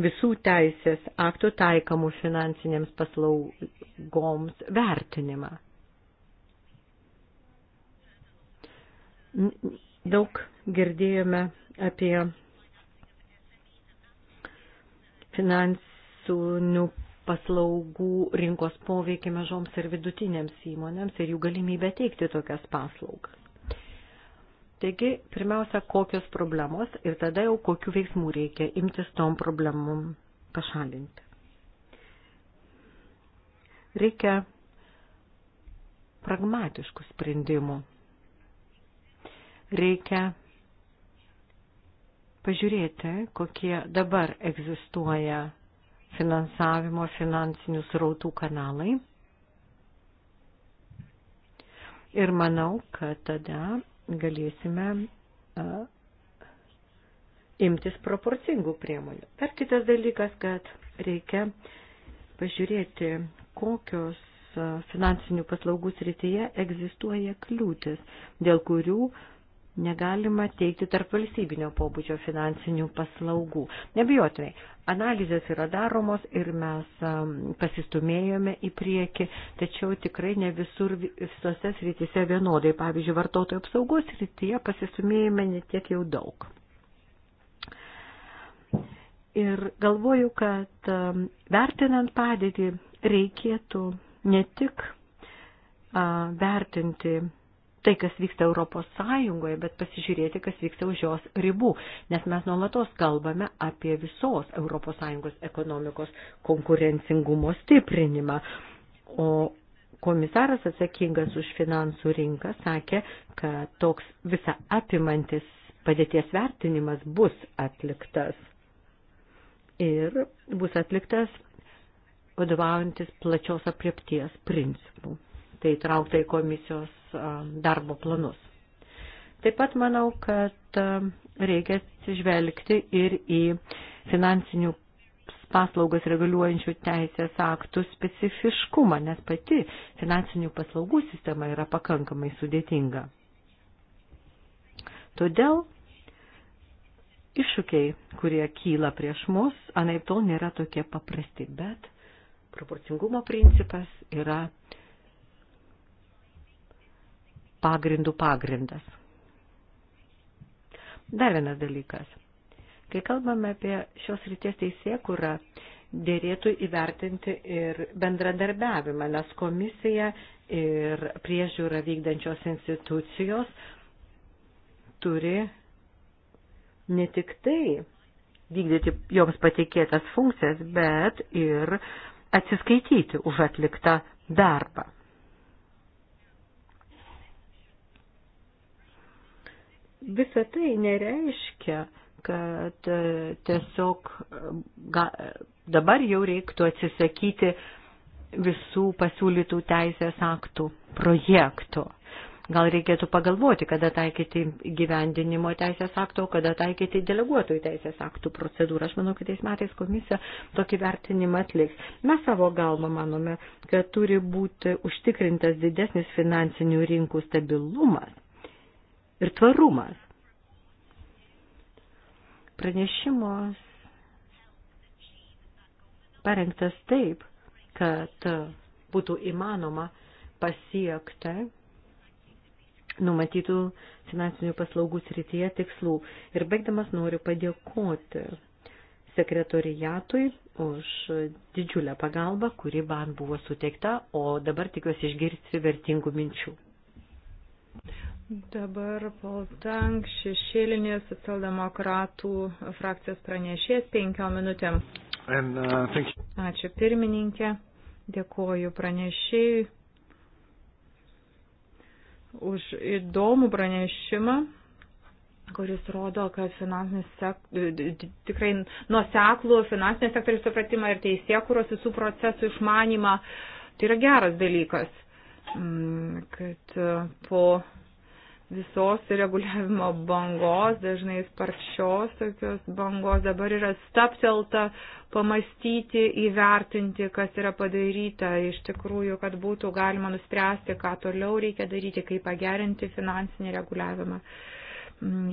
visų teisės aktų taikamų finansinėms paslaugoms vertinimą. Daug girdėjome apie finansinių paslaugų rinkos poveikį mažoms ir vidutinėms įmonėms ir jų galimybę teikti tokias paslaugas. Taigi, pirmiausia, kokios problemos ir tada jau kokių veiksmų reikia imtis tom problemom pašalinti. Reikia pragmatiškų sprendimų. Reikia pažiūrėti, kokie dabar egzistuoja finansavimo finansinių srautų kanalai. Ir manau, kad tada galėsime imtis proporcingų priemonių. Dar kitas dalykas, kad reikia pažiūrėti, kokios finansinių paslaugų srityje egzistuoja kliūtis, dėl kurių uh, negalima teikti tarp valstybinio pobūdžio finansinių paslaugų. Nebijotinai, analizės yra daromos ir mes um, pasistumėjome į priekį, tačiau tikrai ne visur visose srityse vienodai. Pavyzdžiui, vartotojų apsaugos srityje pasistumėjome netiek jau daug. Ir galvoju, kad um, vertinant padėtį reikėtų ne tik uh, vertinti tai, kas vyksta Europos Sąjungoje, bet pasižiūrėti, kas vyksta už jos ribų, nes mes nuolatos kalbame apie visos Europos Sąjungos ekonomikos konkurencingumo stiprinimą. O komisaras atsakingas už finansų rinką sakė, kad toks visa apimantis padėties vertinimas bus atliktas. Ir bus atliktas vadovaujantis plačios apriepties principų tai įtraukta į komisijos darbo planus. Taip pat manau, kad reikia atsižvelgti ir į finansinių paslaugas reguliuojančių teisės aktų specifiškumą, nes pati finansinių paslaugų sistema yra pakankamai sudėtinga. Todėl iššūkiai, kurie kyla prieš mus, anaip tol nėra tokie paprasti, bet proporcingumo principas yra pagrindų pagrindas. Dar vienas dalykas. Kai kalbame apie šios ryties teisėkurą, dėrėtų įvertinti ir bendradarbiavimą, nes komisija ir priežiūra vykdančios institucijos turi ne tik tai vykdyti joms patikėtas funkcijas, bet ir atsiskaityti už atliktą darbą. Visa tai nereiškia, kad e, tiesiog e, ga, e, dabar jau reiktų atsisakyti visų pasiūlytų teisės aktų projektų. Gal reikėtų pagalvoti, kada taikyti gyvendinimo teisės akto, kada taikyti deleguotojų teisės aktų procedūrą. Aš manau, kad tais metais komisija tokį vertinimą atliks. Mes savo galvą manome, kad turi būti užtikrintas didesnis finansinių rinkų stabilumas ir tvarumas. Pranešimas parengtas taip, kad būtų įmanoma pasiekti numatytų finansinių paslaugų srityje tikslų. Ir baigdamas noriu padėkoti sekretorijatui už didžiulę pagalbą, kuri man buvo suteikta, o dabar tikiuosi išgirsti vertingų minčių. Dabar Poltank šešėlinės socialdemokratų frakcijos pranešės penkiom minutėm. And, uh, Ačiū pirmininkė, dėkoju pranešėjui už įdomų pranešimą kuris rodo, kad finansinis sek... tikrai nuoseklų finansinės sektorių supratimą ir teisėkuros visų procesų išmanimą. Tai yra geras dalykas, mm, kad uh, po visos reguliavimo bangos, dažnai sparčios tokios bangos, dabar yra staptelta pamastyti, įvertinti, kas yra padaryta, iš tikrųjų, kad būtų galima nuspręsti, ką toliau reikia daryti, kaip pagerinti finansinį reguliavimą.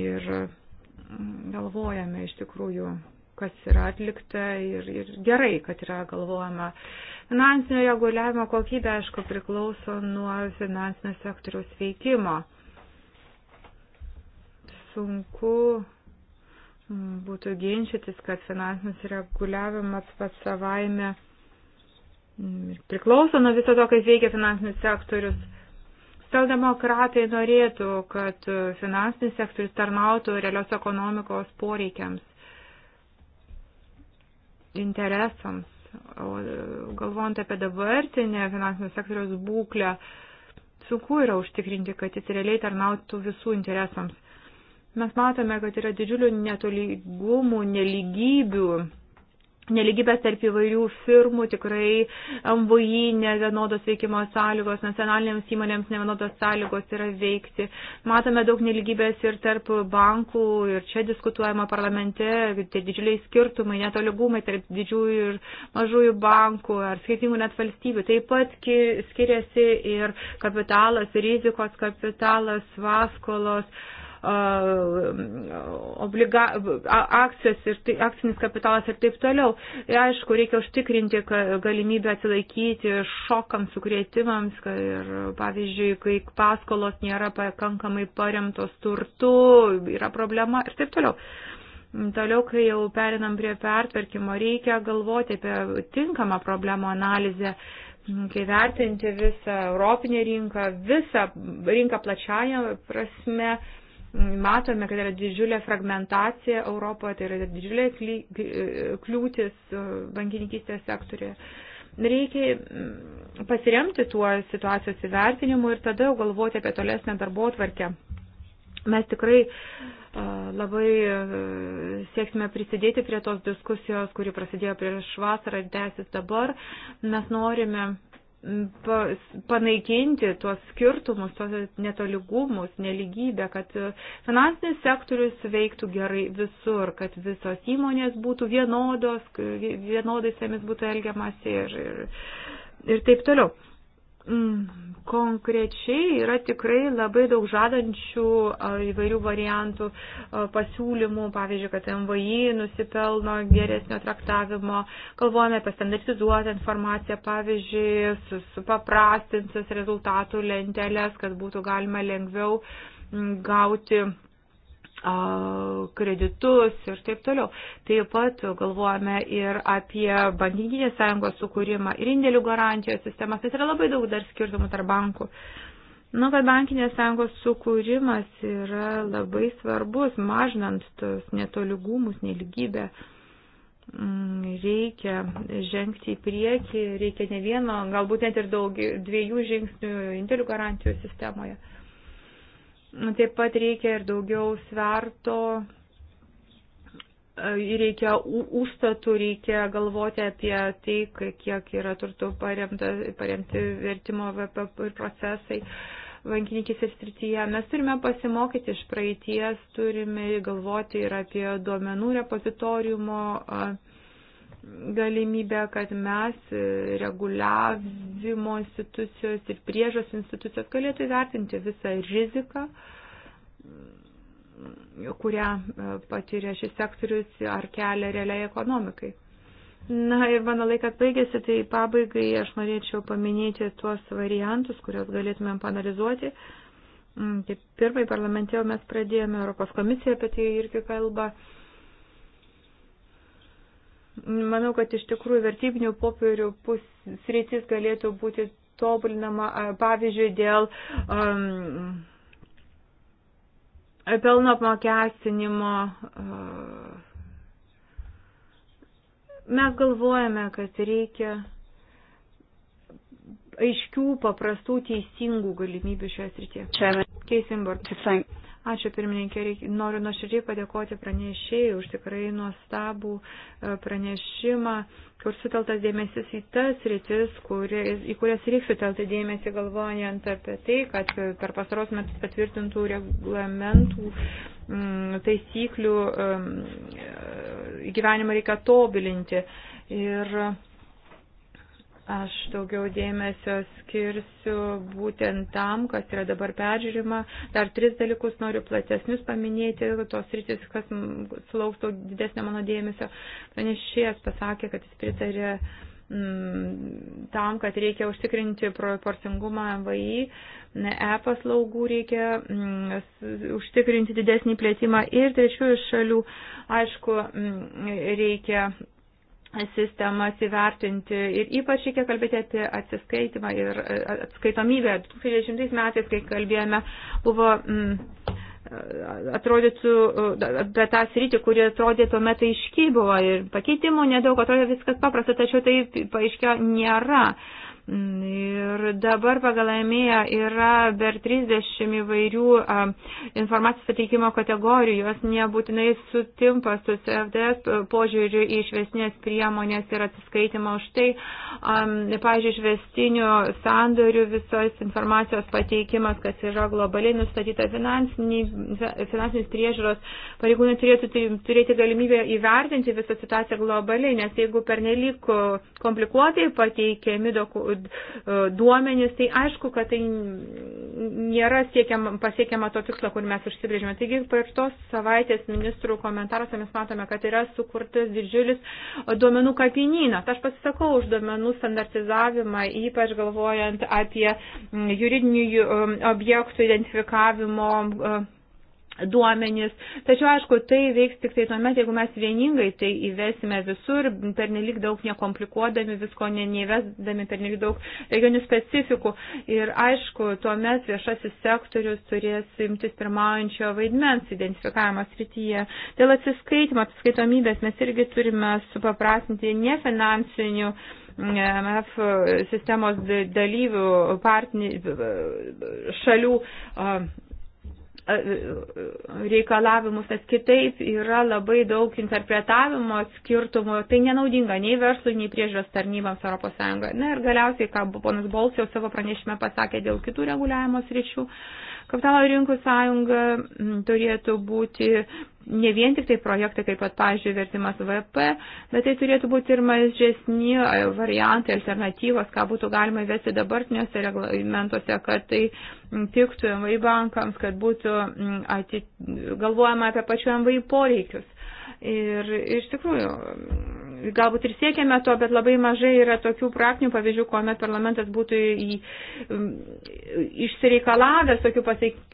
Ir galvojame iš tikrųjų kas yra atlikta ir, ir gerai, kad yra galvojama. Finansinio reguliavimo kokybė, aišku, priklauso nuo finansinio sektoriaus veikimo sunku mm, būtų ginčytis, kad finansinis reguliavimas pats savaime mm, priklauso nuo viso to, kaip veikia finansinis sektorius. Socialdemokratai norėtų, kad finansinis sektorius tarnautų realios ekonomikos poreikiams, interesams. O galvojant apie dabartinę finansinio sektoriaus būklę, sunku yra užtikrinti, kad jis realiai tarnautų visų interesams. Mes matome, kad yra didžiulių netolygumų, neligybių Neligybės tarp įvairių firmų, tikrai MVI nevienodos veikimo sąlygos, nacionalinėms įmonėms nevienodos sąlygos yra veikti. Matome daug neligybės ir tarp bankų, ir čia diskutuojama parlamente, tie didžiuliai skirtumai, netolygumai tarp didžiųjų ir mažųjų bankų ar skirtingų net valstybių. Taip pat skiriasi ir kapitalas, rizikos kapitalas, vaskolos obliga, akcijas ir tai, akcinis kapitalas ir taip toliau. Ir aišku, reikia užtikrinti galimybę atsilaikyti šokams, sukrėtimams ir, pavyzdžiui, kai paskolos nėra pakankamai paremtos turtu, yra problema ir taip toliau. Toliau, kai jau perinam prie pertvarkymo, reikia galvoti apie tinkamą problemų analizę, kai vertinti visą Europinę rinką, visą rinką plačiają prasme matome, kad yra didžiulė fragmentacija Europoje, tai yra didžiulė kliūtis e, bankininkystės sektorėje. Reikia mm, pasiremti tuo situacijos įvertinimu ir tada galvoti apie tolesnę darbo tvarkę. Mes tikrai e, labai e, sieksime prisidėti prie tos diskusijos, kuri prasidėjo prieš vasarą ir tęsis dabar. Mes norime panaikinti tuos skirtumus, tuos netoligumus, neligybę, kad finansinis sektorius veiktų gerai visur, kad visos įmonės būtų vienodos, vienodai su jomis būtų elgiamasi ir, ir, ir taip toliau. Mm, konkrečiai yra tikrai labai daug žadančių įvairių variantų pasiūlymų, pavyzdžiui, kad MVI nusipelno geresnio traktavimo, kalbuojame apie standartizuotą informaciją, pavyzdžiui, supaprastintas rezultatų lenteles, kad būtų galima lengviau mm, gauti kreditus ir taip toliau. Taip pat galvojame ir apie bankinės sąjungos sukūrimą ir indėlių garantijos sistemas, nes yra labai daug dar skirtumų tarp bankų. Nu, kad bankinės sąjungos sukūrimas yra labai svarbus, mažinant tos netolygumus, neligybę. Mm, reikia žengti į priekį, reikia ne vieno, galbūt net ir daug, dviejų žingsnių indėlių garantijos sistemoje. Taip pat reikia ir daugiau sverto e, reikia užstatų, reikia galvoti apie tai, kiek yra turtų paremta, paremti vertimo VPP procesai bankininkysės srityje. Mes turime pasimokyti iš praeities, turime galvoti ir apie duomenų repozitoriumo. A, galimybę, kad mes, reguliavimo institucijos ir priežos institucijos galėtų įvertinti visą riziką, kurią e, patiria šis sektorius ar kelia realiai ekonomikai. Na ir mano laikas baigėsi, tai pabaigai aš norėčiau paminėti tuos variantus, kuriuos galėtumėm panalizuoti. Mm, Taip, pirmai parlamente mes pradėjome, Europos komisija apie tai irgi kalba. Manau, kad iš tikrųjų vertybinių popierių sritis galėtų būti tobulinama, pavyzdžiui, dėl um, pelno apmokestinimo. Mes galvojame, kad reikia aiškių, paprastų, teisingų galimybių šioje srityje. Keisimborg. Ačiū pirmininkė, noriu nuoširdžiai padėkoti pranešėjai už tikrai nuostabų e, pranešimą, kur suteltas dėmesys į tas rytis, kurie, į kurias reiks sutelti dėmesį galvojant apie tai, kad per pasaros metus patvirtintų reglamentų mm, taisyklių e, gyvenimą reikia tobulinti. Ir Aš daugiau dėmesio skirsiu būtent tam, kas yra dabar peržiūrima. Dar tris dalykus noriu platesnius paminėti, tos rytis, kas sulauks didesnio mano dėmesio. Pranešėjas pasakė, kad jis pritarė mm, tam, kad reikia užtikrinti proporcingumą MVI, e-paslaugų reikia mm, užtikrinti didesnį plėtimą ir trečiųjų šalių, aišku, mm, reikia sistemas įvertinti ir ypač reikia kalbėti apie atsiskaitimą ir e, atskaitomybę. 2010 metais, kai kalbėjome, buvo mm, atrodytų, bet tą sritį, kuri atrodė tuo metu išky buvo ir pakeitimų nedaug, atrodė viskas paprasta, tačiau tai paaiškėjo nėra. Uh, Ir dabar pagal EMEA yra per 30 įvairių informacijos pateikimo kategorijų, jos nebūtinai sutimpa su CFDS požiūriu į išvesnės priemonės ir atsiskaitimą už tai. Pavyzdžiui, išvestinių sandorių visos informacijos pateikimas, kas yra globaliai nustatyta finansinės priežiūros, pareigūnai turėtų turėti galimybę įvertinti visą situaciją globaliai, nes jeigu pernelyg komplikuotai pateikiami dokumentai, E, duomenis, tai aišku, kad tai nėra siekiama, pasiekiama to tikslo, kur mes užsibrėžėme. Taigi, per tos savaitės ministrų komentaruose mes matome, kad yra sukurtas didžiulis duomenų kapinynas. Aš pasisakau už duomenų standartizavimą, ypač galvojant apie juridinių e, objektų identifikavimo e, duomenys. Tačiau, aišku, tai veiks tik tai tuomet, jeigu mes vieningai tai įvesime visur, pernelik daug nekomplikuodami, visko neįvesdami, pernelik daug regionių specifikų. Ir, aišku, tuomet viešasis sektorius turės imtis pirmaujančio vaidmens identifikavimo srityje. Dėl atsiskaitimo, atskaitomybės mes irgi turime supaprasinti nefinansinių MF sistemos dalyvių partnerių šalių reikalavimus, nes kitaip yra labai daug interpretavimo skirtumų, tai nenaudinga nei verslui, nei priežiūros tarnybams ES. Na ir galiausiai, ką ponas Bols jau savo pranešime pasakė dėl kitų reguliavimo sričių, kapitalo rinkų sąjunga turėtų būti ne vien tik tai projektai, kaip pat, pavyzdžiui, vertimas VP, bet tai turėtų būti ir mažesni variantai, alternatyvos, ką būtų galima įvesti dabartiniuose reglamentuose, kad tai tiktų MVI bankams, kad būtų atit... galvojama apie pačių MVI poreikius. Ir iš tikrųjų, galbūt ir siekiame to, bet labai mažai yra tokių praktinių pavyzdžių, kuomet parlamentas būtų į, um, išsireikalavęs tokių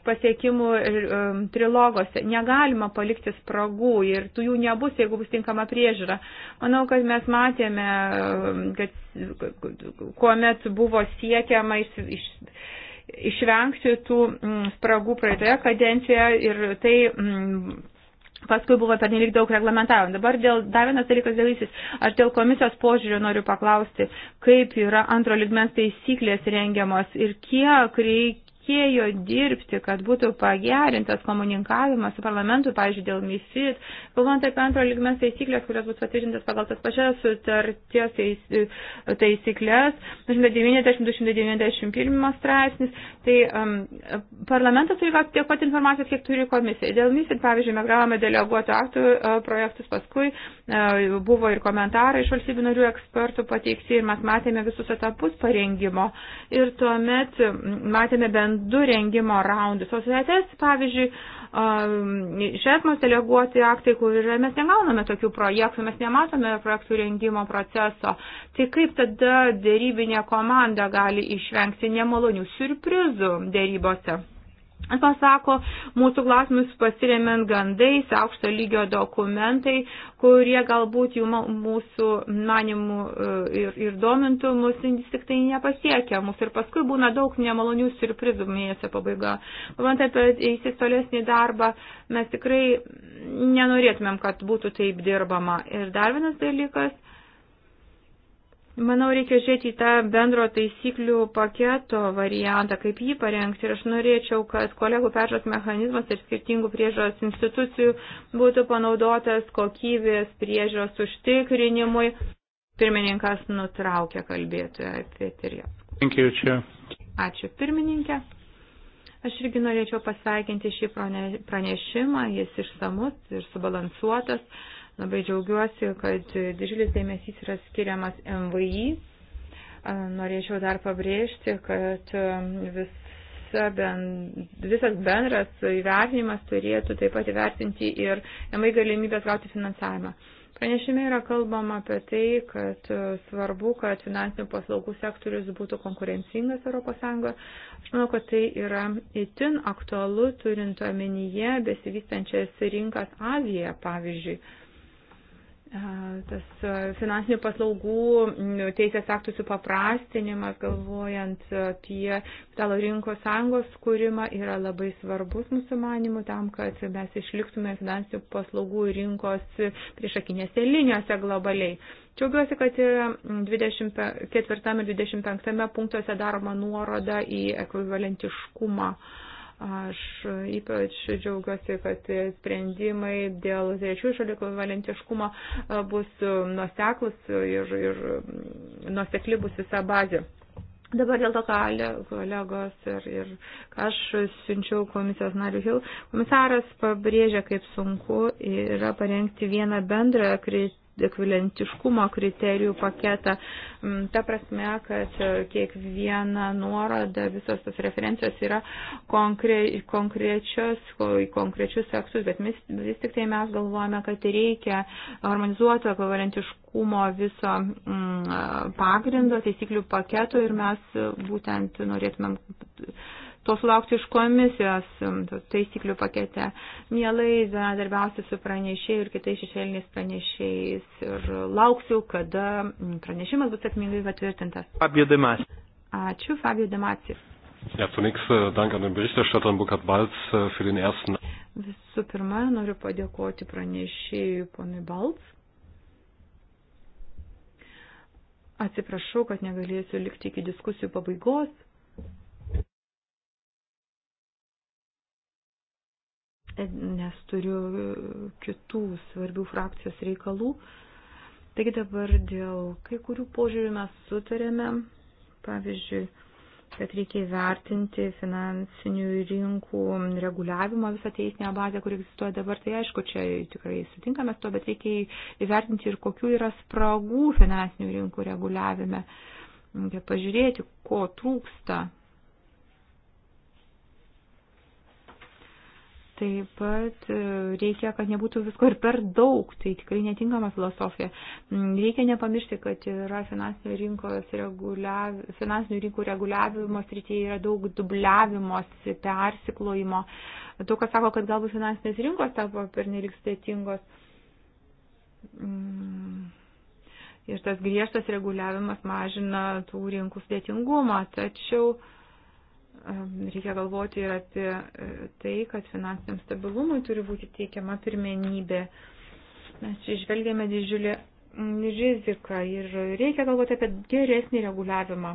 pasiekimų um, trilogose. Negalima palikti spragų ir tų jų nebus, jeigu bus tinkama priežiūra. Manau, kad mes matėme, um, kad kuomet buvo siekiama iš. iš išvengti tų mm, spragų praeitoje kadencijoje ir tai mm, paskui buvo pernelik daug reglamentavimo. Dabar dėl, dar vienas dalykas dėl įsis. Aš dėl komisijos požiūrio noriu paklausti, kaip yra antro ligmens taisyklės rengiamos ir kiek reikia reikėjo dirbti, kad būtų pagerintas komunikavimas su parlamentu, pavyzdžiui, dėl MIFID, kalbant apie antro lygmens taisyklės, kurios bus patvirtintas pagal tas pačias sutarties taisyklės, 190-291 straipsnis, tai um, parlamentas turi tiek pat informacijos, kiek turi komisija. Dėl MIFID, pavyzdžiui, mes gavome deleguotų aktų uh, projektus, paskui uh, buvo ir komentarai iš valstybių narių ekspertų pateikti ir mes matėme visus etapus parengimo. Ir tuomet um, matėme bendrą du rengimo raundus. O svetes, pavyzdžiui, um, iš esmos deleguoti aktai, kur yra, mes negauname tokių projektų, mes nematome projektų rengimo proceso. Tai kaip tada dėrybinė komanda gali išvengti nemalonių siurprizų dėrybose? pasako, mūsų klausimus pasiremiant gandais, aukšto lygio dokumentai, kurie galbūt jų mūsų manimų e, ir, ir domintų, mūsų vis tik tai nepasiekia mūsų. Ir paskui būna daug nemalonių surprizų mėnesio pabaiga. Kalbant apie eisės tolesnį darbą, mes tikrai nenorėtumėm, kad būtų taip dirbama. Ir dar vienas dalykas Manau, reikia žiūrėti į tą bendro taisyklių paketo variantą, kaip jį parengti. Ir aš norėčiau, kad kolegų peržiūros mechanizmas ir skirtingų priežiūros institucijų būtų panaudotas kokybės priežiūros užtikrinimui. Pirmininkas nutraukė kalbėtoją Peterį. Ačiū pirmininkė. Aš irgi norėčiau pasveikinti šį pranešimą, jis išsamus ir subalansuotas Labai džiaugiuosi, kad didžiulis dėmesys yra skiriamas MVI. Norėčiau dar pabrėžti, kad vis um, visa ben, visas bendras įvertinimas turėtų taip pat įvertinti ir namai galimybės gauti finansavimą. Pranešime yra kalbama apie tai, kad uh, svarbu, kad finansinių paslaugų sektorius būtų konkurencingas ES. Aš manau, kad tai yra itin aktualu turint omenyje besivystančias rinkas Azijoje, pavyzdžiui tas finansinių paslaugų teisės aktų supaprastinimas, galvojant apie kapitalo rinkos sąjungos kūrimą, yra labai svarbus mūsų manimų tam, kad mes išliktume finansinių paslaugų rinkos priešakinėse linijose globaliai. Džiaugiuosi, kad yra 24 ir 25 punktuose daroma nuoroda į ekvivalentiškumą. Uh, Aš ypač džiaugiuosi, kad sprendimai dėl trečių šalių valentiškumo e, bus nuseklus ir, ir mm, nusekli bus visa bazė. Dabar dėl to, ką kolegos ir, ir aš siunčiau komisijos nariu Hill, komisaras pabrėžia, kaip sunku yra parengti vieną bendrą kritiką ekvivalentiškumo kriterijų paketą. Mm, ta prasme, kad e, kiekviena nuoroda, visos tos referencijos yra konkre, konkrečios, konkrečius seksus, bet mes, vis tik tai mes galvojame, kad reikia harmonizuoto ekvivalentiškumo viso mm, pagrindo, taisyklių paketo ir mes būtent norėtumėm to sulaukti iš komisijos um, taisyklių pakete. Mielai bendradarbiausiu su pranešėjai ir kitais šešėliniais pranešėjais ir lauksiu, kada mm, pranešimas bus sėkmingai patvirtintas. Fabio Demas. Ačiū, Fabio Demasi. Ja, zunächst äh, dank an den Berichterstatter Burkhard Balz äh, für den ersten. Visų pirma, noriu padėkoti pranešėjui ponui Balz. Atsiprašau, kad negalėsiu likti iki diskusijų pabaigos. nes turiu kitų svarbių frakcijos reikalų. Taigi dabar dėl kai kurių požiūrių mes sutarėme, pavyzdžiui, kad reikia įvertinti finansinių rinkų reguliavimo visą teisinę bazę, kuri egzistuoja dabar. Tai aišku, čia tikrai sutinkame su to, bet reikia įvertinti ir kokių yra spragų finansinių rinkų reguliavime. Reikia pažiūrėti, ko trūksta Taip pat e, reikia, kad nebūtų visko ir per daug, tai tikrai netinkama filosofija. Mm, reikia nepamiršti, kad yra finansinių, rinkos reguliav... finansinių rinkų reguliavimo srityje yra daug dubliavimos, persiklojimo. Daug kas sako, kad galbūt finansinės rinkos tapo pernelik stėtingos. Mm, ir tas griežtas reguliavimas mažina tų rinkų sudėtingumą, tačiau uh, reikia galvoti ir apie e, tai, kad finansiniam stabilumui turi būti teikiama pirmenybė. Mes čia išvelgėme didžiulį riziką ir reikia galvoti apie geresnį reguliavimą.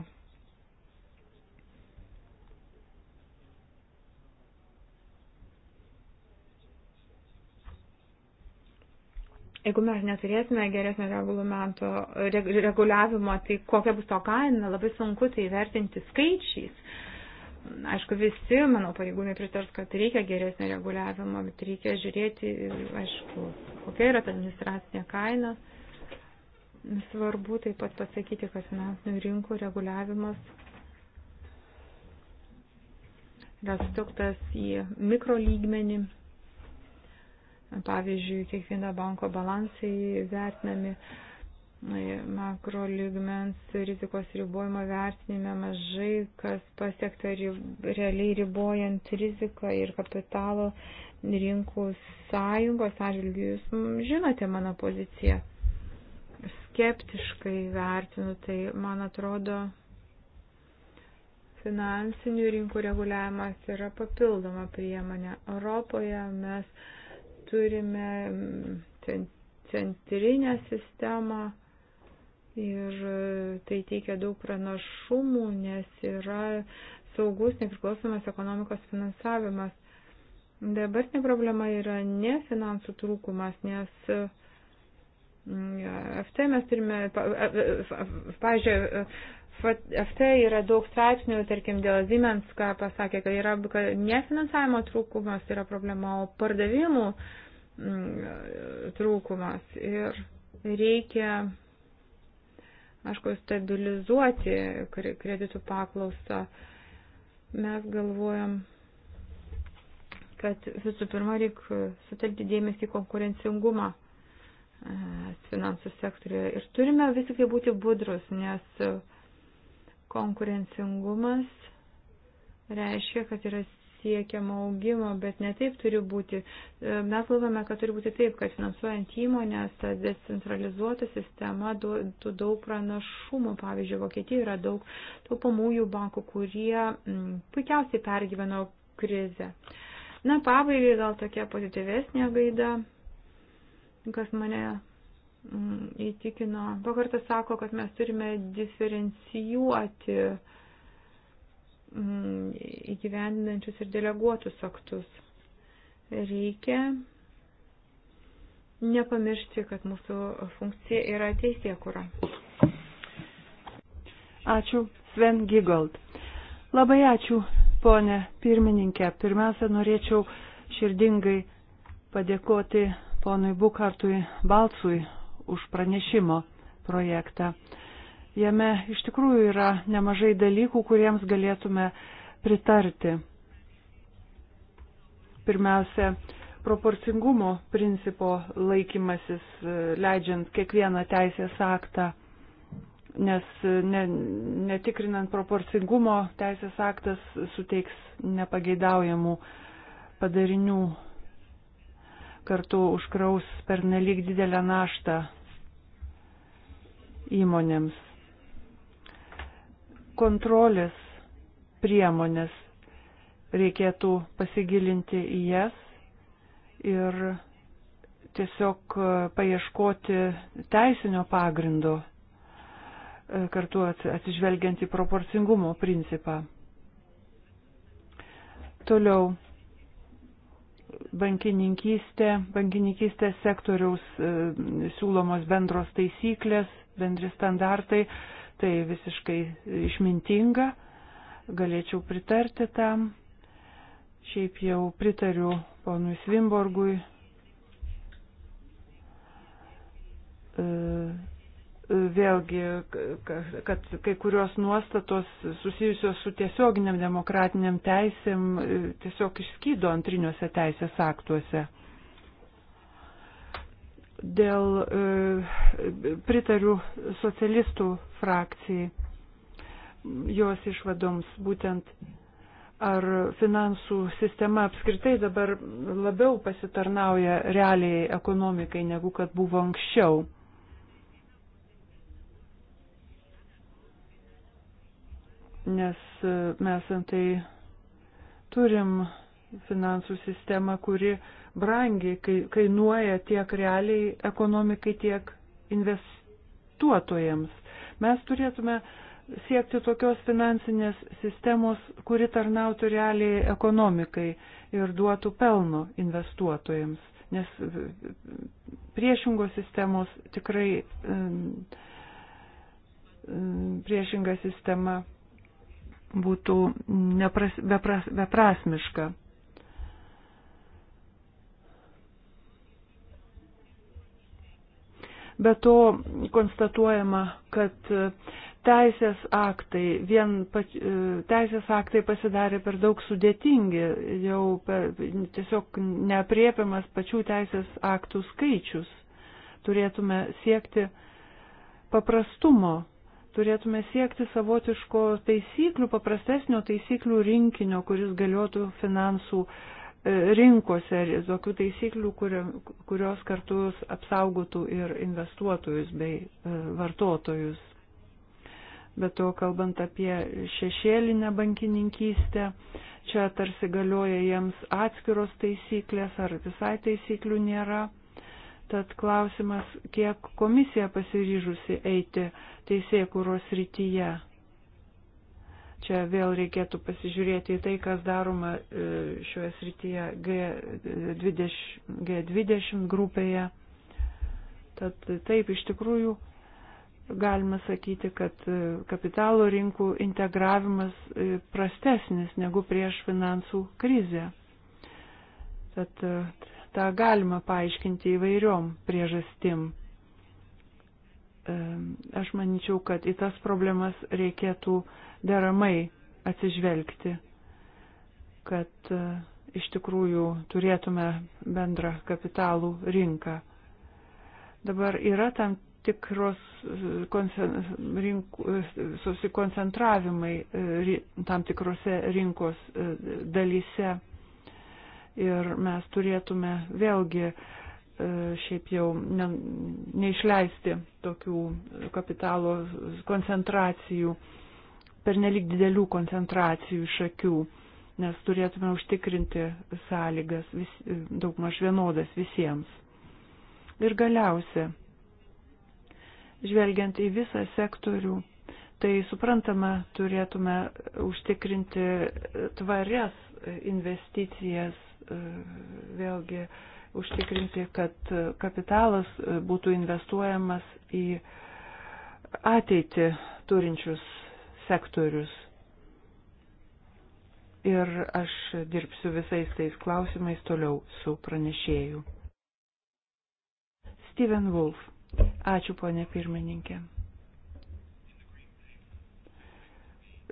Jeigu mes neturėsime geresnio reguliavimo, tai kokia bus to kaina, labai sunku tai vertinti skaičiais. Uh, aišku, visi, manau, pareigūnai pritars, kad reikia geresnio reguliavimo, bet reikia žiūrėti, aišku, kokia yra ta administracinė kaina. Svarbu taip pat pasakyti, kad finansinių rinkų reguliavimas yra sutuktas į mikrolygmenį. Pavyzdžiui, kiekvieno banko balansai vertinami. Uh, makro lygmens rizikos ribojimo vertinime mažai kas pasiekta rib, realiai ribojant riziką ir kapitalo rinkų sąjungos atžvilgių. Jūs žinote mano poziciją. Skeptiškai vertinu, tai man atrodo, finansinių rinkų reguliavimas yra papildoma priemonė. Europoje mes turime centrinę sistemą Ir e, tai teikia daug pranašumų, nes yra saugus nepriklausomas ekonomikos finansavimas. Dabartinė problema yra ne finansų trūkumas, nes e, FT mes turime, e, pavyzdžiui, FT yra daug straipsnių, tarkim, dėl Siemens, ką pasakė, kad yra kad ne finansavimo trūkumas yra problema, o pardavimų mm, trūkumas. Ir reikia aišku, stabilizuoti kreditų paklausą. Mes galvojam, kad visų pirma reikia sutelkti dėmesį į konkurencingumą e, finansų sektoriuje. Ir turime vis tik tai būti budrus, nes konkurencingumas reiškia, kad yra siekiama augimo, bet netaip turi būti. E, mes galvome, kad turi būti taip, kad finansuojant įmonės, ta decentralizuota sistema duotų daug pranašumų. Pavyzdžiui, Vokietijoje yra daug taupamųjų bankų, kurie m, puikiausiai pergyveno krizę. Na, pabaigai gal tokia pozityvesnė gaida, kas mane įtikino. Pakartas sako, kad mes turime diferencijuoti uh, Mm, įgyvendinančius ir deleguotus aktus. Reikia nepamiršti, kad mūsų funkcija yra teisėkura. Ačiū, Sven Gigold. Labai ačiū, ponė pirmininkė. Pirmiausia, norėčiau širdingai padėkoti ponui Bukartui Balsui už pranešimo projektą. Jame iš tikrųjų yra nemažai dalykų, kuriems galėtume pritarti. Pirmiausia, proporcingumo principo laikymasis, e, leidžiant kiekvieną teisės aktą nes e, ne, netikrinant proporcingumo teisės aktas suteiks nepageidaujamų padarinių, kartu užkraus per nelik didelę naštą įmonėms kontrolės priemonės. Reikėtų pasigilinti į jas ir tiesiog e, paieškoti teisinio pagrindo e, kartu atsižvelgiant į proporcingumo principą. Toliau bankininkystė, bankininkystės sektoriaus e, siūlomos bendros taisyklės, bendri standartai. Tai visiškai išmintinga, galėčiau pritarti tam. Šiaip jau pritariu ponui Svimborgui. E, e, vėlgi, kad kai kurios nuostatos susijusios su tiesioginiam demokratiniam teisėm e, tiesiog išskydo antriniuose teisės aktuose dėl e, pritariu socialistų frakcijai jos išvadoms būtent ar finansų sistema apskritai dabar labiau pasitarnauja realiai ekonomikai negu kad buvo anksčiau. Nes e, mes antai turim finansų sistemą, kuri brangiai kainuoja tiek realiai ekonomikai, tiek investuotojams. Mes turėtume siekti tokios finansinės sistemos, kuri tarnautų realiai ekonomikai ir duotų pelno investuotojams, nes e, priešingos sistemos tikrai priešinga sistema būtų nepras, bepras, beprasmiška. Be to konstatuojama, kad e, teisės aktai, vien pač, e, teisės aktai pasidarė per daug sudėtingi, jau per, tiesiog neapriepiamas pačių teisės aktų skaičius. Turėtume siekti paprastumo, turėtume siekti savotiško taisyklių, paprastesnio taisyklių rinkinio, kuris galiotų finansų uh, rinkose ir tokių taisyklių, kurios kartu apsaugotų ir investuotojus bei e, vartotojus. Bet to, kalbant apie šešėlinę bankininkystę, čia tarsi galioja jiems atskiros taisyklės ar visai taisyklių nėra. Tad klausimas, kiek komisija pasiryžusi eiti teisėkūros rytyje Čia vėl reikėtų pasižiūrėti į tai, kas daroma e, šioje srityje G20, G20 grupėje. Tad taip iš tikrųjų galima sakyti, kad e, kapitalo rinkų integravimas e, prastesnis negu prieš finansų krizę. Tad tą galima paaiškinti įvairiom priežastim. Aš manyčiau, kad į tas problemas reikėtų deramai atsižvelgti, kad e, iš tikrųjų turėtume bendrą kapitalų rinką. Dabar yra tam tikros e, e, susikoncentravimai tam tikrose rinkos dalyse ir mes turėtume vėlgi šiaip jau ne, neišleisti tokių kapitalo koncentracijų pernelik didelių koncentracijų iš akių, nes turėtume užtikrinti sąlygas vis, daug maž vienodas visiems. Ir galiausia, žvelgiant į visą sektorių, tai suprantama, turėtume užtikrinti tvarias investicijas, e, vėlgi užtikrinti, kad kapitalas būtų investuojamas į ateitį turinčius sektorius. Ir aš dirbsiu visais tais klausimais toliau su pranešėju. Steven Wolf. Ačiū, ponė pirmininkė.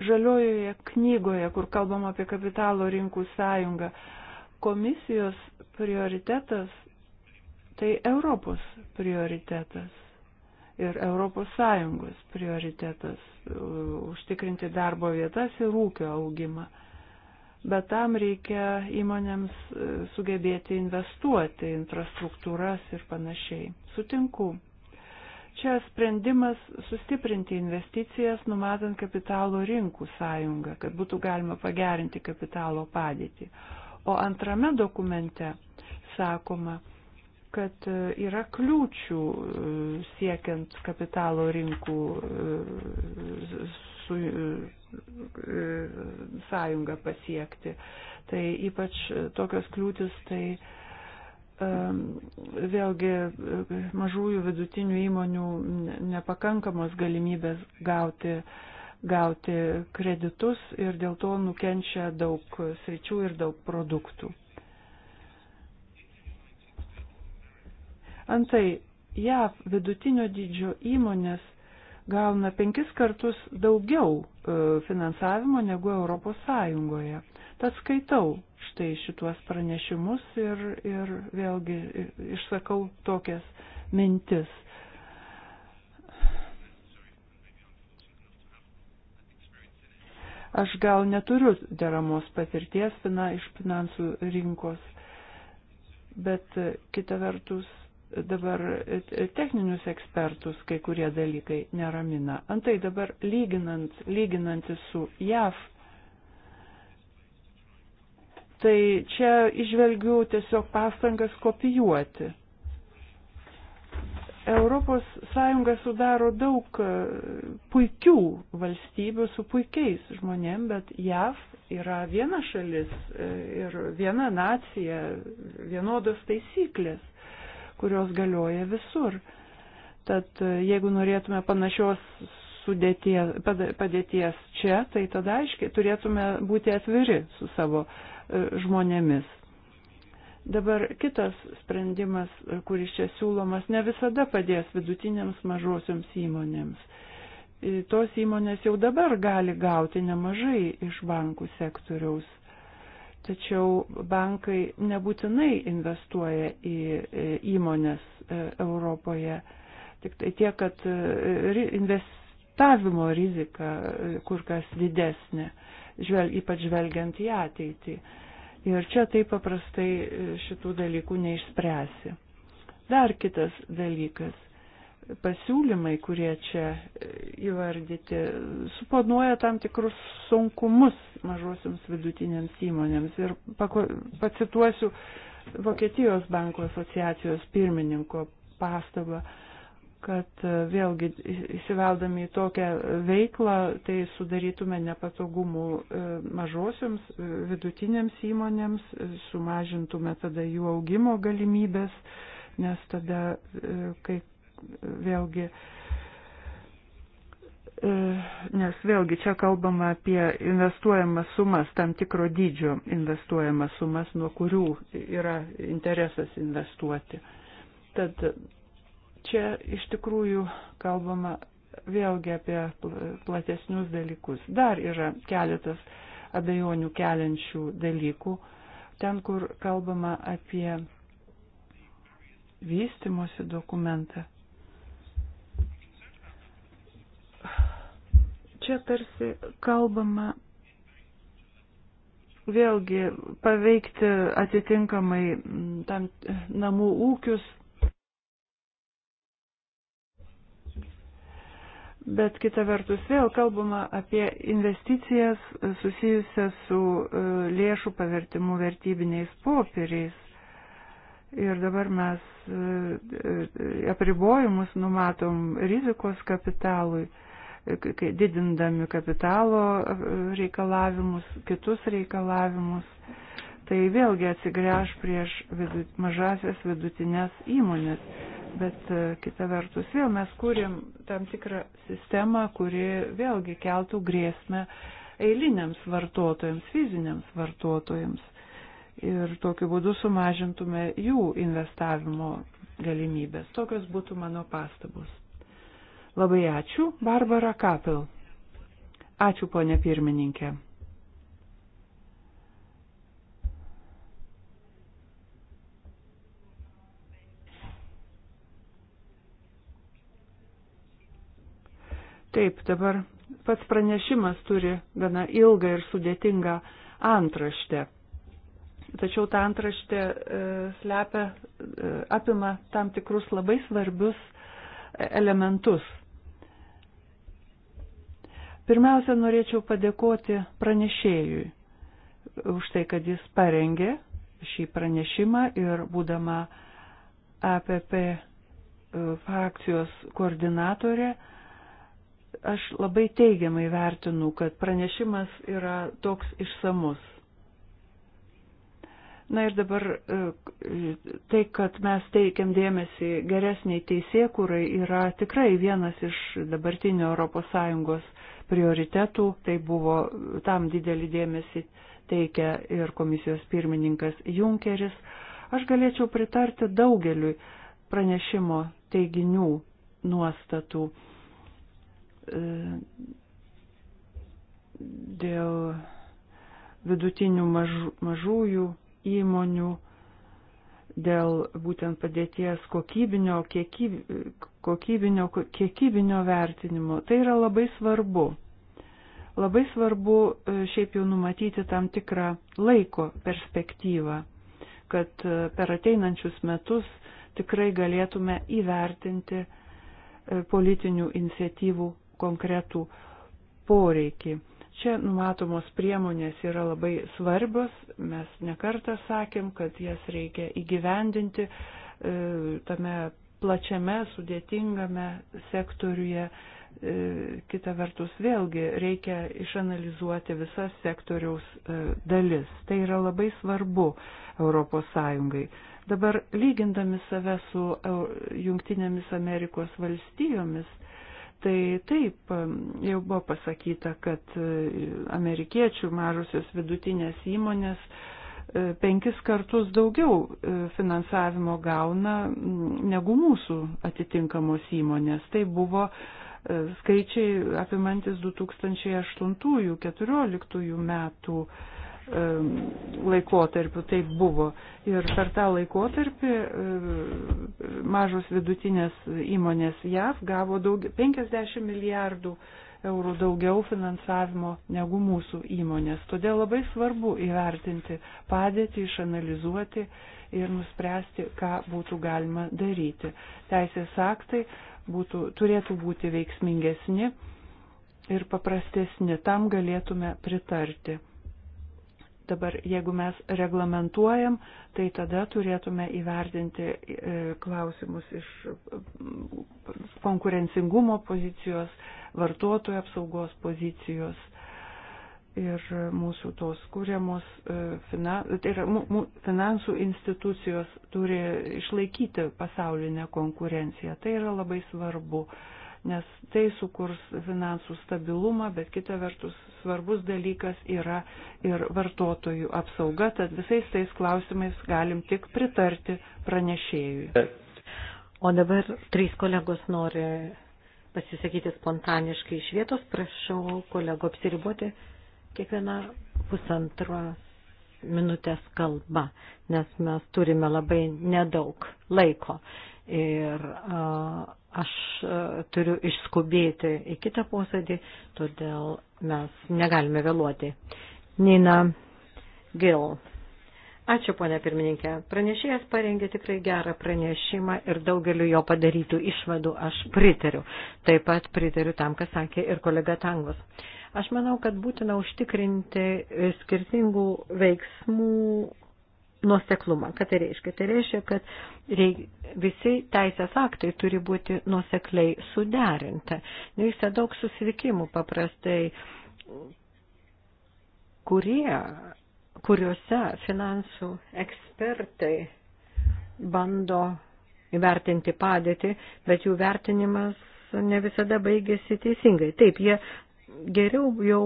Žaliojoje knygoje, kur kalbam apie kapitalo rinkų sąjungą, komisijos prioritetas tai Europos prioritetas ir ES prioritetas - užtikrinti darbo vietas ir ūkio augimą. Bet tam reikia įmonėms e, sugebėti investuoti infrastruktūras ir panašiai. Sutinku. Čia sprendimas sustiprinti investicijas, numatant kapitalo rinkų sąjungą, kad būtų galima pagerinti kapitalo padėtį. O antrame dokumente sakoma, kad e, yra kliūčių e, siekiant kapitalo rinkų e, su, sąjungą pasiekti. Tai ypač tokios kliūtis, tai vėlgi mažųjų vidutinių įmonių nepakankamos galimybės gauti gauti kreditus ir dėl to nukenčia daug sričių ir daug produktų. Antai, JAV vidutinio dydžio įmonės gauna penkis kartus daugiau e, finansavimo negu Europos Sąjungoje. Tad skaitau štai šituos pranešimus ir, ir vėlgi e, išsakau tokias mintis. Aš gal neturiu deramos patirties fina, iš finansų rinkos, bet e, kita vertus dabar techninius ekspertus kai kurie dalykai neramina. Antai dabar lyginant, lyginantis su JAV, tai čia išvelgiu tiesiog pastangas kopijuoti. Europos Sąjunga sudaro daug e, puikių valstybių su puikiais žmonėm, bet JAV yra viena šalis e, ir viena nacija, vienodos taisyklės kurios galioja visur. Tad e, jeigu norėtume panašios sudėties, padėties čia, tai tada aiškiai turėtume būti atviri su savo e, žmonėmis. Dabar kitas sprendimas, e, kuris čia siūlomas, ne visada padės vidutinėms mažosioms įmonėms. Tos įmonės jau dabar gali gauti nemažai iš bankų sektoriaus tačiau bankai nebūtinai investuoja į įmonės e, Europoje. Tik tai tie, kad e, investavimo rizika e, kur kas didesnė, žvel, ypač žvelgiant į ateitį. Ir čia taip paprastai šitų dalykų neišspręsi. Dar kitas dalykas pasiūlymai, kurie čia įvardyti, suponuoja tam tikrus sunkumus mažosiams vidutinėms įmonėms. Ir pako, pacituosiu Vokietijos bankų asociacijos pirmininko pastabą, kad e, vėlgi įsiveldami į tokią veiklą, tai sudarytume nepatogumų e, mažosiams e, vidutinėms įmonėms, sumažintume tada jų augimo galimybės, nes tada, kai vėlgi e, nes vėlgi čia kalbama apie investuojamas sumas, tam tikro dydžio investuojamas sumas, nuo kurių yra interesas investuoti. Tad čia iš tikrųjų kalbama vėlgi apie platesnius dalykus. Dar yra keletas abejonių keliančių dalykų, ten kur kalbama apie vystimosi dokumentą Čia tarsi kalbama vėlgi paveikti atitinkamai mm, tam namų ūkius. Bet kita vertus vėl kalbama apie investicijas susijusias su e, lėšų pavertimu vertybiniais popieriais. Ir dabar mes e, e, apribojimus numatom rizikos kapitalui. E, didindami kapitalo e, reikalavimus, kitus reikalavimus. Tai vėlgi atsigręž prieš vidut, mažasias vidutinės įmonės. Bet e, kita vertus, vėl mes kūrėm tam tikrą sistemą, kuri vėlgi keltų grėsmę eiliniams vartotojams, fiziniams vartotojams. Ir tokiu būdu sumažintume jų investavimo galimybės. Tokios būtų mano pastabos. Labai ačiū, Barbara Kapil. Ačiū, ponė pirmininkė. Taip, dabar pats pranešimas turi gana ilgą ir sudėtingą antraštę. Tačiau ta antraštė e, slepia, e, apima tam tikrus labai svarbius e, elementus Pirmiausia, norėčiau padėkoti pranešėjui už tai, kad jis parengė šį pranešimą ir būdama APP e, frakcijos koordinatorė, aš labai teigiamai vertinu, kad pranešimas yra toks išsamus Na ir dabar e, tai, kad mes teikiam dėmesį geresniai teisėkūrai, yra tikrai vienas iš dabartinio ES prioritetų. Tai buvo tam didelį dėmesį teikia ir komisijos pirmininkas Junkeris. Aš galėčiau pritarti daugeliui pranešimo teiginių nuostatų e, dėl vidutinių mažų, mažųjų įmonių dėl būtent padėties kokybinio, kiekyb, kokybinio, kiekybinio vertinimo. Tai yra labai svarbu. Labai svarbu e, šiaip jau numatyti tam tikrą laiko perspektyvą, kad e, per ateinančius metus tikrai galėtume įvertinti e, politinių iniciatyvų konkretų poreikį. Čia numatomos priemonės yra labai svarbios, mes nekartą sakėm, kad jas reikia įgyvendinti e, tame plačiame, sudėtingame sektoriuje. E, kita vertus, vėlgi reikia išanalizuoti visas sektoriaus e, dalis. Tai yra labai svarbu ES. Dabar lygindami save su Junktinėmis Amerikos valstijomis, Tai taip, jau buvo pasakyta, kad e, amerikiečių mažusios vidutinės įmonės e, penkis kartus daugiau e, finansavimo gauna negu mūsų atitinkamos įmonės. Tai buvo skaičiai apimantis 2008-2014 metų laikotarpiu taip buvo. Ir per tą laikotarpį mažos vidutinės įmonės JAV gavo daug, 50 milijardų eurų daugiau finansavimo negu mūsų įmonės. Todėl labai svarbu įvertinti padėtį, išanalizuoti ir nuspręsti, ką būtų galima daryti. Teisės aktai būtų, turėtų būti veiksmingesni ir paprastesni, tam galėtume pritarti. Dabar, jeigu mes reglamentuojam, tai tada turėtume įvertinti e, klausimus iš e, konkurencingumo pozicijos, vartotojų apsaugos pozicijos ir mūsų tos kūriamos e, tai yra, finansų institucijos turi išlaikyti pasaulinę konkurenciją. Tai yra labai svarbu nes tai sukurs finansų stabilumą, bet kita vertus svarbus dalykas yra ir vartotojų apsauga, tad visais tais klausimais galim tik pritarti pranešėjui. O dabar trys kolegos nori pasisakyti spontaniškai iš vietos, prašau kolego apsiriboti kiekvieną pusantros minutės kalba, nes mes turime labai nedaug laiko. Ir uh, Aš e, turiu išskubėti į kitą posėdį, todėl mes negalime vėluoti. Nina Gil. Ačiū, ponė pirmininkė. Pranešėjas parengė tikrai gerą pranešimą ir daugeliu jo padarytų išvadų aš pritariu. Taip pat pritariu tam, kas sakė ir kolega Tangos. Aš manau, kad būtina užtikrinti skirtingų veiksmų nuoseklumą. Ką tai reiškia? Tai reiškia, kad reik, visi teisės aktai turi būti nuosekliai suderinti. Vyksta daug susitikimų paprastai, kurie, kuriuose finansų ekspertai bando įvertinti padėtį, bet jų vertinimas ne visada baigėsi teisingai. Taip, jie geriau jau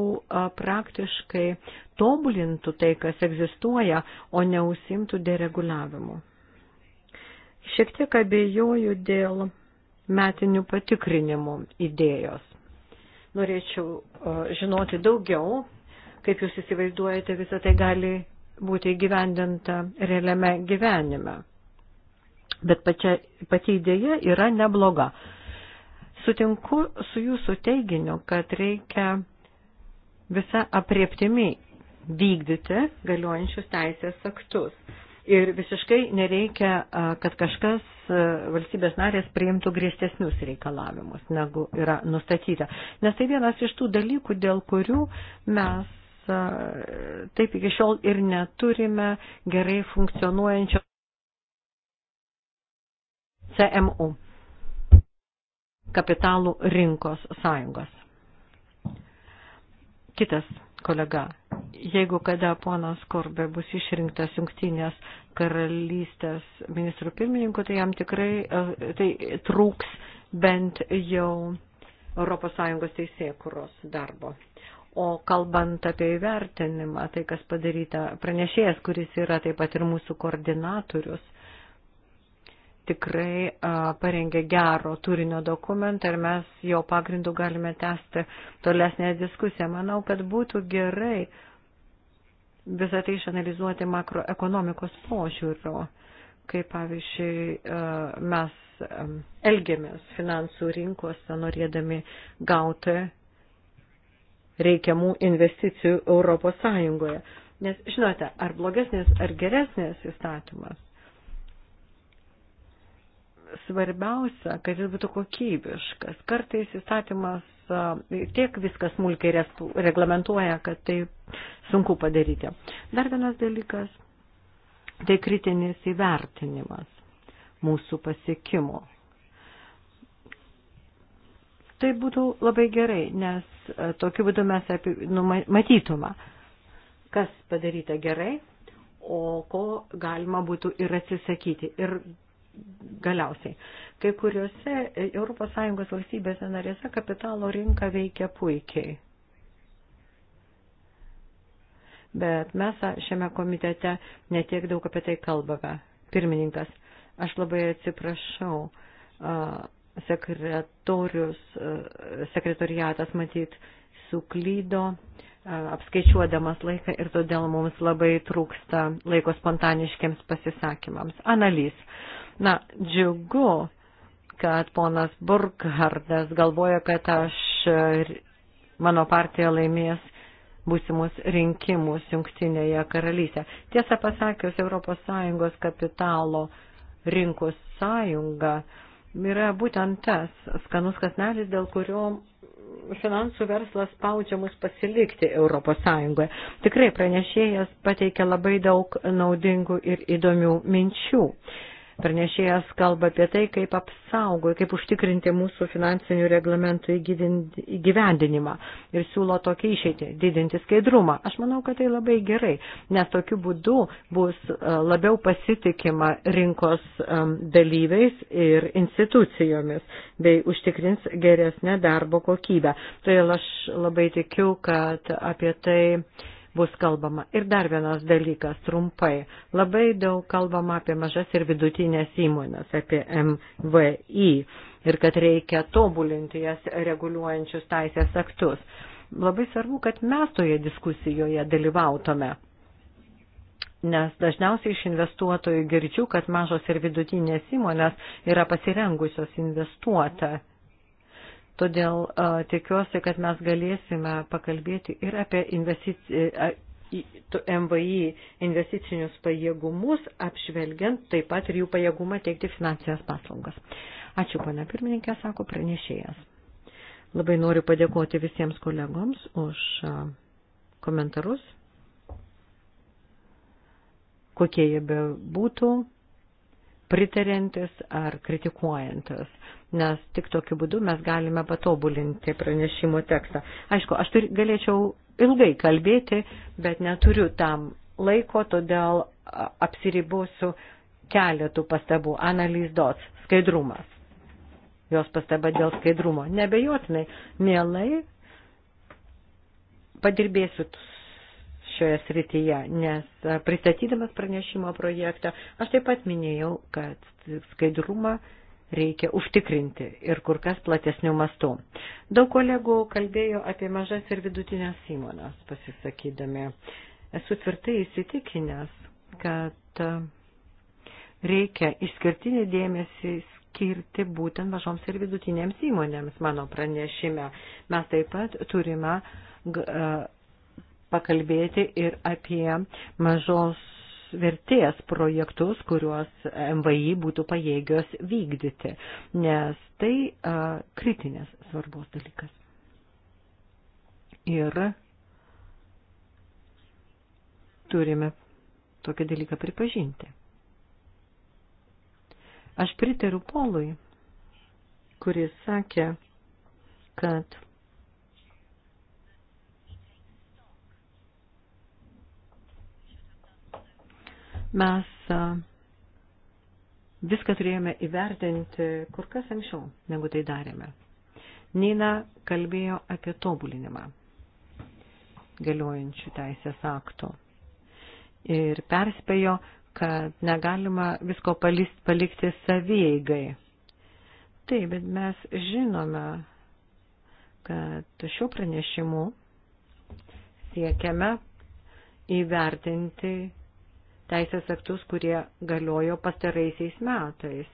praktiškai tobulintų tai, kas egzistuoja, o neusimtų dereguliavimu. Šiek tiek abejoju dėl metinių patikrinimų idėjos. Norėčiau žinoti daugiau, kaip jūs įsivaizduojate, visą tai gali būti įgyvendinta realiame gyvenime. Bet pačia, pati idėja yra nebloga. Sutinku su jūsų teiginiu, kad reikia visą aprieptimi vykdyti galiojančius teisės aktus. Ir visiškai nereikia, kad kažkas valstybės narės priimtų griežtesnius reikalavimus, negu yra nustatyta. Nes tai vienas iš tų dalykų, dėl kurių mes taip iki šiol ir neturime gerai funkcionuojančio CMU kapitalų rinkos sąjungos. Kitas kolega, jeigu kada ponas Korbė bus išrinktas jungtinės karalystės ministrų pirmininku, tai jam tikrai e, tai trūks bent jau ES teisėkuros darbo. O kalbant apie įvertinimą, tai kas padaryta, pranešėjas, kuris yra taip pat ir mūsų koordinatorius, tikrai parengė gero turinio dokumentą ir mes jo pagrindų galime tęsti tolesnę diskusiją. Manau, kad būtų gerai visą tai išanalizuoti makroekonomikos požiūrio, kaip pavyzdžiui mes elgiamės finansų rinkose norėdami gauti reikiamų investicijų Europos Sąjungoje. Nes žinote, ar blogesnis, ar geresnis įstatymas svarbiausia, kad jis būtų kokybiškas. Kartais įstatymas tiek viskas smulkiai reglamentuoja, kad tai sunku padaryti. Dar vienas dalykas - tai kritinis įvertinimas mūsų pasiekimų. Tai būtų labai gerai, nes tokiu būdu mes nu, matytume, kas padaryta gerai, o ko galima būtų ir atsisakyti. Ir galiausiai. Kai kuriuose ES valstybėse narėse kapitalo rinka veikia puikiai. Bet mes šiame komitete netiek daug apie tai kalbame. Pirmininkas, aš labai atsiprašau, sekretorius, sekretoriatas matyt suklydo apskaičiuodamas laiką ir todėl mums labai trūksta laiko spontaniškiams pasisakymams. Analys. Na, džiugu, kad ponas Burkhardas galvoja, kad aš, mano partija laimės būsimus rinkimus Junktinėje karalystė. Tiesą pasakius, ES kapitalo rinkos sąjunga yra būtent tas skanus kasnelis, dėl kurio finansų verslas spaudžia mus pasilikti Europos Sąjungoje. Tikrai pranešėjas pateikia labai daug naudingų ir įdomių minčių. Pranešėjas kalba apie tai, kaip apsaugoji, kaip užtikrinti mūsų finansinių reglamentų įgyvendinimą ir siūlo tokį išeitį - didinti skaidrumą. Aš manau, kad tai labai gerai, nes tokiu būdu bus e, labiau pasitikima rinkos dalyviais ir institucijomis bei užtikrins geresnę darbo kokybę. Todėl aš labai tikiu, kad apie tai bus kalbama. Ir dar vienas dalykas, trumpai. Labai daug kalbama apie mažas ir vidutinės įmonės, apie MVI ir kad reikia tobulinti jas reguliuojančius taisės aktus. Labai svarbu, kad mes toje diskusijoje dalyvautume. Nes dažniausiai iš investuotojų girdžiu, kad mažos ir vidutinės įmonės yra pasirengusios investuoti Todėl a, tikiuosi, kad mes galėsime pakalbėti ir apie investiciją. E, MVI investicinius pajėgumus apžvelgiant taip pat ir jų pajėgumą teikti finansinės paslaugas. Ačiū, pana pirmininkė, sako pranešėjas. Labai noriu padėkoti visiems kolegoms už komentarus, kokie jie be būtų, pritariantis ar kritikuojantis nes tik tokiu būdu mes galime patobulinti pranešimo tekstą. Aišku, aš turi, galėčiau ilgai kalbėti, bet neturiu tam laiko, todėl apsiribosiu keletų pastabų. Analyz dots, skaidrumas. Jos pastaba dėl skaidrumo. Nebejotinai, mielai padirbėsiu šioje srityje, nes pristatydamas pranešimo projektą aš taip pat minėjau, kad skaidrumą reikia užtikrinti ir kur kas platesnių mastų. Daug kolegų kalbėjo apie mažas ir vidutinės įmonės pasisakydami. Esu tvirtai įsitikinęs, kad reikia išskirtinį dėmesį skirti būtent mažoms ir vidutinėms įmonėms mano pranešime. Mes taip pat turime pakalbėti ir apie mažos vertės projektus, kuriuos MVI būtų pajėgios vykdyti, nes tai a, kritinės svarbos dalykas. Ir turime tokį dalyką pripažinti. Aš pritariu Polui, kuris sakė, kad mes viską turėjome įvertinti kur kas anksčiau, negu tai darėme. Nina kalbėjo apie tobulinimą galiojančių teisės aktų ir perspėjo, kad negalima visko palist, palikti savieigai. Taip, bet mes žinome, kad šiuo pranešimu siekiame įvertinti teisės aktus, kurie galiojo pastaraisiais metais.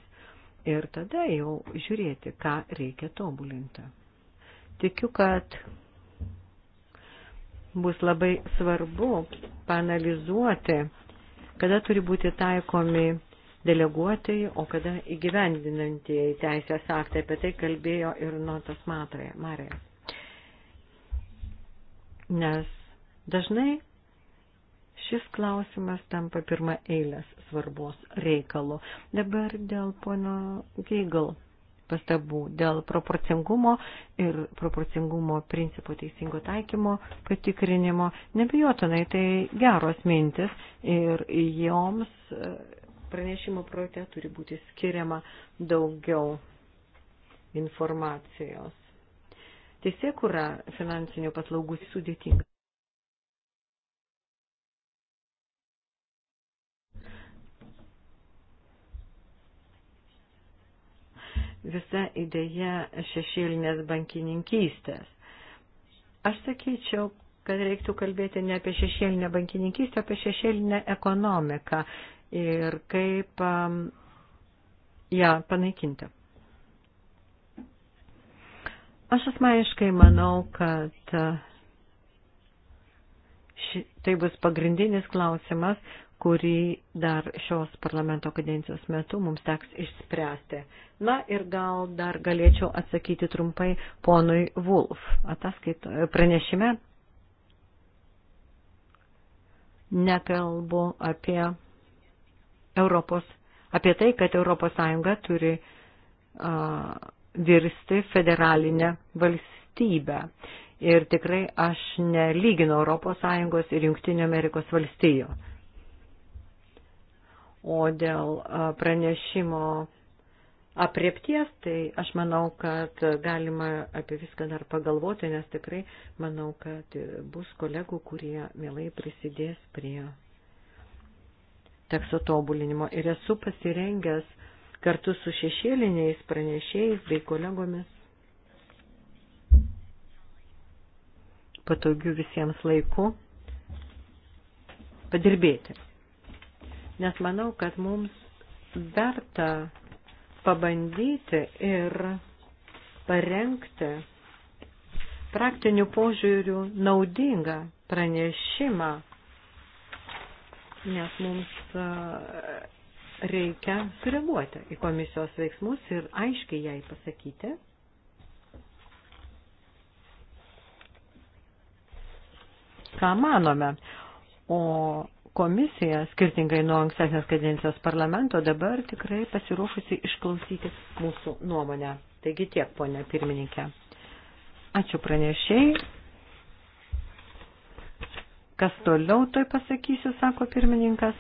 Ir tada jau žiūrėti, ką reikia tobulinti. Tikiu, kad bus labai svarbu panalizuoti, kada turi būti taikomi deleguotojai, o kada įgyvendinantieji teisės aktai. Apie tai kalbėjo ir Notas Marija. Nes dažnai šis klausimas tampa pirmą eilės svarbos reikalu. Dabar dėl pono Geigal pastabų, dėl proporcingumo ir proporcingumo principų teisingo taikymo patikrinimo. Nebijotinai tai geros mintis ir joms e, pranešimo projekte turi būti skiriama daugiau informacijos. Teisėkura finansinių paslaugų sudėtinga. visa idėja šešėlinės bankininkystės. Aš sakyčiau, kad reiktų kalbėti ne apie šešėlinę bankininkystę, apie šešėlinę ekonomiką ir kaip um, ją panaikinti. Aš asmeniškai manau, kad uh, ši, tai bus pagrindinis klausimas, kurį dar šios parlamento kadencijos metu mums teks išspręsti. Na ir gal dar galėčiau atsakyti trumpai ponui Wolf. Ataskaito pranešime nekalbu apie Europos, apie tai, kad ES turi uh, virsti federalinę valstybę. Ir tikrai aš nelyginu ES ir Junktinio Amerikos valstijų. O dėl pranešimo apriepties, tai aš manau, kad galima apie viską dar pagalvoti, nes tikrai manau, kad bus kolegų, kurie mielai prisidės prie teksto tobulinimo. Ir esu pasirengęs kartu su šešėliniais pranešėjais bei kolegomis patogių visiems laiku padirbėti nes manau, kad mums verta pabandyti ir parengti praktinių požiūrių naudingą pranešimą, nes mums reikia sureaguoti į komisijos veiksmus ir aiškiai jai pasakyti. Ką manome? O komisija, skirtingai nuo ankstesnės kadencijos parlamento, dabar tikrai pasiruošusi išklausyti mūsų nuomonę. Taigi tiek, ponė pirmininkė. Ačiū pranešiai. Kas toliau toj pasakysiu, sako pirmininkas.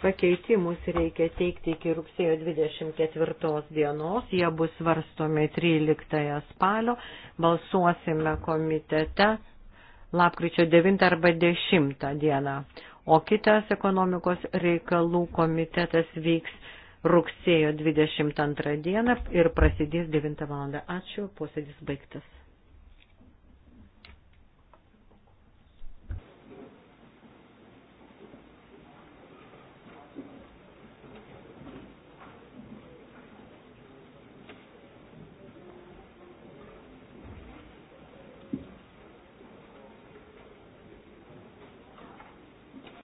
Pakeitimus reikia teikti iki rugsėjo 24 dienos, jie bus svarstomi 13 spalio, balsuosime komitete lapkričio 9 arba 10 dieną, o kitas ekonomikos reikalų komitetas vyks rugsėjo 22 dieną ir prasidės 9 val. Ačiū, posėdis baigtas.